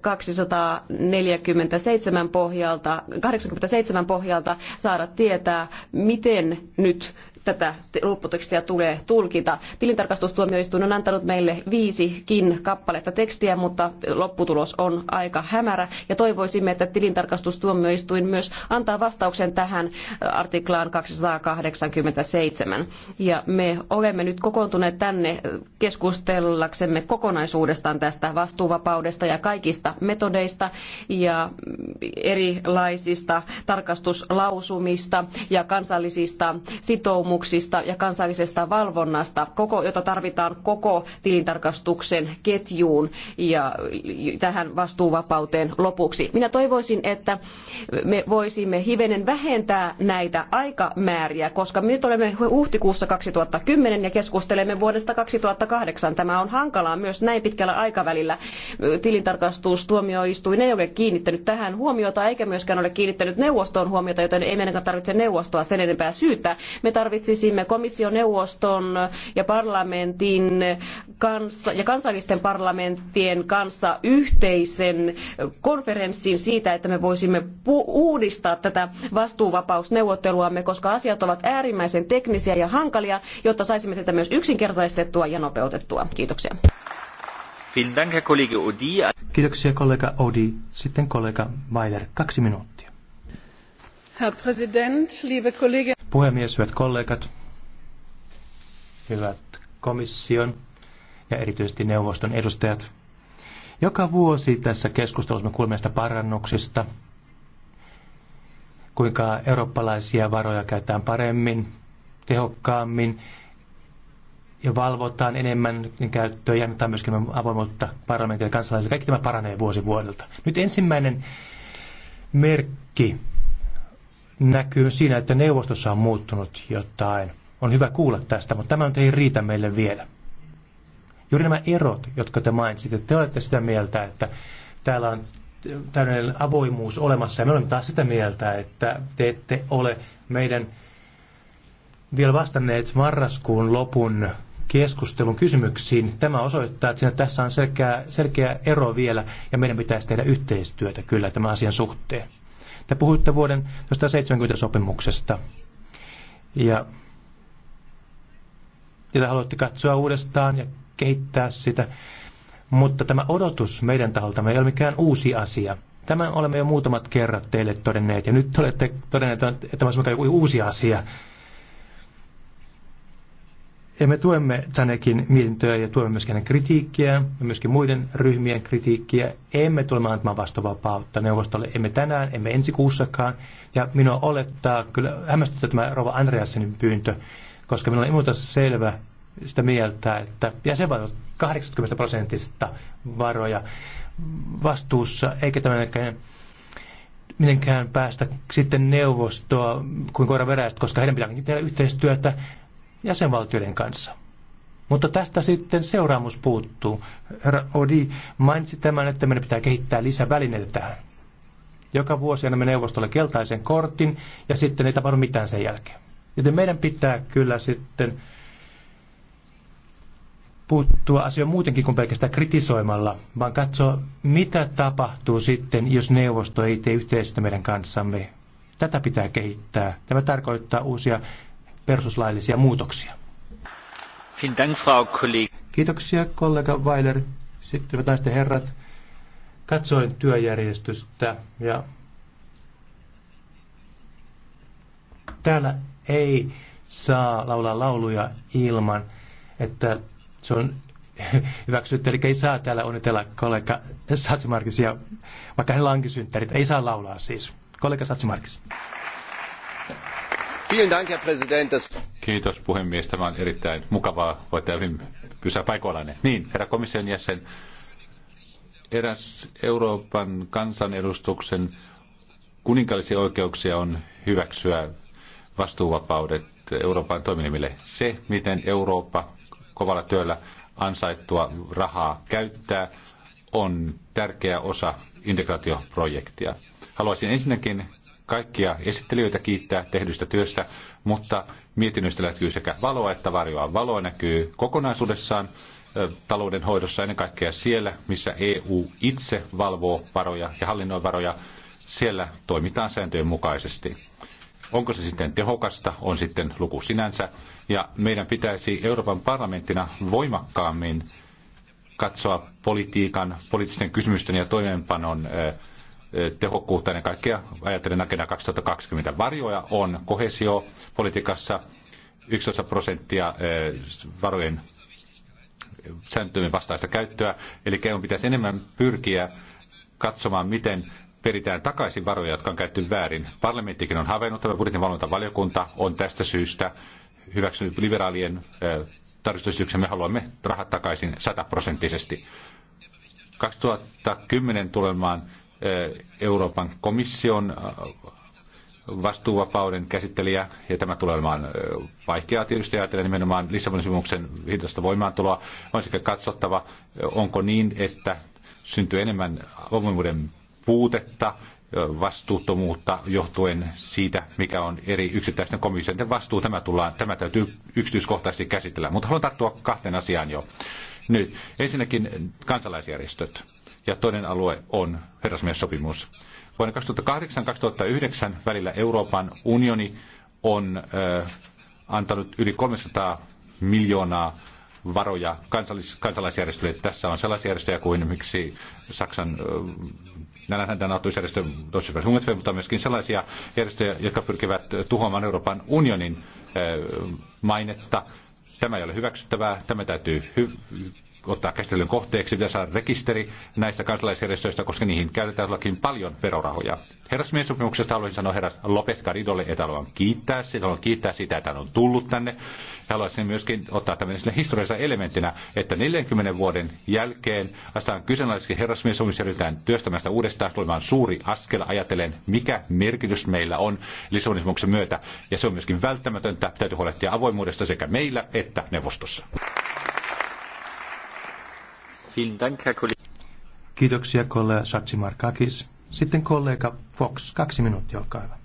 247 äh, pohjalta, 87 pohjalta saada tietää, miten nyt tätä lopputekstiä tulee tulkita. Tilintarkastustuomioistuin on antanut meille viisikin kappaletta tekstiä, mutta lopputulos on aika hämärä ja toivoisimme, että tilintarkastustuomioistuin myös antaa vastauksen tähän äh, artiklaan 287. Ja me olemme nyt kokoontuneet tänne äh, keskustellaksemme kokonaisuudestaan tästä vastuuvapaudesta ja kaikista metodeista ja erilaisista tarkastuslausumista ja kansallisista sitoumuksista vaatimuksista ja kansallisesta valvonnasta, koko, jota tarvitaan koko tilintarkastuksen ketjuun ja tähän vastuuvapauteen lopuksi. Minä toivoisin, että me voisimme hivenen vähentää näitä aikamääriä, koska me nyt olemme huhtikuussa 2010 ja keskustelemme vuodesta 2008. Tämä on hankalaa myös näin pitkällä aikavälillä. Tilintarkastustuomioistuin ei ole kiinnittänyt tähän huomiota eikä myöskään ole kiinnittänyt neuvostoon huomiota, joten ei meidän tarvitse neuvostoa sen enempää syyttää. Me tarvitsemme tarvitsisimme komission neuvoston ja parlamentin kanssa ja kansallisten parlamenttien kanssa yhteisen konferenssin siitä, että me voisimme uudistaa tätä vastuuvapausneuvotteluamme, koska asiat ovat äärimmäisen teknisiä ja hankalia, jotta saisimme tätä myös yksinkertaistettua ja nopeutettua. Kiitoksia. Kiitoksia kollega Odi. Sitten kollega Weiler, kaksi minuuttia. Herr Präsident, liebe Kollegen. Puhemies, hyvät kollegat, hyvät komission ja erityisesti neuvoston edustajat. Joka vuosi tässä keskustelussa me kuulemme näistä parannuksista, kuinka eurooppalaisia varoja käytetään paremmin, tehokkaammin ja valvotaan enemmän käyttöä ja annetaan myöskin avoimuutta parlamentille ja kansalaisille. Kaikki tämä paranee vuosi vuodelta. Nyt ensimmäinen merkki näkyy siinä, että neuvostossa on muuttunut jotain. On hyvä kuulla tästä, mutta tämä nyt ei riitä meille vielä. Juuri nämä erot, jotka te mainitsitte, te olette sitä mieltä, että täällä on täydellinen avoimuus olemassa ja me olemme taas sitä mieltä, että te ette ole meidän vielä vastanneet marraskuun lopun keskustelun kysymyksiin. Tämä osoittaa, että siinä tässä on selkeä, selkeä ero vielä ja meidän pitäisi tehdä yhteistyötä kyllä tämän asian suhteen. Te puhuitte vuoden 1970 sopimuksesta ja, ja te haluatte katsoa uudestaan ja kehittää sitä. Mutta tämä odotus meidän taholtamme ei ole mikään uusi asia. Tämän olemme jo muutamat kerrat teille todenneet, ja nyt olette todenneet, että tämä on joku uusi asia. Ja me tuemme Zanekin mietintöä ja tuemme myöskin hänen kritiikkiä ja myöskin muiden ryhmien kritiikkiä. Emme tule antamaan vastuvapautta neuvostolle, emme tänään, emme ensi kuussakaan. Ja minua olettaa, kyllä hämmästyttää tämä Rova Andreasenin pyyntö, koska minulla ei muuta selvä sitä mieltä, että jäsenvaltiot 80 prosentista varoja vastuussa, eikä tämmöinen mitenkään päästä sitten neuvostoa kuin koira veräistä, koska heidän pitää tehdä yhteistyötä jäsenvaltioiden kanssa. Mutta tästä sitten seuraamus puuttuu. Herra Odi mainitsi tämän, että meidän pitää kehittää lisävälineitä tähän. Joka vuosi annamme neuvostolle keltaisen kortin ja sitten ei tapahdu mitään sen jälkeen. Joten meidän pitää kyllä sitten puuttua asioon muutenkin kuin pelkästään kritisoimalla, vaan katsoa, mitä tapahtuu sitten, jos neuvosto ei tee yhteistyötä meidän kanssamme. Tätä pitää kehittää. Tämä tarkoittaa uusia perustuslaillisia muutoksia. Kiitoksia kollega Weiler. Sitten me naiset herrat, katsoin työjärjestystä ja täällä ei saa laulaa lauluja ilman, että se on hyväksytty. Eli ei saa täällä onnitella kollega Satsimarkisia, vaikka hänellä onkin synttärit. Ei saa laulaa siis. Kollega Satsimarkis. Kiitos puhemies. Tämä on erittäin mukavaa. Voitte hyvin pysyä paikoillanne. Niin, herra komission jäsen, eräs Euroopan kansanedustuksen kuninkaallisia oikeuksia on hyväksyä vastuuvapaudet Euroopan toiminimille. Se, miten Eurooppa kovalla työllä ansaittua rahaa käyttää, on tärkeä osa integraatioprojektia. Haluaisin ensinnäkin kaikkia esittelijöitä kiittää tehdystä työstä, mutta mietinnöstä näkyy sekä valoa että varjoa. Valoa näkyy kokonaisuudessaan talouden hoidossa ennen kaikkea siellä, missä EU itse valvoo varoja ja hallinnoi varoja. Siellä toimitaan sääntöjen mukaisesti. Onko se sitten tehokasta, on sitten luku sinänsä. Ja meidän pitäisi Euroopan parlamenttina voimakkaammin katsoa politiikan, poliittisten kysymysten ja toimeenpanon tehokkuutta ennen kaikkea ajatellen agenda 2020. Varjoja on kohesiopolitiikassa 11 prosenttia eh, varojen sääntöjen vastaista käyttöä, eli EU pitäisi enemmän pyrkiä katsomaan, miten peritään takaisin varoja, jotka on käytetty väärin. Parlamenttikin on havainnut, tämä valvontavaliokunta on tästä syystä hyväksynyt liberaalien eh, tarkistusyksen. Me haluamme rahat takaisin sataprosenttisesti. 2010 tulemaan Eh, Euroopan komission eh, vastuuvapauden käsittelijä, ja tämä tulee olemaan eh, vaikeaa tietysti ajatella nimenomaan Lissabonin sopimuksen hidasta voimaantuloa. On sekä katsottava, onko niin, että syntyy enemmän avoimuuden puutetta, vastuuttomuutta johtuen siitä, mikä on eri yksittäisten komissioiden vastuu. Tämä, tullaan, tämä täytyy yksityiskohtaisesti käsitellä, mutta haluan tarttua kahteen asiaan jo. Nyt ensinnäkin kansalaisjärjestöt ja toinen alue on herrasmiessopimus. Vuonna 2008-2009 välillä Euroopan unioni on äh, antanut yli 300 miljoonaa varoja kansallis- kansalaisjärjestöille. Tässä on sellaisia järjestöjä kuin miksi Saksan äh, nälänhäntänautuisjärjestö Deutsche Welle mutta myöskin sellaisia järjestöjä, jotka pyrkivät tuhoamaan Euroopan unionin äh, mainetta. Tämä ei ole hyväksyttävää, tämä täytyy hy- ottaa käsittelyn kohteeksi, pitää saada rekisteri näistä kansalaisjärjestöistä, koska niihin käytetään lakin paljon verorahoja. Herrasmien sopimuksesta haluaisin sanoa herra Lopez Garidolle, että haluan kiittää siitä, haluan kiittää sitä, että hän on tullut tänne. Haluaisin myöskin ottaa tämmöisenä historiallisena elementtinä, että 40 vuoden jälkeen astaan kyseenalaisesti herrasmien sopimus työstämästä uudestaan tulemaan suuri askel ajatellen, mikä merkitys meillä on Lissabonin myötä. Ja se on myöskin välttämätöntä, täytyy huolehtia avoimuudesta sekä meillä että neuvostossa. Kiitoksia kollega Satsimarkakis. Sitten kollega Fox, kaksi minuuttia, olkaa hyvä.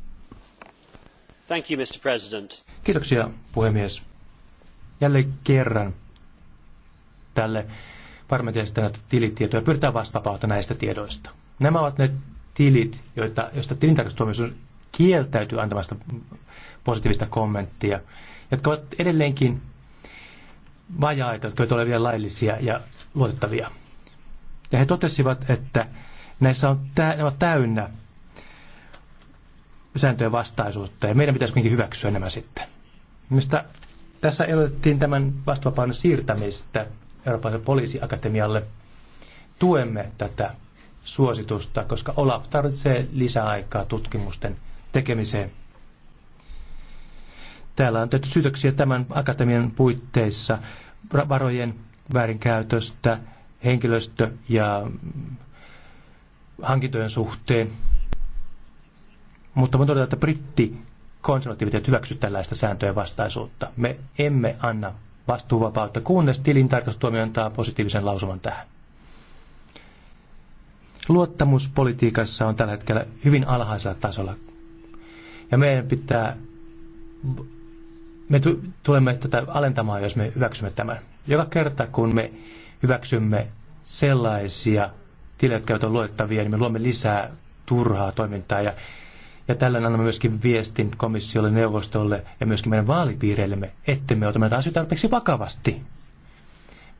Thank you, Mr. President. Kiitoksia, puhemies. Jälleen kerran tälle näitä tilitietoja pyritään vastapautta näistä tiedoista. Nämä ovat ne tilit, joita, joista tilintarkastustuomioistuin kieltäytyy antamasta positiivista kommenttia, jotka ovat edelleenkin vajaita, jotka eivät ole vielä laillisia ja luotettavia. Ja he totesivat, että näissä on tä- ne ovat täynnä sääntöjen vastaisuutta ja meidän pitäisi kuitenkin hyväksyä nämä sitten. Mistä tässä ehdotettiin tämän vastuvapauden siirtämistä Euroopan poliisiakatemialle. Tuemme tätä suositusta, koska Olaf tarvitsee lisäaikaa tutkimusten tekemiseen. Täällä on tehty syytöksiä tämän akatemian puitteissa varojen väärinkäytöstä henkilöstö- ja hankintojen suhteen. Mutta voin todeta, että britti konservatiivit eivät hyväksy tällaista sääntöjen vastaisuutta. Me emme anna vastuuvapautta, kunnes tilintarkastustuomio antaa positiivisen lausuman tähän. Luottamuspolitiikassa on tällä hetkellä hyvin alhaisella tasolla. Ja meidän pitää, me tulemme tätä alentamaan, jos me hyväksymme tämän. Joka kerta, kun me hyväksymme sellaisia tilejä, jotka ovat luettavia, niin me luomme lisää turhaa toimintaa. Ja, ja tällä annamme myöskin viestin komissiolle, neuvostolle ja myöskin meidän vaalipiireillemme, että me otamme näitä asioita tarpeeksi vakavasti.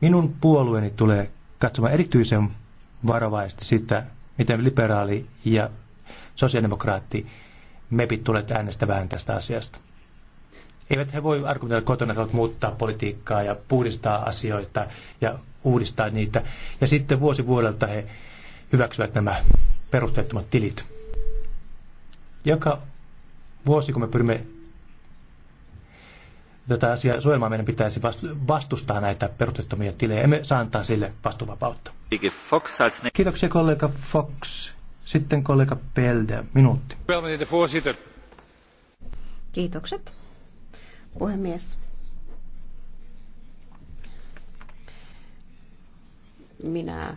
Minun puolueeni tulee katsomaan erityisen varovaisesti sitä, miten liberaali ja sosiaalidemokraatti mepit tulet äänestämään tästä asiasta. Eivät he voi argumentoida kotona, että muuttaa politiikkaa ja puhdistaa asioita ja uudistaa niitä. Ja sitten vuosi vuodelta he hyväksyvät nämä perusteettomat tilit. Joka vuosi, kun me pyrimme tätä asiaa suojelmaan, meidän pitäisi vastustaa näitä perusteettomia tilejä. Emme saa antaa sille vastuvapautta. Kiitoksia kollega Fox. Sitten kollega Pelde minuutti. Kiitokset puhemies. Minä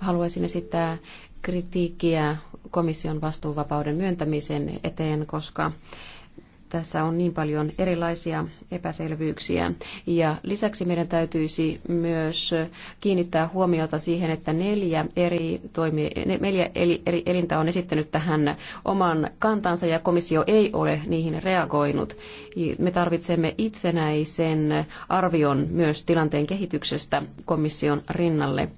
haluaisin esittää kritiikkiä komission vastuuvapauden myöntämisen eteen, koska tässä on niin paljon erilaisia epäselvyyksiä. Ja lisäksi meidän täytyisi myös kiinnittää huomiota siihen, että neljä eri, toimi, neljä eri elintä on esittänyt tähän oman kantansa ja komissio ei ole niihin reagoinut. Me tarvitsemme itsenäisen arvion myös tilanteen kehityksestä komission rinnalle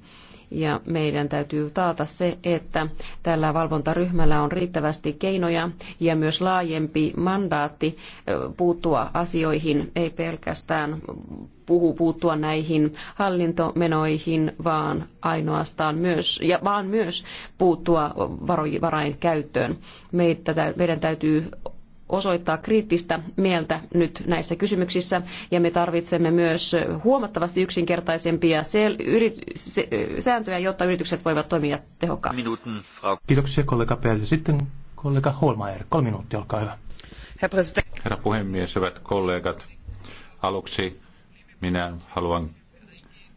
ja meidän täytyy taata se, että tällä valvontaryhmällä on riittävästi keinoja ja myös laajempi mandaatti puuttua asioihin, ei pelkästään puhu puuttua näihin hallintomenoihin, vaan ainoastaan myös, ja vaan myös puuttua varojen varain käyttöön. Meitä, meidän täytyy osoittaa kriittistä mieltä nyt näissä kysymyksissä ja me tarvitsemme myös huomattavasti yksinkertaisempia sääntöjä, jotta yritykset voivat toimia tehokkaammin. Kiitoksia kollega Pell. Sitten kollega Holmaier. Kolme minuuttia, olkaa hyvä. Herra puhemies, hyvät kollegat. Aluksi minä haluan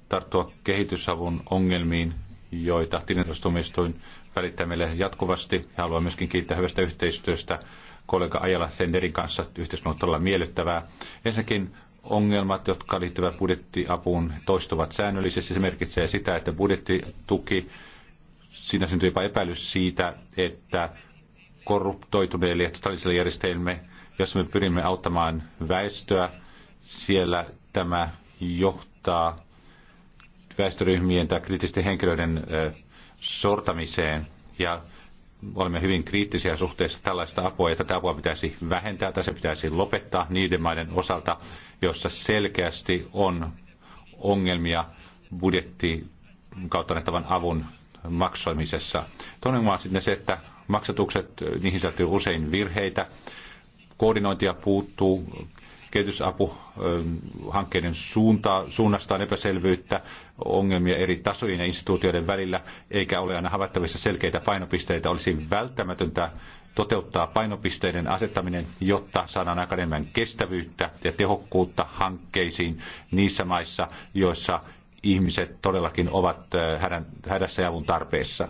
tarttua kehitysavun ongelmiin, joita tilintarkastumistuin välittämille jatkuvasti. Ja haluan myöskin kiittää hyvästä yhteistyöstä kollega Ajala Senderin kanssa yhteistyö on todella miellyttävää. Ensinnäkin ongelmat, jotka liittyvät budjettiapuun, toistuvat säännöllisesti. Se merkitsee sitä, että budjettituki, siinä syntyy jopa epäilys siitä, että korruptoituneille ja totaalisille järjestelmille, jossa me pyrimme auttamaan väestöä, siellä tämä johtaa väestöryhmien tai kriittisten henkilöiden sortamiseen. Ja olemme hyvin kriittisiä suhteessa tällaista apua, että tätä apua pitäisi vähentää tai se pitäisi lopettaa niiden maiden osalta, joissa selkeästi on ongelmia budjetti kautta annettavan avun maksamisessa. Toinen on sitten se, että maksatukset, niihin sisältyy usein virheitä, koordinointia puuttuu, kehitysapuhankkeiden ähm, suunta, suunnasta on epäselvyyttä, ongelmia eri tasojen ja instituutioiden välillä, eikä ole aina havaittavissa selkeitä painopisteitä. Olisi välttämätöntä toteuttaa painopisteiden asettaminen, jotta saadaan aika enemmän kestävyyttä ja tehokkuutta hankkeisiin niissä maissa, joissa ihmiset todellakin ovat äh, hädän, hädässä ja avun tarpeessa.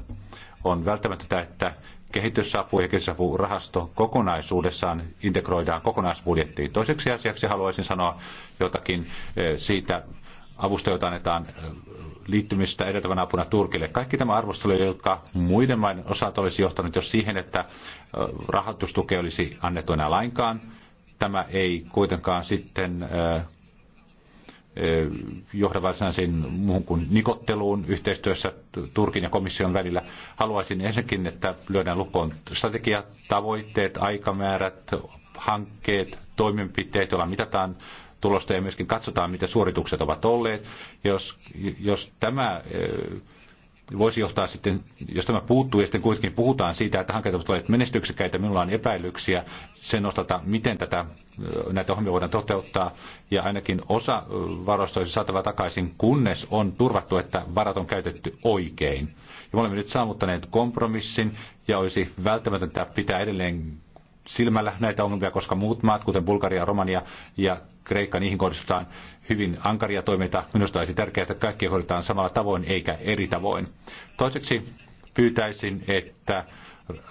On välttämätöntä, että kehitysapu ja kehitysapurahasto kokonaisuudessaan integroidaan kokonaisbudjettiin. Toiseksi asiaksi haluaisin sanoa jotakin eh, siitä avusta, jota annetaan eh, liittymistä edeltävänä apuna Turkille. Kaikki tämä arvostelu, jotka muiden maiden osat olisi johtanut jo siihen, että eh, rahoitustukea olisi annettu enää lainkaan. Tämä ei kuitenkaan sitten Johdavaisena varsinaisiin muuhun kuin nikotteluun yhteistyössä Turkin ja komission välillä. Haluaisin ensinnäkin, että lyödään lukkoon strategiat, tavoitteet, aikamäärät, hankkeet, toimenpiteet, joilla mitataan tulosta ja myöskin katsotaan, mitä suoritukset ovat olleet. Jos, jos tämä eh, voisi johtaa sitten, jos tämä puuttuu ja sitten kuitenkin puhutaan siitä, että hankkeet ovat olleet menestyksekkäitä, minulla on epäilyksiä sen osalta, miten tätä, näitä ohjelmia voidaan toteuttaa ja ainakin osa varoista olisi saatava takaisin, kunnes on turvattu, että varat on käytetty oikein. Ja me olemme nyt saavuttaneet kompromissin ja olisi välttämätöntä pitää edelleen silmällä näitä ongelmia, koska muut maat, kuten Bulgaria, Romania ja Kreikka, niihin kohdistetaan hyvin ankaria toimita. Minusta olisi tärkeää, että kaikki hoidetaan samalla tavoin eikä eri tavoin. Toiseksi pyytäisin, että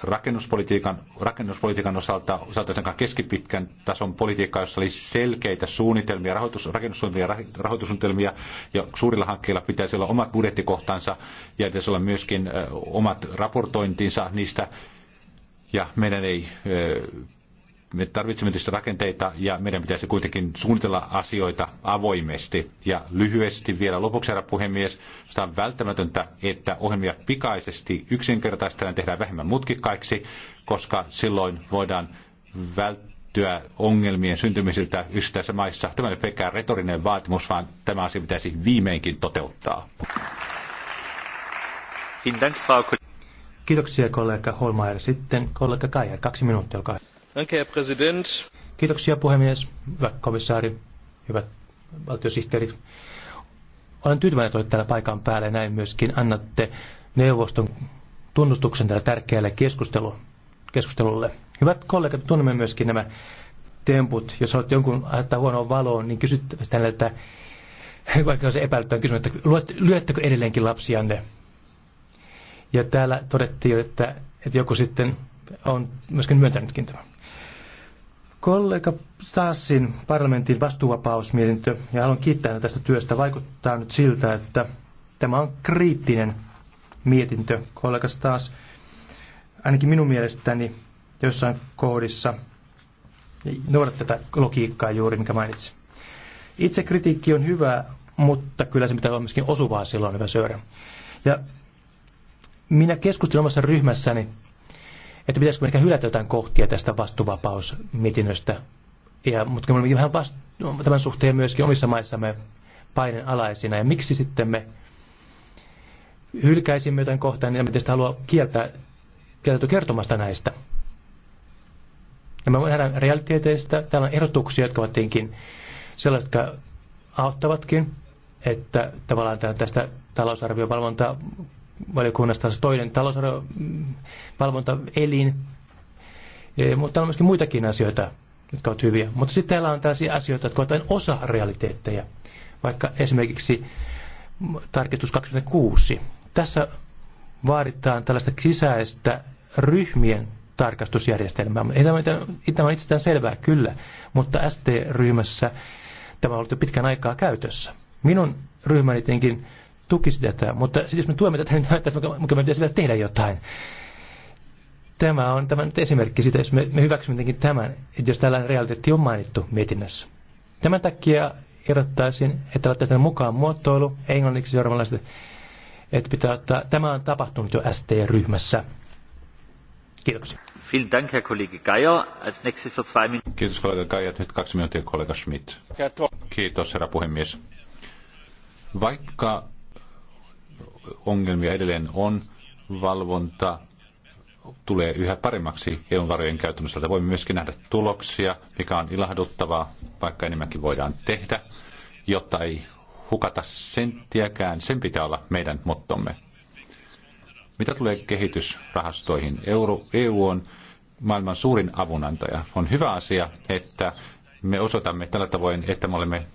rakennuspolitiikan, rakennuspolitiikan osalta saataisiin keskipitkän tason politiikkaa, jossa olisi selkeitä suunnitelmia, rahoitus, rakennussuunnitelmia, rahoitussuunnitelmia, ja suurilla hankkeilla pitäisi olla omat budjettikohtansa, ja pitäisi olla myöskin omat raportointinsa niistä, ja meidän ei me tarvitsemme tietysti rakenteita ja meidän pitäisi kuitenkin suunnitella asioita avoimesti. Ja lyhyesti vielä lopuksi, herra puhemies, sitä on välttämätöntä, että ohjelmia pikaisesti yksinkertaistetaan tehdään vähemmän mutkikkaiksi, koska silloin voidaan välttyä ongelmien syntymisiltä yksittäisissä maissa. Tämä ei ole pelkkää retorinen vaatimus, vaan tämä asia pitäisi viimeinkin toteuttaa. Kiitoksia kollega Holmaier. Sitten kollega Kaija, kaksi minuuttia, olkaa hyvä. Kiitoksia puhemies, hyvä komissaari, hyvät valtiosihteerit. Olen tyytyväinen, että olet täällä paikan päällä ja näin myöskin annatte neuvoston tunnustuksen tällä tärkeälle keskustelu, keskustelulle. Hyvät kollegat, tunnemme myöskin nämä temput. Jos olet jonkun aiheuttaa huonoa valoon, niin kysyttävästi hänelle, että vaikka se epäilyttää kysymys, että lyöttekö edelleenkin lapsianne? Ja täällä todettiin, että, että joku sitten on myöskin myöntänytkin tämän. Kollega Stassin parlamentin vastuuvapausmietintö, ja haluan kiittää tästä työstä, vaikuttaa nyt siltä, että tämä on kriittinen mietintö. Kollega Stas, ainakin minun mielestäni jossain kohdissa noudat tätä logiikkaa juuri, mikä mainitsin. Itse kritiikki on hyvä, mutta kyllä se pitää olla myöskin osuvaa silloin, hyvä Sören. Ja minä keskustelin omassa ryhmässäni että pitäisikö ehkä hylätä jotain kohtia tästä vastuvapausmietinnöstä. Ja, mutta me olemme vähän vastu, tämän suhteen myöskin omissa maissamme painen alaisina. Ja miksi sitten me hylkäisimme jotain kohtaa, niin emme tietysti halua kieltää, kieltäytyä kertomasta näistä. Ja me nähdään realiteeteista, täällä on erotuksia, jotka ovat tietenkin sellaiset, jotka auttavatkin, että tavallaan tästä talousarviovalvonta valiokunnasta toinen talousarvovalvontaelin, mm, e, mutta on myöskin muitakin asioita, jotka ovat hyviä. Mutta sitten täällä on tällaisia asioita, jotka ovat vain osa realiteetteja, vaikka esimerkiksi tarkistus 26. Tässä vaaditaan tällaista sisäistä ryhmien tarkastusjärjestelmää. Ei Tämä on itsestään selvää kyllä, mutta ST-ryhmässä tämä on ollut jo pitkän aikaa käytössä. Minun ryhmäni tietenkin tukisi tätä, mutta sitten siis jos me tuemme tätä, niin tässä me pitäisi vielä tehdä jotain. Tämä on tämä nyt esimerkki siitä, jos me, me hyväksymme tämän, että jos tällainen realiteetti on mainittu mietinnössä. Tämän takia ehdottaisin, että laittaisiin mukaan muotoilu englanniksi seuraavanlaista, että pitää ottaa, tämä on tapahtunut jo ST-ryhmässä. Kiitoksia. Vielen Dank, Herr Kollege Geier. Als nächstes für zwei Minuten. Kiitos, kollega Geier. Nyt kaksi minuuttia, kollega Schmidt. Kiitos, herra puhemies. Vaikka ongelmia edelleen on. Valvonta tulee yhä paremmaksi EUn varojen käyttämiseltä. Voimme myöskin nähdä tuloksia, mikä on ilahduttavaa, vaikka enemmänkin voidaan tehdä, jotta ei hukata senttiäkään. Sen pitää olla meidän mottomme. Mitä tulee kehitysrahastoihin? Euro, EU on maailman suurin avunantaja. On hyvä asia, että me osoitamme tällä tavoin, että me olemme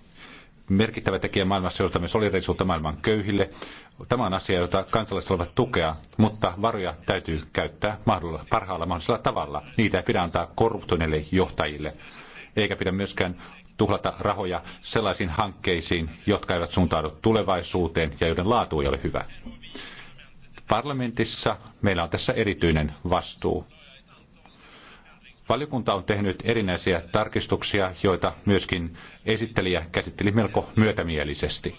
merkittävä tekijä maailmassa, josta me solidarisuutta maailman köyhille. Tämä on asia, jota kansalaiset voivat tukea, mutta varoja täytyy käyttää mahdolla, parhaalla mahdollisella tavalla. Niitä ei pidä antaa korruptoineille johtajille, eikä pidä myöskään tuhlata rahoja sellaisiin hankkeisiin, jotka eivät suuntaudu tulevaisuuteen ja joiden laatu ei ole hyvä. Parlamentissa meillä on tässä erityinen vastuu. Valiokunta on tehnyt erinäisiä tarkistuksia, joita myöskin esittelijä käsitteli melko myötämielisesti.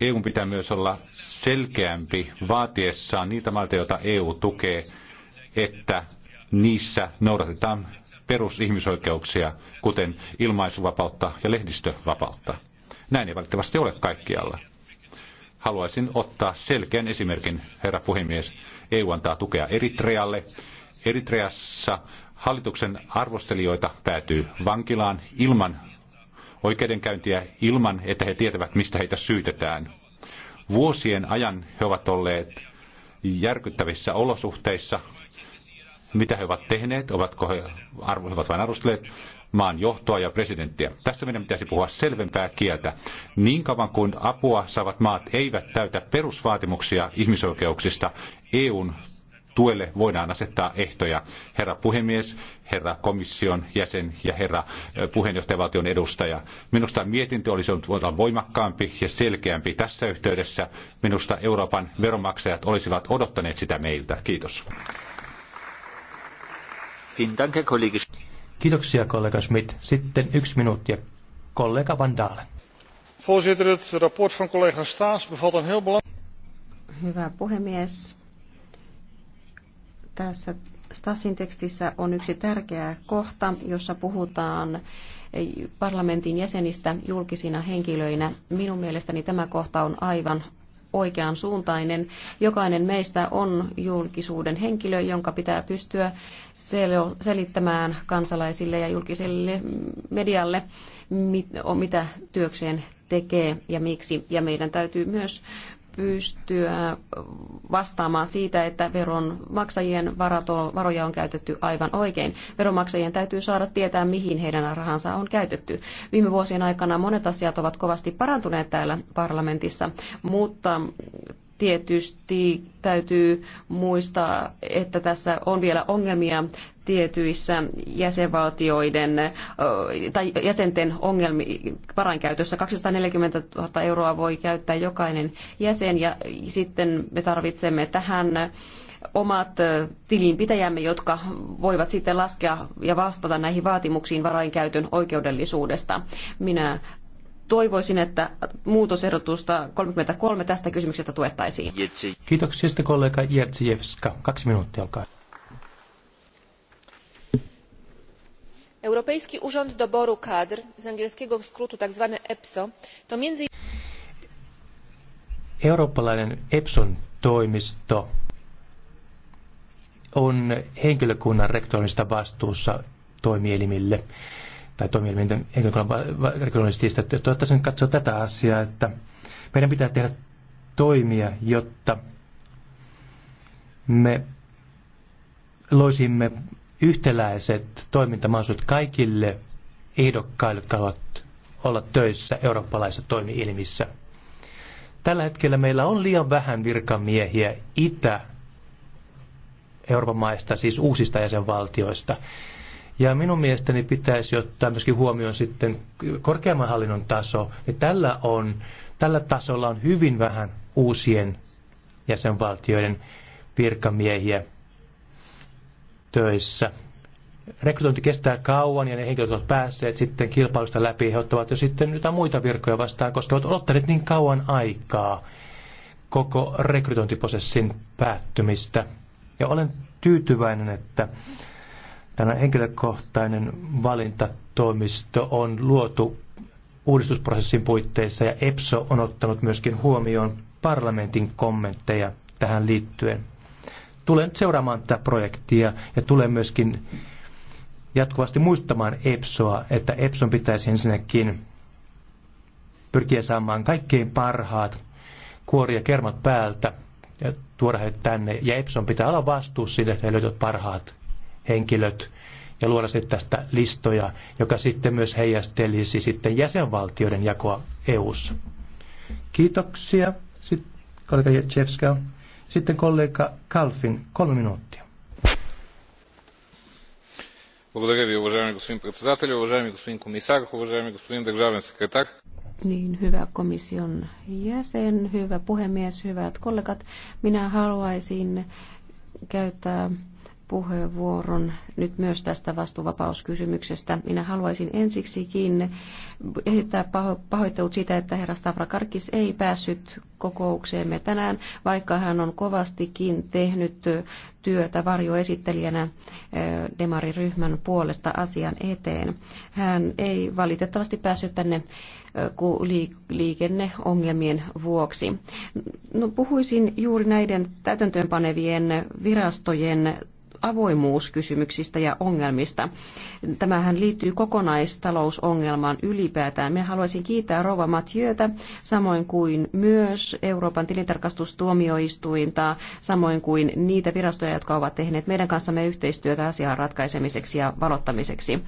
EU pitää myös olla selkeämpi vaatiessaan niitä maita, joita EU tukee, että niissä noudatetaan perusihmisoikeuksia, kuten ilmaisuvapautta ja lehdistövapautta. Näin ei valitettavasti ole kaikkialla. Haluaisin ottaa selkeän esimerkin, herra puhemies. EU antaa tukea Eritrealle. Eritreassa Hallituksen arvostelijoita päätyy vankilaan ilman oikeudenkäyntiä, ilman että he tietävät, mistä heitä syytetään. Vuosien ajan he ovat olleet järkyttävissä olosuhteissa. Mitä he ovat tehneet? Ovatko he, arvo, he ovat vain arvostelleet maan johtoa ja presidenttiä? Tässä meidän pitäisi puhua selvempää kieltä. Niin kauan kuin apua saavat maat eivät täytä perusvaatimuksia ihmisoikeuksista, EUn tuelle voidaan asettaa ehtoja. Herra puhemies, herra komission jäsen ja herra puheenjohtajavaltion edustaja. Minusta mietintö olisi ollut olla voimakkaampi ja selkeämpi tässä yhteydessä. Minusta Euroopan veronmaksajat olisivat odottaneet sitä meiltä. Kiitos. Kiitoksia kollega Schmidt. Sitten yksi minuutti ja kollega Van Dalen. Voorzitter, het rapport van collega Staes bevat een heel belangrijk... Hyvä puhemies. Tässä Stassin tekstissä on yksi tärkeä kohta, jossa puhutaan parlamentin jäsenistä julkisina henkilöinä. Minun mielestäni tämä kohta on aivan oikeansuuntainen. suuntainen. Jokainen meistä on julkisuuden henkilö, jonka pitää pystyä selittämään kansalaisille ja julkiselle medialle, mitä työkseen tekee ja miksi. Ja meidän täytyy myös pystyä vastaamaan siitä, että veronmaksajien varoja on käytetty aivan oikein. Veronmaksajien täytyy saada tietää, mihin heidän rahansa on käytetty. Viime vuosien aikana monet asiat ovat kovasti parantuneet täällä parlamentissa, mutta Tietysti täytyy muistaa, että tässä on vielä ongelmia tietyissä jäsenvaltioiden tai jäsenten ongelmi, varankäytössä. 240 000 euroa voi käyttää jokainen jäsen ja sitten me tarvitsemme tähän omat tilinpitäjämme, jotka voivat sitten laskea ja vastata näihin vaatimuksiin varainkäytön oikeudellisuudesta. Minä toivoisin, että muutosehdotusta 33 tästä kysymyksestä tuettaisiin. Kiitoksia sitten kollega Jertsijevska. Kaksi minuuttia, olkaa Europejski Urząd Doboru Kadr, z angielskiego skrótu tak zwany EPSO, to między Eurooppalainen EPSON toimisto on henkilökunnan rektoimista vastuussa toimielimille tai toimielimien henkilökunnan Toivottavasti nyt katsoo tätä asiaa, että meidän pitää tehdä toimia, jotta me loisimme yhtäläiset toimintamahdollisuudet kaikille ehdokkaille, jotka haluavat olla töissä eurooppalaisissa toimielimissä. Tällä hetkellä meillä on liian vähän virkamiehiä Itä-Euroopan maista, siis uusista jäsenvaltioista. Ja minun mielestäni pitäisi ottaa myöskin huomioon sitten korkeamman hallinnon taso. Ja tällä, on, tällä tasolla on hyvin vähän uusien jäsenvaltioiden virkamiehiä töissä. Rekrytointi kestää kauan ja ne henkilöt ovat päässeet sitten kilpailusta läpi. He ottavat jo sitten jotain muita virkoja vastaan, koska ovat odottaneet niin kauan aikaa koko rekrytointiprosessin päättymistä. Ja olen tyytyväinen, että Tämä henkilökohtainen valintatoimisto on luotu uudistusprosessin puitteissa ja EPSO on ottanut myöskin huomioon parlamentin kommentteja tähän liittyen. Tulen seuraamaan tätä projektia ja tulen myöskin jatkuvasti muistamaan EPSOa, että EPSOn pitäisi ensinnäkin pyrkiä saamaan kaikkein parhaat kuori ja kermat päältä ja tuoda heidät tänne. Ja EPSOn pitää olla vastuussa siitä, että he löytävät parhaat henkilöt ja luoda sitten tästä listoja, joka sitten myös heijastelisi sitten jäsenvaltioiden jakoa EU:ssa. Kiitoksia, sitten kollega Jevska. Sitten kollega Kalfin, kolme minuuttia. Благодаря ви, уважаеми господин председател, уважаеми господин комисар, уважаеми господин държавен секретар. Niin, hyvä komission jäsen, hyvä puhemies, hyvät kollegat. Minä haluaisin käyttää puheenvuoron nyt myös tästä vastuuvapauskysymyksestä. Minä haluaisin ensiksikin esittää paho- pahoittelut siitä, että herra Stavrakarkis ei päässyt kokoukseemme tänään, vaikka hän on kovastikin tehnyt työtä varjoesittelijänä eh, demariryhmän puolesta asian eteen. Hän ei valitettavasti päässyt tänne eh, liikenneongelmien vuoksi. No, puhuisin juuri näiden täytäntöönpanevien virastojen avoimuuskysymyksistä ja ongelmista. Tämähän liittyy kokonaistalousongelmaan ylipäätään. Me haluaisin kiittää Rova Mathieuta, samoin kuin myös Euroopan tilintarkastustuomioistuinta, samoin kuin niitä virastoja, jotka ovat tehneet meidän kanssamme yhteistyötä asian ratkaisemiseksi ja valottamiseksi.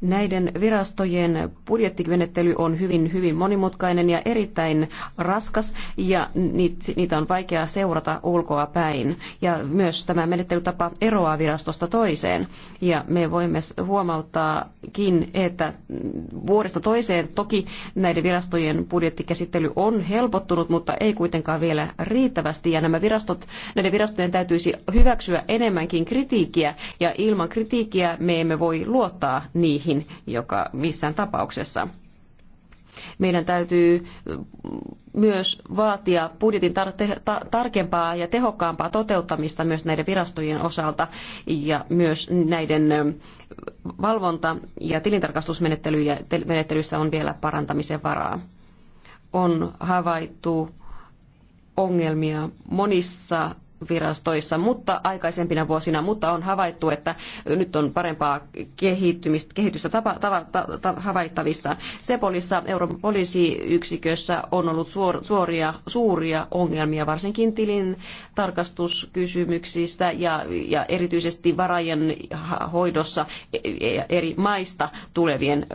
Näiden virastojen budjettimenettely on hyvin, hyvin monimutkainen ja erittäin raskas ja niitä on vaikea seurata ulkoa päin. Ja myös tämä menettelytapa eroaa virastosta toiseen. Ja me voimme huomauttaakin, että vuodesta toiseen toki näiden virastojen budjettikäsittely on helpottunut, mutta ei kuitenkaan vielä riittävästi. Ja nämä virastot, näiden virastojen täytyisi hyväksyä enemmänkin kritiikkiä ja ilman kritiikkiä me emme voi luottaa niihin maihin joka missään tapauksessa. Meidän täytyy myös vaatia budjetin tarkempaa ja tehokkaampaa toteuttamista myös näiden virastojen osalta ja myös näiden valvonta- ja tilintarkastusmenettelyissä on vielä parantamisen varaa. On havaittu ongelmia monissa virastoissa, mutta aikaisempina vuosina, mutta on havaittu, että nyt on parempaa kehitystä tapa, tava, ta, ta, havaittavissa. Sepolissa Euroopan poliisiyksikössä on ollut suor, suoria, suuria ongelmia, varsinkin tilin tarkastuskysymyksistä ja, ja erityisesti varajen hoidossa e-, e-, eri maista tulevien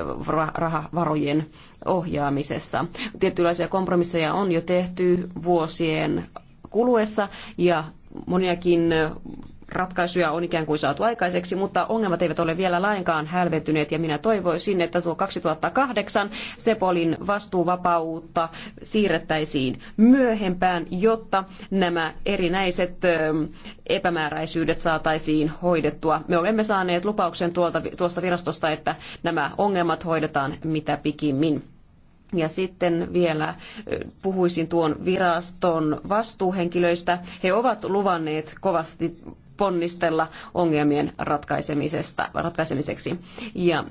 rahavarojen ohjaamisessa. Tietynlaisia kompromisseja on jo tehty vuosien kuluessa ja moniakin ratkaisuja on ikään kuin saatu aikaiseksi, mutta ongelmat eivät ole vielä lainkaan hälventyneet ja minä toivoisin, että tuo 2008 Sepolin vastuuvapautta siirrettäisiin myöhempään, jotta nämä erinäiset epämääräisyydet saataisiin hoidettua. Me olemme saaneet lupauksen tuolta, tuosta virastosta, että nämä ongelmat hoidetaan mitä pikimmin. Ja sitten vielä puhuisin tuon viraston vastuuhenkilöistä. He ovat luvanneet kovasti ponnistella ongelmien ratkaisemisesta, ratkaisemiseksi. Ja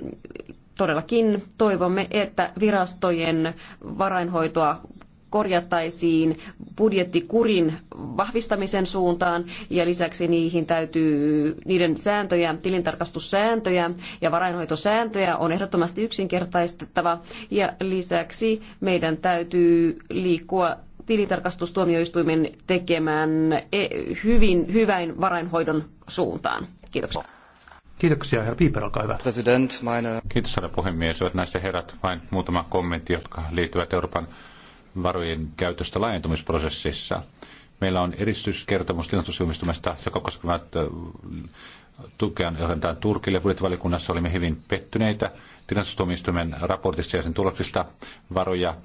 todellakin toivomme, että virastojen varainhoitoa korjattaisiin budjettikurin vahvistamisen suuntaan ja lisäksi niihin täytyy, niiden sääntöjä, tilintarkastussääntöjä ja varainhoitosääntöjä on ehdottomasti yksinkertaistettava ja lisäksi meidän täytyy liikkua tilintarkastustuomioistuimen tekemään e, hyvin, hyvän varainhoidon suuntaan. Kiitoksia. Kiitoksia, herra Pieper, olkaa hyvä. President, meine... Kiitos, herra puhemies. Hyvät naiset ja herrat, vain muutama kommentti, jotka liittyvät Euroopan varojen käytöstä laajentumisprosessissa. Meillä on edistyskertomus tilastusilmistumista, joka koskevat tukea johdetaan Turkille. Budjettivaliokunnassa olimme hyvin pettyneitä tilastustuomioistuimen raportista ja sen tuloksista varoja.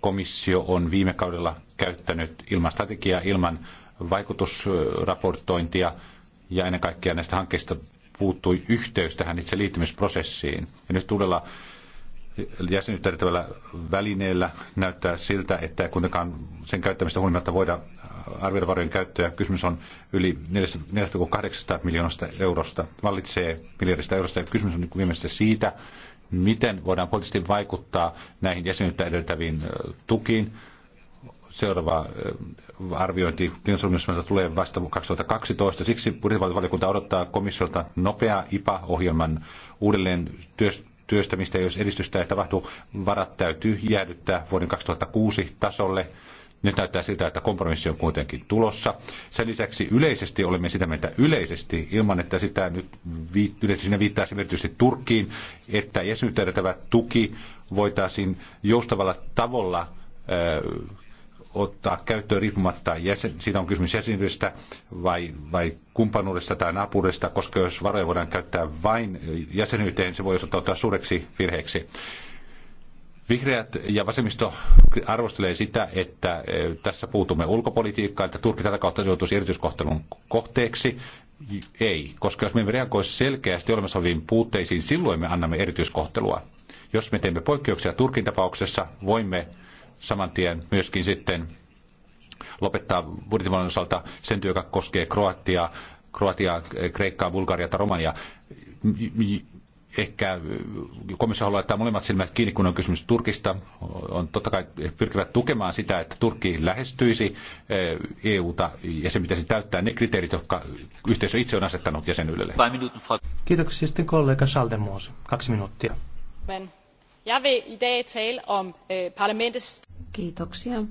Komissio on viime kaudella käyttänyt ilman strategiaa, ilman vaikutusraportointia ja ennen kaikkea näistä hankkeista puuttui yhteys tähän itse liittymisprosessiin. Ja nyt uudella jäsenyyttä edeltävällä välineellä näyttää siltä, että kuitenkaan sen käyttämistä huolimatta voida arvioida varojen käyttöä. Kysymys on yli 4,8 miljoonasta eurosta, vallitsee miljardista eurosta. Ja kysymys on niin viimeisesti siitä, miten voidaan poliittisesti vaikuttaa näihin jäsenyyttä edeltäviin tukiin. Seuraava arviointi finanssisopimuksesta tulee vasta 2012. Siksi budjettivaliokunta odottaa komissiolta nopeaa IPA-ohjelman uudelleen työstä työstämistä, jos edistystä ei tapahdu. Varat täytyy jäädyttää vuoden 2006 tasolle. Nyt näyttää siltä, että kompromissi on kuitenkin tulossa. Sen lisäksi yleisesti olemme sitä mieltä yleisesti, ilman että sitä nyt vi- yleisesti sinne viittaa esimerkiksi Turkkiin, että jäsenyyttä tuki voitaisiin joustavalla tavalla ottaa käyttöön riippumatta jäsen, siitä on kysymys jäsenyydestä vai, vai kumppanuudesta tai naapurista, koska jos varoja voidaan käyttää vain jäsenyyteen, se voi osoittautua suureksi virheeksi. Vihreät ja vasemmisto arvostelee sitä, että e, tässä puutumme ulkopolitiikkaan, että Turkki tätä kautta joutuisi erityiskohtelun kohteeksi. Ei, koska jos me emme selkeästi olemassa oleviin puutteisiin, silloin me annamme erityiskohtelua. Jos me teemme poikkeuksia Turkin tapauksessa, voimme saman tien myöskin sitten lopettaa budjettivallan osalta sen työ, joka koskee Kroatiaa, Kroatia, Kreikkaa, Bulgaria tai Romania. Ehkä komissio haluaa laittaa molemmat silmät kiinni, kun on kysymys Turkista. On totta kai pyrkivät tukemaan sitä, että Turkki lähestyisi eh, EUta ja se pitäisi täyttää ne kriteerit, jotka yhteisö itse on asettanut jäsenyydelle. Kiitoksia sitten kollega Saldemuos. Kaksi minuuttia. Men. Jeg vil i dag tale om øh, parlamentets... Kiitoksia.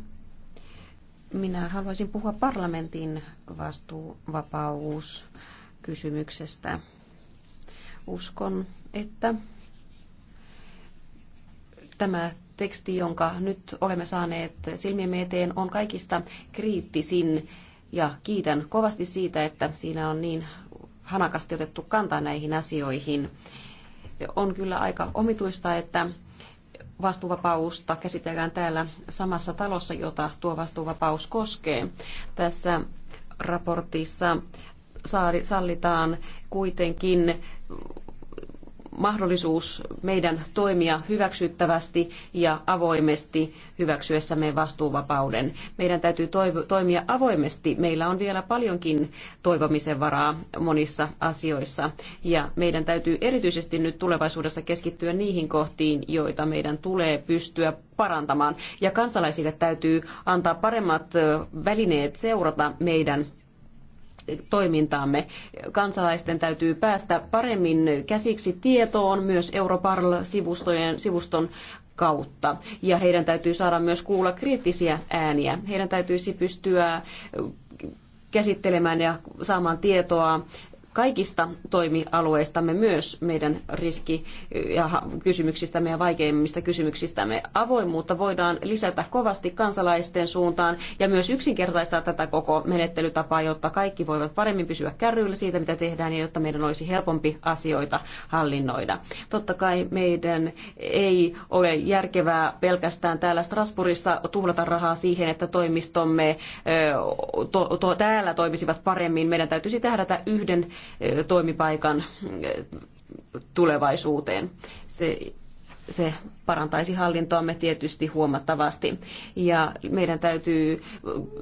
Minä haluaisin puhua parlamentin vastuuvapauskysymyksestä. Uskon, että tämä teksti, jonka nyt olemme saaneet silmiemme eteen, on kaikista kriittisin ja kiitän kovasti siitä, että siinä on niin hanakasti otettu kantaa näihin asioihin. On kyllä aika omituista, että vastuuvapausta käsitellään täällä samassa talossa, jota tuo vastuuvapaus koskee. Tässä raportissa sallitaan kuitenkin mahdollisuus meidän toimia hyväksyttävästi ja avoimesti hyväksyessämme vastuuvapauden. Meidän täytyy toimia avoimesti. Meillä on vielä paljonkin toivomisen varaa monissa asioissa ja meidän täytyy erityisesti nyt tulevaisuudessa keskittyä niihin kohtiin, joita meidän tulee pystyä parantamaan. Ja kansalaisille täytyy antaa paremmat välineet seurata meidän toimintaamme. Kansalaisten täytyy päästä paremmin käsiksi tietoon myös Europarl-sivuston kautta. Ja heidän täytyy saada myös kuulla kriittisiä ääniä. Heidän täytyisi pystyä käsittelemään ja saamaan tietoa kaikista toimialueistamme myös meidän riski- ja kysymyksistämme ja vaikeimmista kysymyksistämme. Avoimuutta voidaan lisätä kovasti kansalaisten suuntaan ja myös yksinkertaistaa tätä koko menettelytapaa, jotta kaikki voivat paremmin pysyä kärryillä siitä, mitä tehdään ja jotta meidän olisi helpompi asioita hallinnoida. Totta kai meidän ei ole järkevää pelkästään täällä Strasbourgissa tuhlata rahaa siihen, että toimistomme to, to, täällä toimisivat paremmin. Meidän täytyisi tähdätä yhden toimipaikan tulevaisuuteen. Se se parantaisi hallintoamme tietysti huomattavasti. Ja meidän täytyy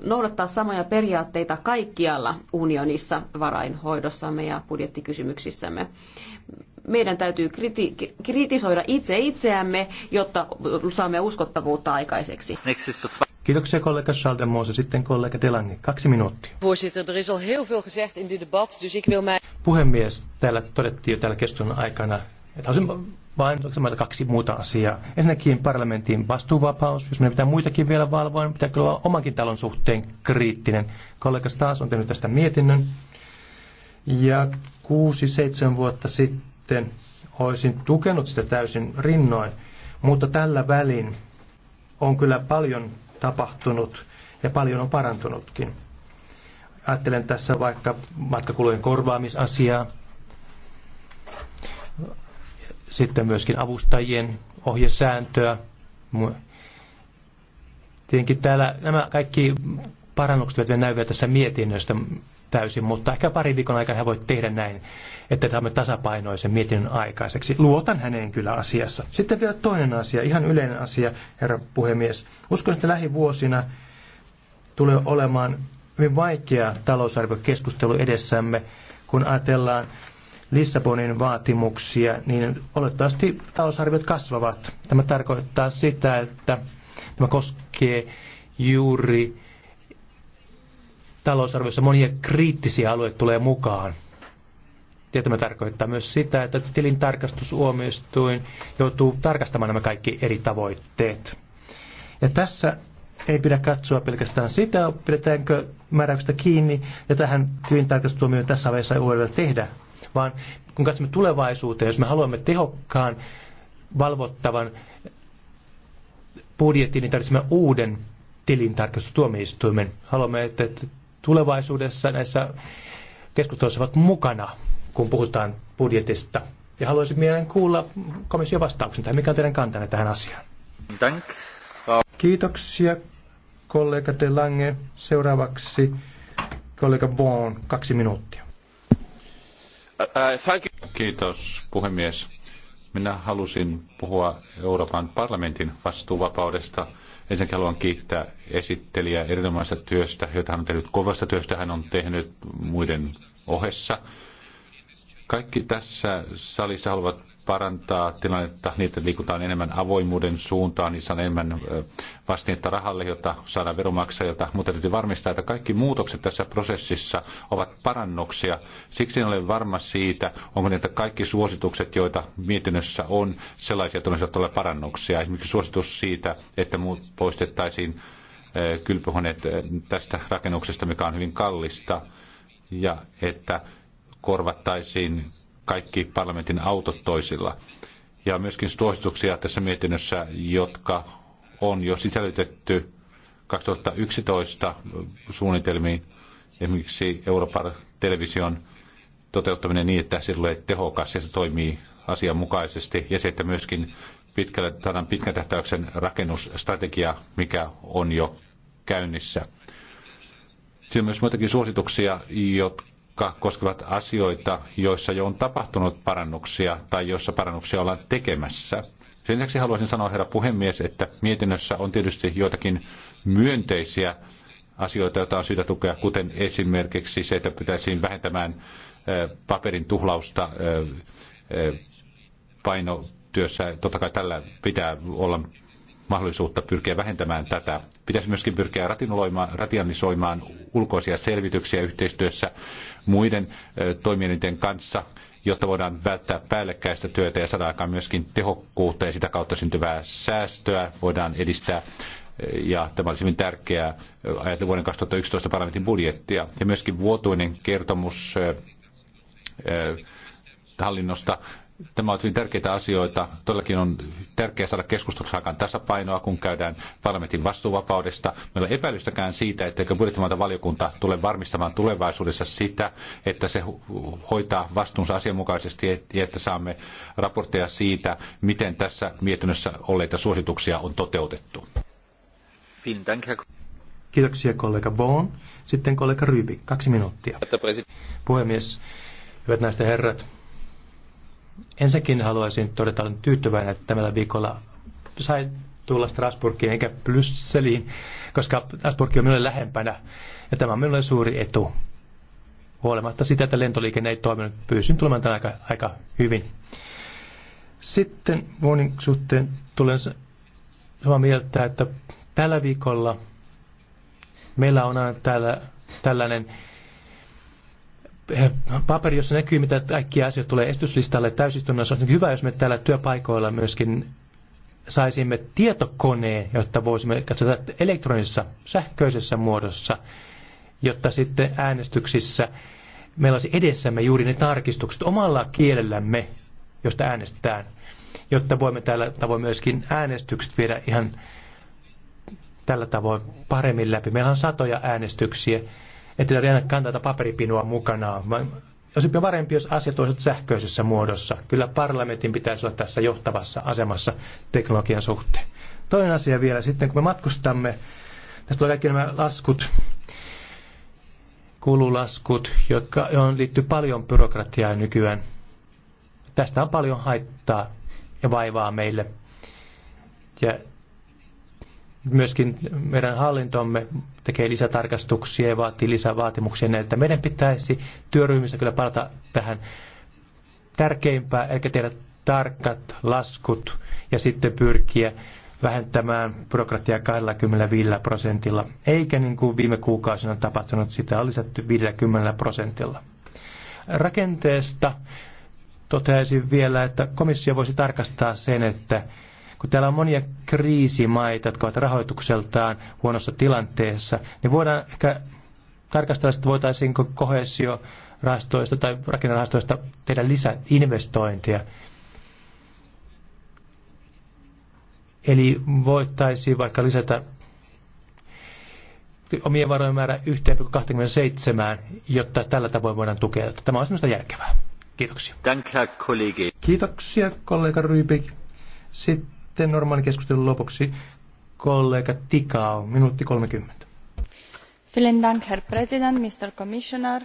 noudattaa samoja periaatteita kaikkialla unionissa varainhoidossamme ja budjettikysymyksissämme. Meidän täytyy kriti- kritisoida itse itseämme, jotta saamme uskottavuutta aikaiseksi. Kiitoksia kollega Schaldemose. Sitten kollega Delange. Kaksi minuuttia. Voorzitter, er is al heel veel gezegd in dit debat, dus ik wil mij... Puhemies, täällä todettiin jo täällä keskustelun aikana, että haluaisin vain kaksi muuta asiaa. Ensinnäkin parlamentin vastuuvapaus, jos meidän pitää muitakin vielä valvoa, niin pitää kyllä olla omankin talon suhteen kriittinen. Kollega taas on tehnyt tästä mietinnön. Ja kuusi, seitsemän vuotta sitten olisin tukenut sitä täysin rinnoin, mutta tällä välin on kyllä paljon tapahtunut ja paljon on parantunutkin. Ajattelen tässä vaikka matkakulujen korvaamisasiaa, sitten myöskin avustajien ohjesääntöä. Tietenkin täällä nämä kaikki parannukset näyvät tässä mietinnöstä, täysin, mutta ehkä pari viikon aikana hän voi tehdä näin, että saamme tasapainoisen mietinnön aikaiseksi. Luotan häneen kyllä asiassa. Sitten vielä toinen asia, ihan yleinen asia, herra puhemies. Uskon, että lähivuosina tulee olemaan hyvin vaikea talousarviokeskustelu edessämme, kun ajatellaan Lissabonin vaatimuksia, niin olettavasti talousarviot kasvavat. Tämä tarkoittaa sitä, että tämä koskee juuri talousarviossa monia kriittisiä alueita tulee mukaan. Ja tämä tarkoittaa myös sitä, että tilintarkastusuomioistuin joutuu tarkastamaan nämä kaikki eri tavoitteet. Ja tässä ei pidä katsoa pelkästään sitä, pidetäänkö määräyksestä kiinni, ja tähän tilintarkastustuomioon tässä vaiheessa ei voida tehdä, vaan kun katsomme tulevaisuuteen, jos me haluamme tehokkaan valvottavan budjettiin, niin tarvitsemme uuden tilintarkastustuomioistuimen. Haluamme, että tulevaisuudessa näissä keskusteluissa ovat mukana, kun puhutaan budjetista. Ja haluaisin mielen kuulla komission vastauksen tai Mikä on teidän kantanne tähän asiaan? Kiitoksia kollega De Lange. Seuraavaksi kollega Vaughan, kaksi minuuttia. Uh, uh, Kiitos puhemies. Minä halusin puhua Euroopan parlamentin vastuuvapaudesta – Ensinnäkin haluan kiittää esittelijää erinomaisesta työstä, jota hän on tehnyt kovasta työstä, hän on tehnyt muiden ohessa. Kaikki tässä salissa haluavat parantaa tilannetta niin, että liikutaan enemmän avoimuuden suuntaan, niin saadaan enemmän vastinetta rahalle, jota saadaan veromaksajilta. Mutta täytyy varmistaa, että kaikki muutokset tässä prosessissa ovat parannuksia. Siksi en ole varma siitä, onko niitä kaikki suositukset, joita mietinnössä on, sellaisia, että olisivat olleet parannuksia. Esimerkiksi suositus siitä, että muut poistettaisiin kylpyhuoneet tästä rakennuksesta, mikä on hyvin kallista, ja että korvattaisiin kaikki parlamentin autot toisilla. Ja myöskin suosituksia tässä mietinnössä, jotka on jo sisällytetty 2011 suunnitelmiin, esimerkiksi Euroopan television toteuttaminen niin, että se tulee tehokas ja se toimii asianmukaisesti, ja se, että myöskin pitkällä, pitkän tähtäyksen rakennusstrategia, mikä on jo käynnissä. Siinä on myös muitakin suosituksia, jotka jotka koskevat asioita, joissa jo on tapahtunut parannuksia tai joissa parannuksia ollaan tekemässä. Sen lisäksi haluaisin sanoa, herra puhemies, että mietinnössä on tietysti joitakin myönteisiä asioita, joita on syytä tukea, kuten esimerkiksi se, että pitäisiin vähentämään paperin tuhlausta painotyössä. Totta kai tällä pitää olla mahdollisuutta pyrkiä vähentämään tätä. Pitäisi myöskin pyrkiä rationalisoimaan ulkoisia selvityksiä yhteistyössä muiden toimielinten kanssa, jotta voidaan välttää päällekkäistä työtä ja saada aikaan myöskin tehokkuutta ja sitä kautta syntyvää säästöä voidaan edistää. Ja tämä olisi hyvin tärkeää ajatella vuoden 2011 parlamentin budjettia. Ja myöskin vuotuinen kertomus hallinnosta Tämä on hyvin tärkeitä asioita. Todellakin on tärkeää saada keskustelussa tasapainoa, kun käydään parlamentin vastuuvapaudesta. Meillä on epäilystäkään siitä, etteikö budjettimaata valiokunta tule varmistamaan tulevaisuudessa sitä, että se hoitaa vastuunsa asianmukaisesti ja että saamme raportteja siitä, miten tässä mietinnössä olleita suosituksia on toteutettu. Kiitoksia kollega Bon, Sitten kollega Ryby, kaksi minuuttia. Puhemies, hyvät näistä herrat, Ensinnäkin haluaisin todeta, olen tyytyväinen, että tällä viikolla sai tulla Strasburgiin eikä Brysseliin, koska Strasburg on minulle lähempänä ja tämä on minulle suuri etu. Huolimatta sitä, että lentoliikenne ei toiminut, pyysin tulemaan tämän aika, aika hyvin. Sitten Moonin suhteen tulen samaa mieltä, että tällä viikolla meillä on aina täällä, tällainen paperi, jossa näkyy, mitä kaikkia asioita tulee estyslistalle täysistunnossa. On hyvä, jos me täällä työpaikoilla myöskin saisimme tietokoneen, jotta voisimme katsoa elektronisessa, sähköisessä muodossa, jotta sitten äänestyksissä meillä olisi edessämme juuri ne tarkistukset omalla kielellämme, josta äänestetään, jotta voimme tällä tavoin myöskin äänestykset viedä ihan tällä tavoin paremmin läpi. Meillä on satoja äänestyksiä että tarvitse aina kantaa tätä paperipinoa mukanaan. Olisi parempi, jos asiat olisivat sähköisessä muodossa. Kyllä parlamentin pitäisi olla tässä johtavassa asemassa teknologian suhteen. Toinen asia vielä sitten, kun me matkustamme, tästä tulee kaikki nämä laskut, kululaskut, jotka on, liittyy paljon byrokratiaa nykyään. Tästä on paljon haittaa ja vaivaa meille. Ja myöskin meidän hallintomme tekee lisätarkastuksia ja vaatii lisää vaatimuksia että Meidän pitäisi työryhmissä kyllä palata tähän tärkeimpää, eli tehdä tarkat laskut ja sitten pyrkiä vähentämään byrokratiaa 25 prosentilla, eikä niin kuin viime kuukausina on tapahtunut, sitä on lisätty 50 prosentilla. Rakenteesta toteaisin vielä, että komissio voisi tarkastaa sen, että kun täällä on monia kriisimaita, jotka ovat rahoitukseltaan huonossa tilanteessa, niin voidaan ehkä tarkastella, että voitaisiinko kohesio rahastoista tai rakennerahastoista tehdä lisäinvestointia. Eli voitaisiin vaikka lisätä omien varojen määrä 1,27, jotta tällä tavoin voidaan tukea. Tämä on semmoista järkevää. Kiitoksia. Danke, kollegi. Kiitoksia, kollega Rybik. Sitten sitten normaali keskustelun lopuksi kollega Tikao, minuutti 30. Vielen Dank, Herr President, Mr. Commissioner.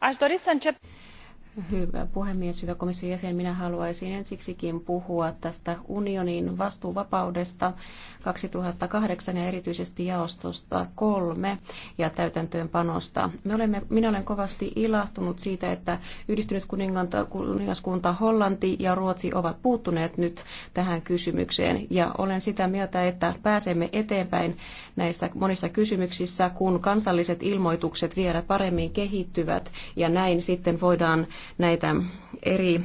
Aș dori să încep... Hyvä puhemies, hyvä komission jäsen. Minä haluaisin ensiksikin puhua tästä unionin vastuuvapaudesta 2008 ja erityisesti jaostosta kolme ja täytäntöönpanosta. Me olemme, minä olen kovasti ilahtunut siitä, että yhdistynyt kuningaskunta Hollanti ja Ruotsi ovat puuttuneet nyt tähän kysymykseen. Ja olen sitä mieltä, että pääsemme eteenpäin näissä monissa kysymyksissä, kun kansalliset ilmoitukset vielä paremmin kehittyvät ja näin sitten voidaan näitä eri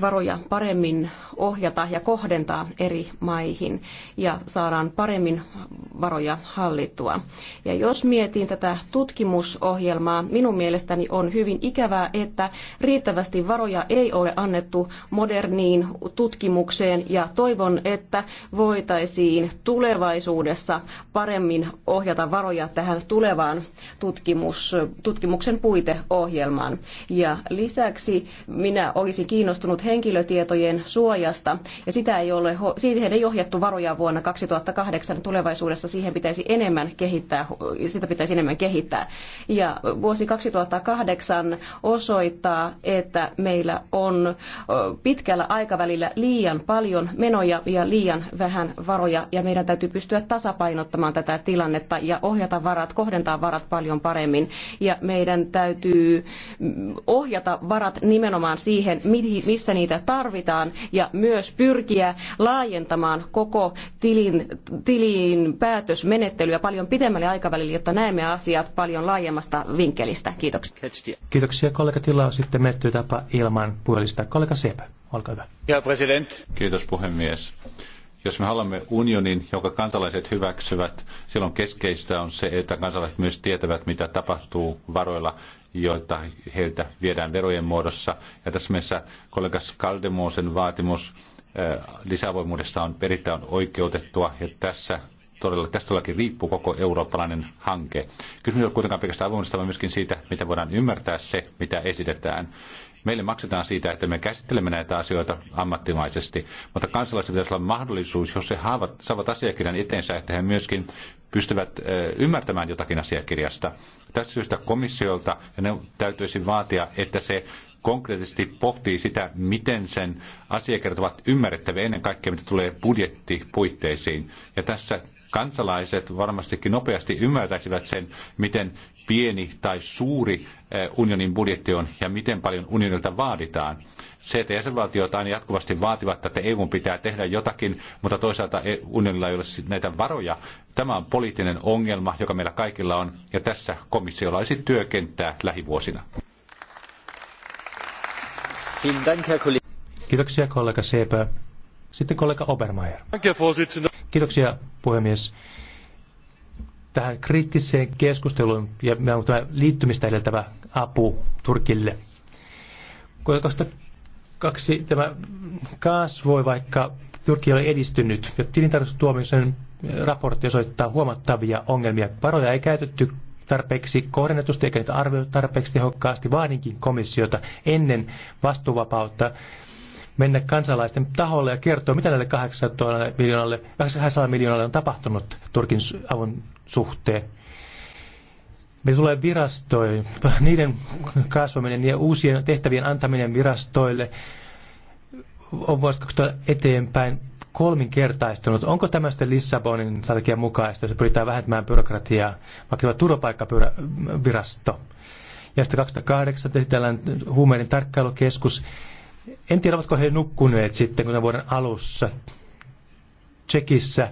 varoja paremmin ohjata ja kohdentaa eri maihin ja saadaan paremmin varoja hallittua. Ja jos mietin tätä tutkimusohjelmaa, minun mielestäni on hyvin ikävää, että riittävästi varoja ei ole annettu moderniin tutkimukseen ja toivon, että voitaisiin tulevaisuudessa paremmin ohjata varoja tähän tulevaan tutkimus, tutkimuksen puiteohjelmaan. Ja lisäksi minä olisin kiinnostunut kiinnostunut henkilötietojen suojasta ja sitä ei ole, siihen ei ohjattu varoja vuonna 2008. Tulevaisuudessa siihen pitäisi enemmän kehittää, sitä pitäisi enemmän kehittää. Ja vuosi 2008 osoittaa, että meillä on pitkällä aikavälillä liian paljon menoja ja liian vähän varoja ja meidän täytyy pystyä tasapainottamaan tätä tilannetta ja ohjata varat, kohdentaa varat paljon paremmin ja meidän täytyy mm, ohjata varat nimenomaan siihen, mihin, missä niitä tarvitaan ja myös pyrkiä laajentamaan koko tilin, tilin päätösmenettelyä paljon pidemmälle aikavälille, jotta näemme asiat paljon laajemmasta vinkkelistä. Kiitoksia. Kiitoksia kollega Tilaa. Sitten menettyy tapa ilman puolista. Kollega Sepä, olkaa hyvä. Ja president. Kiitos puhemies. Jos me haluamme unionin, jonka kansalaiset hyväksyvät, silloin keskeistä on se, että kansalaiset myös tietävät, mitä tapahtuu varoilla, joita heiltä viedään verojen muodossa. Ja tässä mielessä kollega Skaldemosen vaatimus eh, lisävoimuudesta on perittäin oikeutettua ja tässä todella, tästä todellakin riippuu koko eurooppalainen hanke. Kysymys ei ole kuitenkaan pelkästään avoimuudesta, vaan myöskin siitä, miten voidaan ymmärtää se, mitä esitetään. Meille maksetaan siitä, että me käsittelemme näitä asioita ammattimaisesti, mutta kansalaisilla pitäisi olla mahdollisuus, jos he haavat, saavat asiakirjan itseensä, että he myöskin pystyvät ymmärtämään jotakin asiakirjasta. Tästä syystä komissiolta ja ne täytyisi vaatia, että se konkreettisesti pohtii sitä, miten sen asiakirjat ovat ymmärrettäviä ennen kaikkea, mitä tulee budjettipuitteisiin. Ja tässä kansalaiset varmastikin nopeasti ymmärtäisivät sen, miten pieni tai suuri Eh, unionin budjetti on ja miten paljon unionilta vaaditaan. Se, että jäsenvaltiot aina jatkuvasti vaativat, että EUn pitää tehdä jotakin, mutta toisaalta e- unionilla ei ole näitä varoja. Tämä on poliittinen ongelma, joka meillä kaikilla on, ja tässä komissiolla olisi työkenttää lähivuosina. Kiitoksia kollega Seepö. Sitten kollega Obermeier. Kiitoksia puhemies tähän kriittiseen keskusteluun ja tämä liittymistä edeltävä apu Turkille. kaksi tämä kasvoi, vaikka Turkki oli edistynyt. Ja tilintarkastustuomioisen raportti osoittaa huomattavia ongelmia. Varoja ei käytetty tarpeeksi kohdennetusti eikä niitä arvioitu tarpeeksi tehokkaasti, vaadinkin komissiota ennen vastuuvapautta mennä kansalaisten taholle ja kertoa, mitä näille 800 miljoonalle, 800 miljoonalle on tapahtunut Turkin avun suhteen. Me tulee virastoihin, niiden kasvaminen ja uusien tehtävien antaminen virastoille on vuosi eteenpäin kolminkertaistunut. Onko tämä sitten Lissabonin strategian mukaista, jos pyritään vähentämään byrokratiaa, vaikka tämä turvapaikkavirasto? Ja sitten 2008 tehtiin tällainen huumeiden tarkkailukeskus. En tiedä, ovatko he nukkuneet sitten, kun vuoden alussa Tsekissä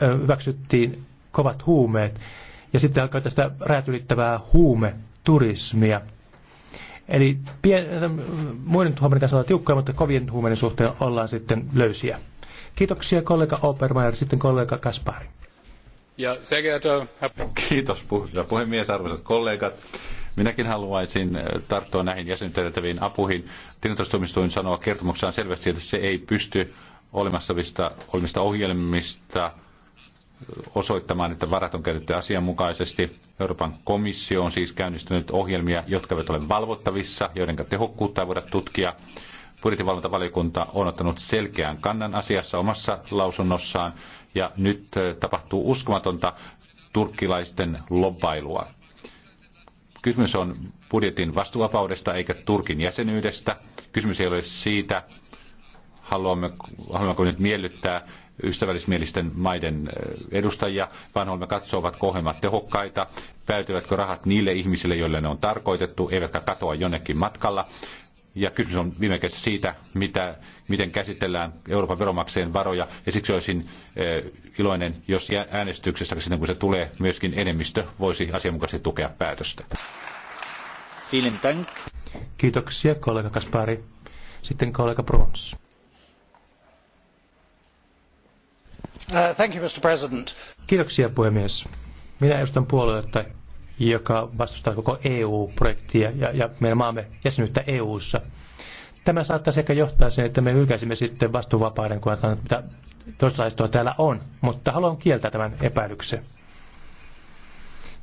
hyväksyttiin kovat huumeet. Ja sitten alkaa tästä rajat ylittävää huumeturismia. Eli pien, äh, muiden huomioiden kanssa ollaan tiukkoja, mutta kovien huumeiden suhteen ollaan sitten löysiä. Kiitoksia kollega Obermeier, sitten kollega Kaspari. Ja sehr geehrter Kiitos puhemies, arvoisat kollegat. Minäkin haluaisin äh, tarttua näihin jäsenteltäviin apuihin. Tilintarkastustuomioistuin sanoo kertomuksessaan selvästi, että se ei pysty olemassa olemista ohjelmista osoittamaan, että varat on käytetty asianmukaisesti. Euroopan komissio on siis käynnistänyt ohjelmia, jotka eivät ole valvottavissa, joiden tehokkuutta ei voida tutkia. Budjetinvalvontavaliokunta on ottanut selkeän kannan asiassa omassa lausunnossaan, ja nyt tapahtuu uskomatonta turkkilaisten lobbailua. Kysymys on budjetin vastuuvapaudesta eikä Turkin jäsenyydestä. Kysymys ei ole siitä, haluammeko, haluammeko nyt miellyttää ystävällismielisten maiden eh, edustajia, vaan olemme katsoa, ovatko ohjelmat tehokkaita, päätyvätkö rahat niille ihmisille, joille ne on tarkoitettu, eivätkä katoa jonnekin matkalla. Ja kysymys on viime kädessä siitä, mitä, miten käsitellään Euroopan veromaksajien varoja. Ja siksi olisin eh, iloinen, jos äänestyksessä, sitten kun se tulee, myöskin enemmistö voisi asianmukaisesti tukea päätöstä. Kiitoksia kollega Kaspari. Sitten kollega Brons. Uh, Mr. President. Kiitoksia puhemies. Minä edustan puoluetta, joka vastustaa koko EU-projektia ja, ja meidän maamme jäsenyyttä EU-ssa. Tämä saattaa sekä johtaa sen, että me hylkäisimme sitten vastuuvapauden, kun ajatellaan, mitä toisenlaistoa täällä on, mutta haluan kieltää tämän epäilyksen.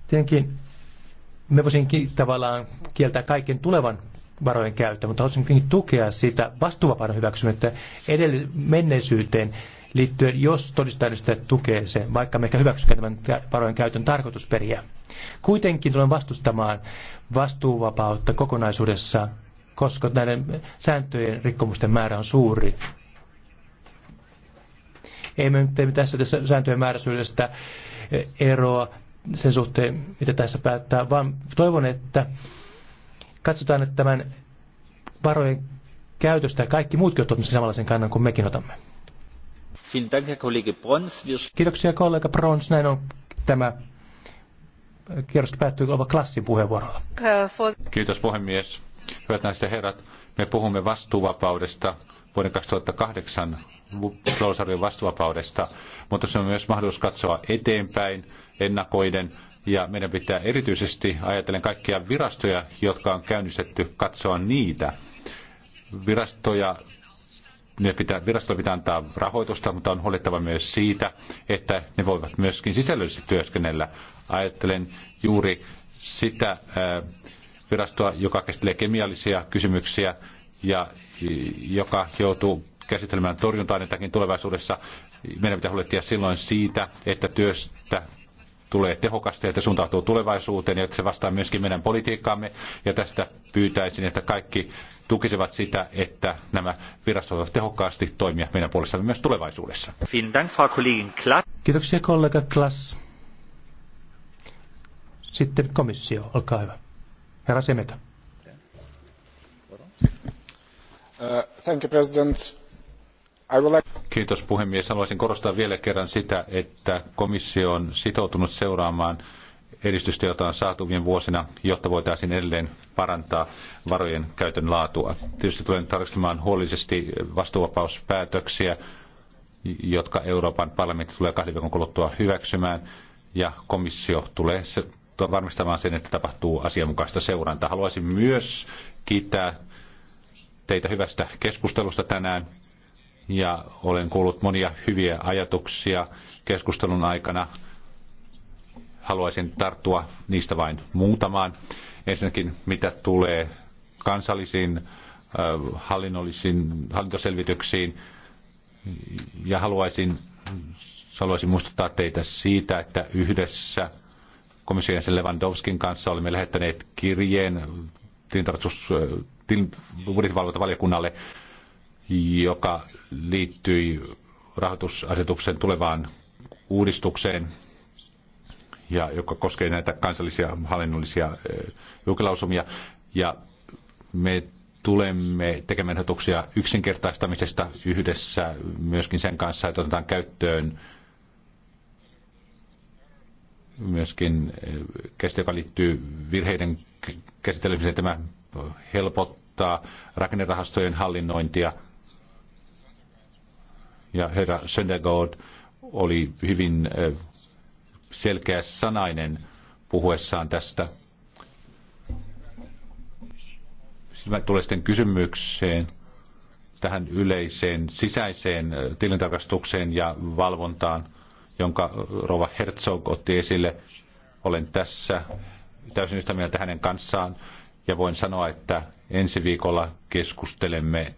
Tietenkin me voisimme tavallaan kieltää kaiken tulevan varojen käyttö, mutta haluaisin tukea sitä vastuuvapauden hyväksymistä menneisyyteen liittyen, jos todistajallista tukee se, vaikka me hyväksykään tämän varojen käytön tarkoitusperiä. Kuitenkin tulen vastustamaan vastuuvapautta kokonaisuudessa, koska näiden sääntöjen rikkomusten määrä on suuri. Ei me nyt tässä, tässä sääntöjen määräisyydestä eh, eroa sen suhteen, mitä tässä päättää, vaan toivon, että katsotaan, että tämän varojen käytöstä kaikki muutkin ottavat samanlaisen kannan kuin mekin otamme. Kiitoksia kollega Brons. Näin on tämä kierros päättyy Ova Klassin puheenvuorolla. Kiitos puhemies. Hyvät naiset ja herrat, me puhumme vastuuvapaudesta vuoden 2008 talousarvion vastuuvapaudesta, mutta se on myös mahdollisuus katsoa eteenpäin ennakoiden ja meidän pitää erityisesti ajatellen kaikkia virastoja, jotka on käynnistetty, katsoa niitä. Virastoja ne pitää, virasto pitää antaa rahoitusta, mutta on huolettava myös siitä, että ne voivat myöskin sisällöllisesti työskennellä. Ajattelen juuri sitä virastoa, joka käsittelee kemiallisia kysymyksiä ja joka joutuu käsittelemään torjuntaa jotakin tulevaisuudessa. Meidän pitää huolehtia silloin siitä, että työstä tulee tehokasta ja että suuntautuu tulevaisuuteen ja että se vastaa myöskin meidän politiikkaamme. Ja tästä pyytäisin, että kaikki tukisivat sitä, että nämä virastot voivat tehokkaasti toimia meidän puolestamme myös tulevaisuudessa. Kiitoksia kollega Klass. Sitten komissio, olkaa hyvä. Herra Semeta. Uh, thank you, President. Kiitos puhemies. Haluaisin korostaa vielä kerran sitä, että komissio on sitoutunut seuraamaan edistystä, jota on saatu viime vuosina, jotta voitaisiin edelleen parantaa varojen käytön laatua. Tietysti tulen tarkastelemaan huolellisesti vastuuvapauspäätöksiä, jotka Euroopan parlamentti tulee kahden viikon kuluttua hyväksymään, ja komissio tulee varmistamaan sen, että tapahtuu asianmukaista seurantaa. Haluaisin myös kiittää teitä hyvästä keskustelusta tänään ja olen kuullut monia hyviä ajatuksia keskustelun aikana. Haluaisin tarttua niistä vain muutamaan. Ensinnäkin, mitä tulee kansallisiin hallinnollisiin hallintoselvityksiin, ja haluaisin, haluaisin muistuttaa teitä siitä, että yhdessä komission jäsen Lewandowskin kanssa olemme lähettäneet kirjeen tilintarkastus, budjettivalvontavaliokunnalle joka liittyi rahoitusasetuksen tulevaan uudistukseen ja joka koskee näitä kansallisia hallinnollisia julkilausumia. Ja me tulemme tekemään ehdotuksia yksinkertaistamisesta yhdessä myöskin sen kanssa, että otetaan käyttöön myöskin kestä, joka liittyy virheiden käsittelemiseen. Tämä helpottaa rakennerahastojen hallinnointia – ja herra Söndergaard oli hyvin selkeä sanainen puhuessaan tästä. Sitten tulee sitten kysymykseen tähän yleiseen sisäiseen tilintarkastukseen ja valvontaan, jonka Rova Herzog otti esille. Olen tässä täysin yhtä mieltä hänen kanssaan ja voin sanoa, että ensi viikolla keskustelemme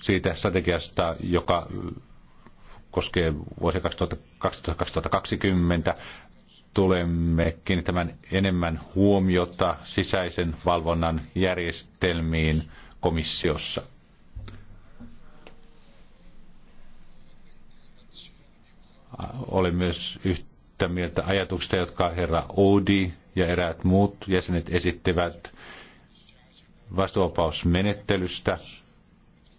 siitä strategiasta, joka koskee vuosia 2020, tulemme kiinnittämään enemmän huomiota sisäisen valvonnan järjestelmiin komissiossa. Olen myös yhtä mieltä ajatuksista, jotka herra Oudi ja eräät muut jäsenet esittivät vastuuvapausmenettelystä. menettelystä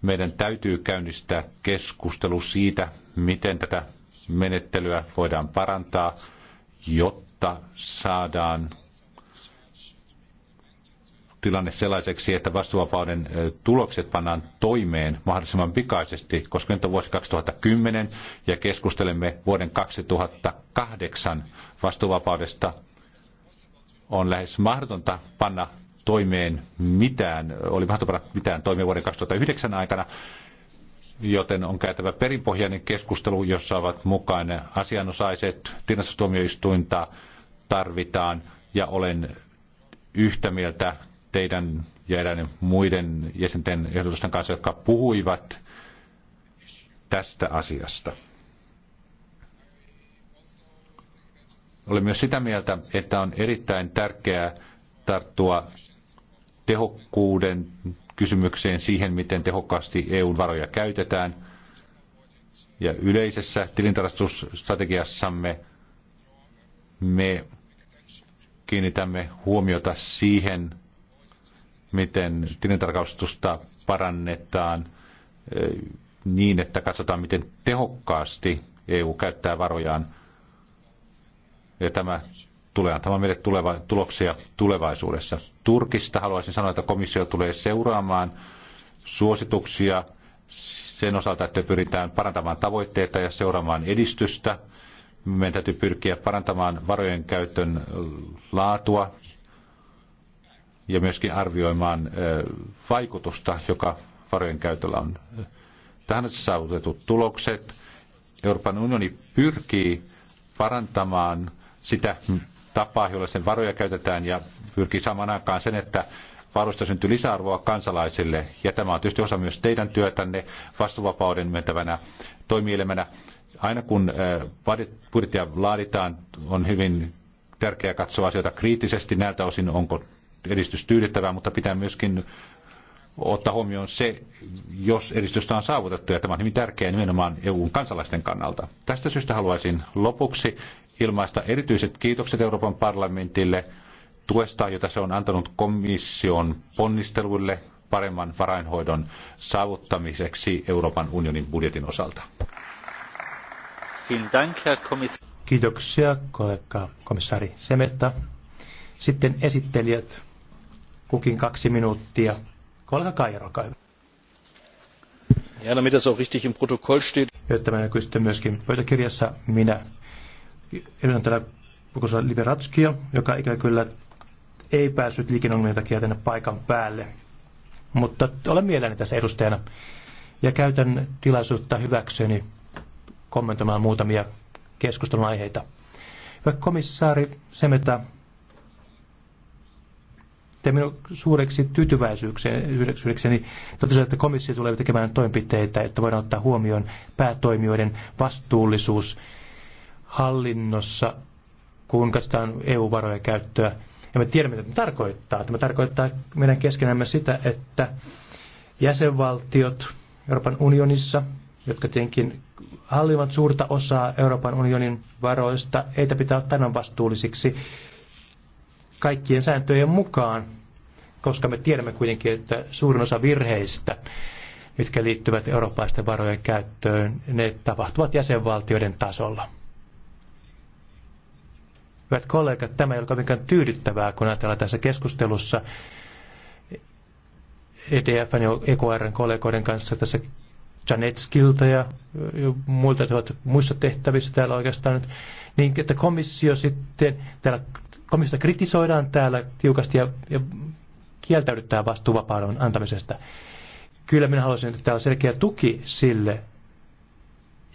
meidän täytyy käynnistää keskustelu siitä, miten tätä menettelyä voidaan parantaa, jotta saadaan tilanne sellaiseksi, että vastuuvapauden tulokset pannaan toimeen mahdollisimman pikaisesti, koska nyt on vuosi 2010 ja keskustelemme vuoden 2008 vastuuvapaudesta. On lähes mahdotonta panna toimeen mitään, oli mahdotonta mitään toimeen vuoden 2009 aikana, joten on käytävä perinpohjainen keskustelu, jossa ovat mukana asianosaiset, tilastustuomioistuinta tarvitaan ja olen yhtä mieltä teidän ja eräiden muiden jäsenten ehdotusten kanssa, jotka puhuivat tästä asiasta. Olen myös sitä mieltä, että on erittäin tärkeää tarttua tehokkuuden kysymykseen, siihen miten tehokkaasti EU varoja käytetään. Ja yleisessä tilintarkastusstrategiassamme me kiinnitämme huomiota siihen, miten tilintarkastusta parannetaan e, niin, että katsotaan, miten tehokkaasti EU käyttää varojaan. Ja tämä tulee antamaan meille tuleva, tuloksia tulevaisuudessa. Turkista haluaisin sanoa, että komissio tulee seuraamaan suosituksia sen osalta, että pyritään parantamaan tavoitteita ja seuraamaan edistystä. Meidän täytyy pyrkiä parantamaan varojen käytön laatua ja myöskin arvioimaan vaikutusta, joka varojen käytöllä on. Tähän saavutetut tulokset. Euroopan unioni pyrkii parantamaan sitä, tapa, jolla sen varoja käytetään ja pyrkii saamaan aikaan sen, että varoista syntyy lisäarvoa kansalaisille. Ja tämä on tietysti osa myös teidän työtänne vastuvapauden myöntävänä toimielimenä. Aina kun budjettia laaditaan, on hyvin tärkeää katsoa asioita kriittisesti. Näiltä osin onko edistys tyydyttävää, mutta pitää myöskin ottaa huomioon se, jos edistystä on saavutettu, ja tämä on hyvin tärkeää nimenomaan EUn kansalaisten kannalta. Tästä syystä haluaisin lopuksi ilmaista erityiset kiitokset Euroopan parlamentille tuesta, jota se on antanut komission ponnisteluille paremman varainhoidon saavuttamiseksi Euroopan unionin budjetin osalta. Kiitoksia, kollega komissaari Semetta. Sitten esittelijät, kukin kaksi minuuttia. Kollega Kairo, olkaa hyvä. Ja, damit das auch richtig im Protokoll steht. Jotta mä myöskin pöytäkirjassa, minä Eli on täällä Pukosa Liberatskia, joka ikävä kyllä ei päässyt liikenneongelmien takia tänne paikan päälle. Mutta olen mielelläni tässä edustajana ja käytän tilaisuutta hyväkseni kommentoimaan muutamia keskustelun aiheita. Hyvä komissaari Semeta, te minun suureksi tyytyväisyykseni totesivat, että komissio tulee tekemään toimenpiteitä, että voidaan ottaa huomioon päätoimijoiden vastuullisuus hallinnossa, kun katsotaan EU-varojen käyttöä. Ja me tiedämme, mitä tämä tarkoittaa. Tämä tarkoittaa meidän keskenämme sitä, että jäsenvaltiot Euroopan unionissa, jotka tietenkin hallivat suurta osaa Euroopan unionin varoista, eitä pitää ottaa vastuullisiksi kaikkien sääntöjen mukaan, koska me tiedämme kuitenkin, että suurin osa virheistä, mitkä liittyvät eurooppalaisten varojen käyttöön, ne tapahtuvat jäsenvaltioiden tasolla. Hyvät kollegat, tämä ei ole mitenkään tyydyttävää, kun ajatellaan tässä keskustelussa EDFn ja EKRn kollegoiden kanssa tässä Janetskilta ja muilta, jotka ovat muissa tehtävissä täällä oikeastaan nyt, niin että komissio sitten, täällä, komissiota kritisoidaan täällä tiukasti ja, ja kieltäydytään vastuuvapauden antamisesta. Kyllä minä haluaisin, että täällä on selkeä tuki sille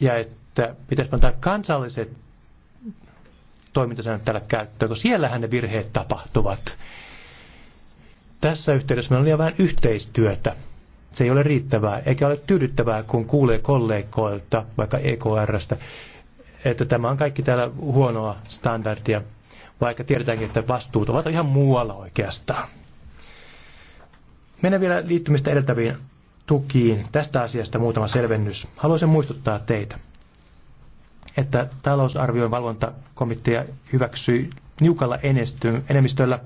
ja että pitäisi antaa kansalliset toimintasäännöt tällä käyttöön, kun siellähän ne virheet tapahtuvat. Tässä yhteydessä meillä on liian vähän yhteistyötä. Se ei ole riittävää, eikä ole tyydyttävää, kun kuulee kollegoilta, vaikka EKRstä, että tämä on kaikki täällä huonoa standardia, vaikka tiedetäänkin, että vastuut ovat ihan muualla oikeastaan. Mennään vielä liittymistä edeltäviin tukiin. Tästä asiasta muutama selvennys. Haluaisin muistuttaa teitä että talousarvion valvontakomitea hyväksyi niukalla enemmistöllä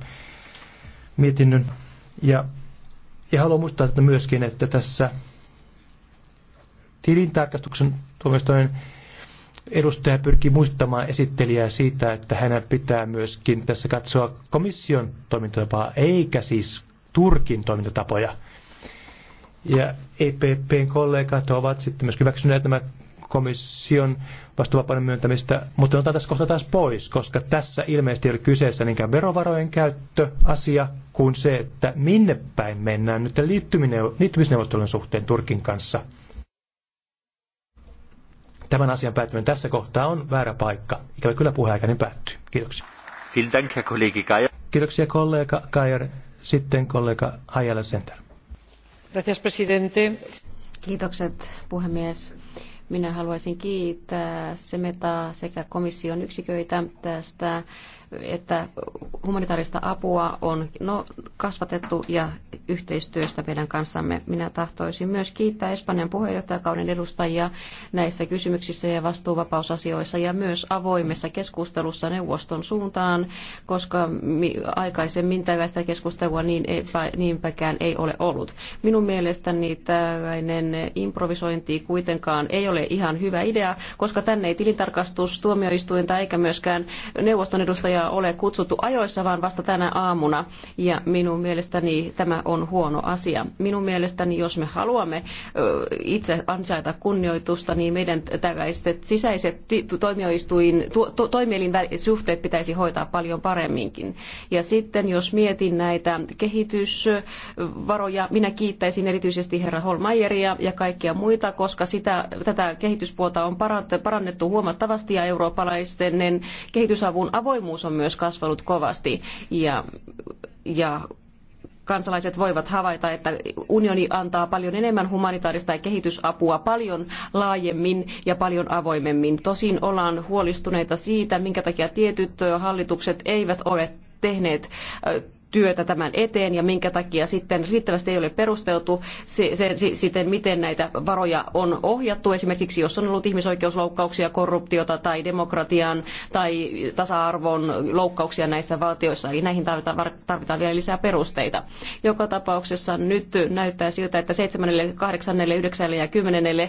mietinnön. Ja, ja haluan muistaa että myöskin, että tässä tilintarkastuksen tuomioistuimen edustaja pyrkii muistamaan esittelijää siitä, että hänen pitää myöskin tässä katsoa komission toimintatapaa, eikä siis Turkin toimintatapoja. Ja EPPn kollegat ovat sitten myös hyväksyneet nämä komission vastuvapauden myöntämistä, mutta otetaan tässä kohta taas pois, koska tässä ilmeisesti ei ole kyseessä niinkään verovarojen käyttöasia kuin se, että minne päin mennään nyt liittymisneuvottelun suhteen Turkin kanssa. Tämän asian päättyminen tässä kohtaa on väärä paikka. Ikävä kyllä puheaikani päättyy. Kiitoksia. Kiitoksia kollega Kajer. Sitten kollega Ayala Center. Gracias, presidente. Kiitokset puhemies. Minä haluaisin kiittää Semeta sekä komission yksiköitä tästä että humanitaarista apua on no, kasvatettu ja yhteistyöstä meidän kanssamme. Minä tahtoisin myös kiittää Espanjan puheenjohtajakauden edustajia näissä kysymyksissä ja vastuuvapausasioissa ja myös avoimessa keskustelussa neuvoston suuntaan, koska aikaisemmin tällaista keskustelua niin epä, niinpäkään ei ole ollut. Minun mielestäni tällainen improvisointi kuitenkaan ei ole ihan hyvä idea, koska tänne ei tilintarkastus tuomioistuinta eikä myöskään neuvoston edustajia Komissaaria ole kutsuttu ajoissa, vaan vasta tänä aamuna. Ja minun mielestäni tämä on huono asia. Minun mielestäni, jos me haluamme itse ansaita kunnioitusta, niin meidän tällaiset sisäiset toimioistuin, suhteet pitäisi hoitaa paljon paremminkin. Ja sitten jos mietin näitä kehitysvaroja, minä kiittäisin erityisesti herra Holmeieria ja kaikkia muita, koska sitä, tätä kehityspuolta on parannettu huomattavasti ja eurooppalaisen kehitysavun avoimuus on on myös kasvanut kovasti ja, ja kansalaiset voivat havaita, että unioni antaa paljon enemmän humanitaarista ja kehitysapua paljon laajemmin ja paljon avoimemmin. Tosin ollaan huolistuneita siitä, minkä takia tietyt hallitukset eivät ole tehneet työtä tämän eteen ja minkä takia sitten riittävästi ei ole perusteltu se, siten, miten näitä varoja on ohjattu. Esimerkiksi jos on ollut ihmisoikeusloukkauksia, korruptiota tai demokratian tai tasa-arvon loukkauksia näissä valtioissa, eli näihin tarvitaan, tarvitaan vielä lisää perusteita. Joka tapauksessa nyt näyttää siltä, että 7., 8., 9. ja 10. Eh,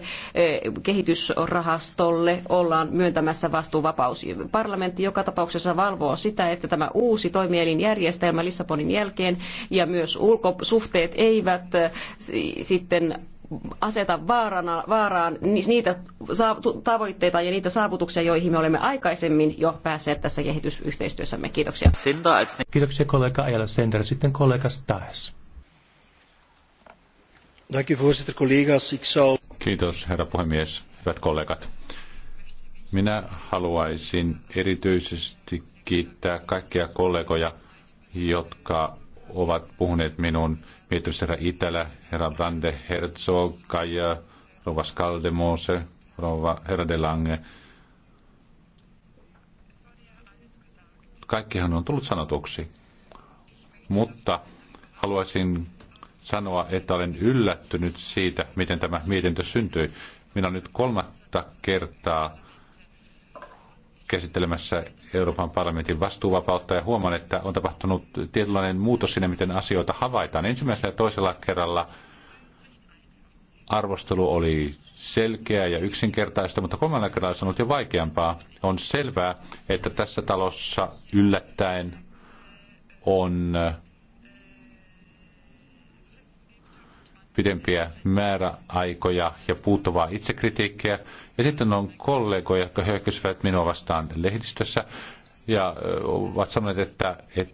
kehitysrahastolle ollaan myöntämässä vastuuvapaus. Parlamentti joka tapauksessa valvoo sitä, että tämä uusi toimielinjärjestelmä lisää. Lissabonin jälkeen ja myös ulkosuhteet eivät äh, sitten aseta vaarana, vaaraan niitä tavoitteita ja niitä saavutuksia, joihin me olemme aikaisemmin jo päässeet tässä kehitysyhteistyössämme. Kiitoksia. Kiitoksia kollega Ajala Sender. Sitten kollega Stahes. Kiitos herra puhemies, hyvät kollegat. Minä haluaisin erityisesti kiittää kaikkia kollegoja – jotka ovat puhuneet minun mietitystä herra Itälä, herra Brande, Herzog, Kaja, rouva Skaldemose, rouva herra de Lange. Kaikkihan on tullut sanotuksi. Mutta haluaisin sanoa, että olen yllättynyt siitä, miten tämä mietintö syntyi. Minä olen nyt kolmatta kertaa käsittelemässä Euroopan parlamentin vastuuvapautta ja huomaan, että on tapahtunut tietynlainen muutos siinä, miten asioita havaitaan. Ensimmäisellä ja toisella kerralla arvostelu oli selkeä ja yksinkertaista, mutta kolmannella kerralla se on ollut jo vaikeampaa. On selvää, että tässä talossa yllättäen on äh, pidempiä määräaikoja ja puuttuvaa itsekritiikkiä, ja sitten on kollegoja, jotka hyökkäsivät minua vastaan lehdistössä ja ovat sanoneet, että, että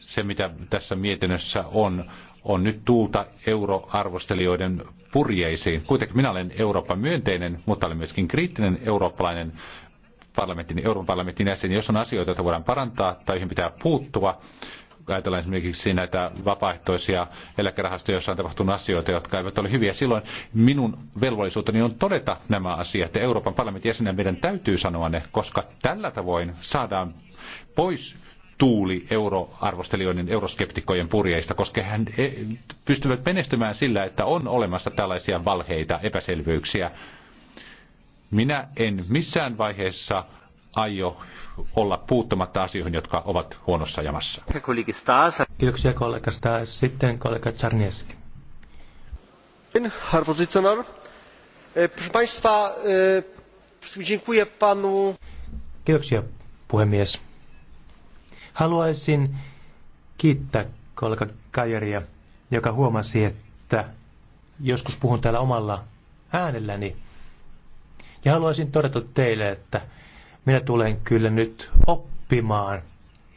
se mitä tässä mietinnössä on, on nyt tuulta euroarvostelijoiden purjeisiin. Kuitenkin minä olen Euroopan myönteinen, mutta olen myöskin kriittinen eurooppalainen parlamentin, Euroopan parlamentin jäsen. Jos on asioita, joita voidaan parantaa tai joihin pitää puuttua, ajatellaan esimerkiksi näitä vapaaehtoisia eläkerahastoja, joissa on tapahtunut asioita, jotka eivät ole hyviä, silloin minun velvollisuuteni on todeta nämä asiat. Ja Euroopan parlamentin jäsenenä meidän täytyy sanoa ne, koska tällä tavoin saadaan pois tuuli euroarvostelijoiden, euroskeptikkojen purjeista, koska he pystyvät menestymään sillä, että on olemassa tällaisia valheita, epäselvyyksiä. Minä en missään vaiheessa aio olla puuttumatta asioihin, jotka ovat huonossa jamassa. Kiitoksia kollegasta. Sitten kollega Czarnieski. E, e, Kiitoksia puhemies. Haluaisin kiittää kollega Kajeria, joka huomasi, että joskus puhun täällä omalla äänelläni. Ja haluaisin todeta teille, että minä tulen kyllä nyt oppimaan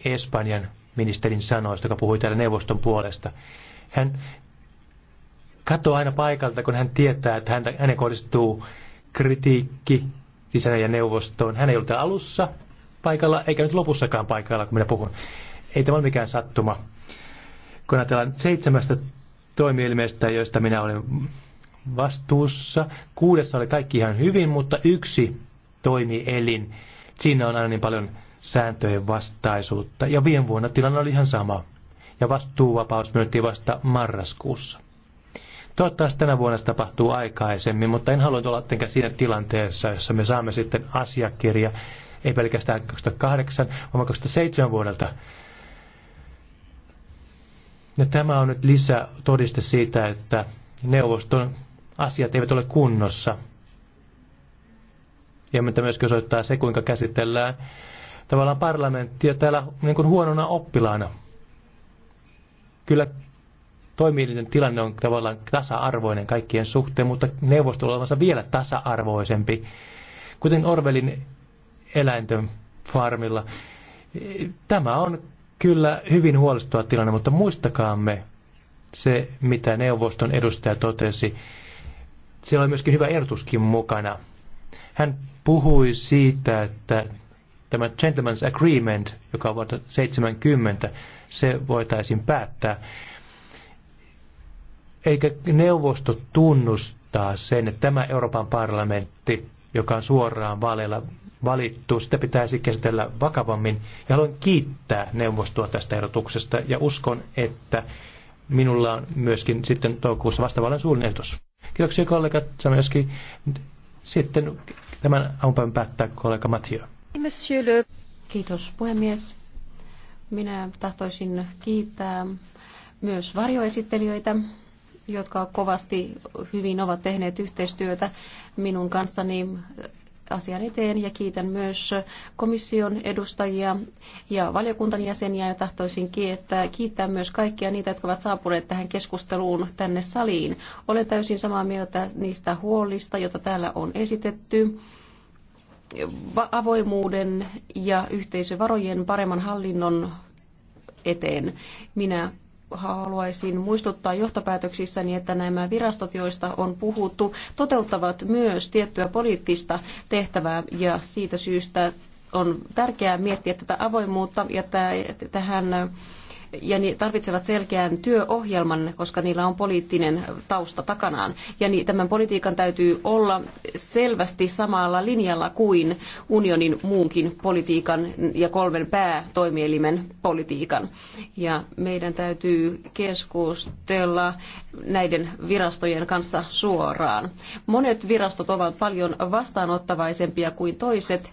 Espanjan ministerin sanoista, joka puhui täällä neuvoston puolesta. Hän katsoo aina paikalta, kun hän tietää, että häntä, hänen kohdistuu kritiikki sisänä ja neuvostoon. Hän ei ollut alussa paikalla, eikä nyt lopussakaan paikalla, kun minä puhun. Ei tämä ole mikään sattuma. Kun ajatellaan seitsemästä toimielimestä, joista minä olen vastuussa, kuudessa oli kaikki ihan hyvin, mutta yksi toimielin Siinä on aina niin paljon sääntöjen vastaisuutta. Ja viime vuonna tilanne oli ihan sama. Ja vastuuvapaus myöntiin vasta marraskuussa. Toivottavasti tänä vuonna se tapahtuu aikaisemmin, mutta en halua olla tietenkään siinä tilanteessa, jossa me saamme sitten asiakirja, ei pelkästään 2008, vaan 2007 vuodelta. Ja tämä on nyt lisä todiste siitä, että neuvoston asiat eivät ole kunnossa ja mitä myöskin osoittaa se, kuinka käsitellään tavallaan parlamenttia täällä niin kuin huonona oppilaana. Kyllä toimielinten tilanne on tavallaan tasa-arvoinen kaikkien suhteen, mutta neuvosto on olemassa vielä tasa-arvoisempi. Kuten Orvelin eläintön farmilla. Tämä on kyllä hyvin huolestuttava tilanne, mutta muistakaamme se, mitä neuvoston edustaja totesi. Siellä oli myöskin hyvä ehdotuskin mukana. Hän puhui siitä, että tämä Gentleman's Agreement, joka on vuotta 70, se voitaisiin päättää. Eikä neuvosto tunnustaa sen, että tämä Euroopan parlamentti, joka on suoraan vaaleilla valittu, sitä pitäisi käsitellä vakavammin. Ja haluan kiittää neuvostoa tästä ehdotuksesta ja uskon, että minulla on myöskin sitten toukokuussa vastaavallan suullinen ehdotus. Kiitoksia kollegat, samoin myöskin sitten tämän aamupäivän päättää kollega Mathieu. Kiitos puhemies. Minä tahtoisin kiittää myös varjoesittelijöitä, jotka kovasti hyvin ovat tehneet yhteistyötä minun kanssani asian eteen ja kiitän myös komission edustajia ja valiokuntan jäseniä ja tahtoisin kiittää, kiittää myös kaikkia niitä, jotka ovat saapuneet tähän keskusteluun tänne saliin. Olen täysin samaa mieltä niistä huolista, joita täällä on esitetty avoimuuden ja yhteisövarojen paremman hallinnon eteen. Minä haluaisin muistuttaa johtopäätöksissäni, että nämä virastot, joista on puhuttu, toteuttavat myös tiettyä poliittista tehtävää ja siitä syystä on tärkeää miettiä tätä avoimuutta ja tähän ja ne tarvitsevat selkeän työohjelman, koska niillä on poliittinen tausta takanaan. Ja tämän politiikan täytyy olla selvästi samalla linjalla kuin unionin muunkin politiikan ja kolmen päätoimielimen politiikan. Ja meidän täytyy keskustella näiden virastojen kanssa suoraan. Monet virastot ovat paljon vastaanottavaisempia kuin toiset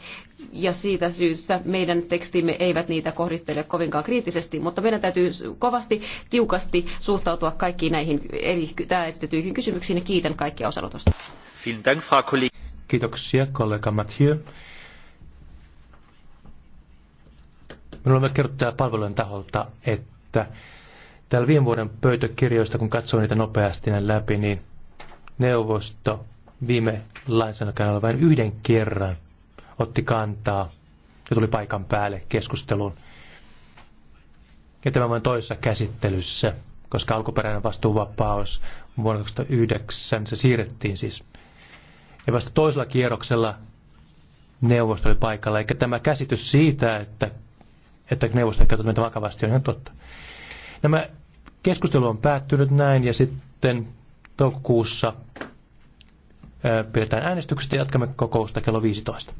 ja siitä syystä meidän tekstimme eivät niitä kohdittele kovinkaan kriittisesti, mutta meidän täytyy kovasti, tiukasti suhtautua kaikkiin näihin eri täällä esitettyihin kysymyksiin ja kiitän kaikkia osanotosta. Kiitoksia kollega Mathieu. Minulla on kerrottu täällä palvelujen taholta, että täällä viime vuoden pöytäkirjoista, kun katsoo niitä nopeasti näin läpi, niin neuvosto viime lainsäädäntökäynnillä vain yhden kerran otti kantaa ja tuli paikan päälle keskusteluun. Ja tämä on toisessa käsittelyssä, koska alkuperäinen vastuuvapaus vuonna 2009 se siirrettiin siis. Ja vasta toisella kierroksella neuvosto oli paikalla. Eikä tämä käsitys siitä, että, että neuvosto ei meitä vakavasti, on ihan totta. Nämä keskustelu on päättynyt näin ja sitten toukokuussa pidetään äänestykset ja jatkamme kokousta kello 15.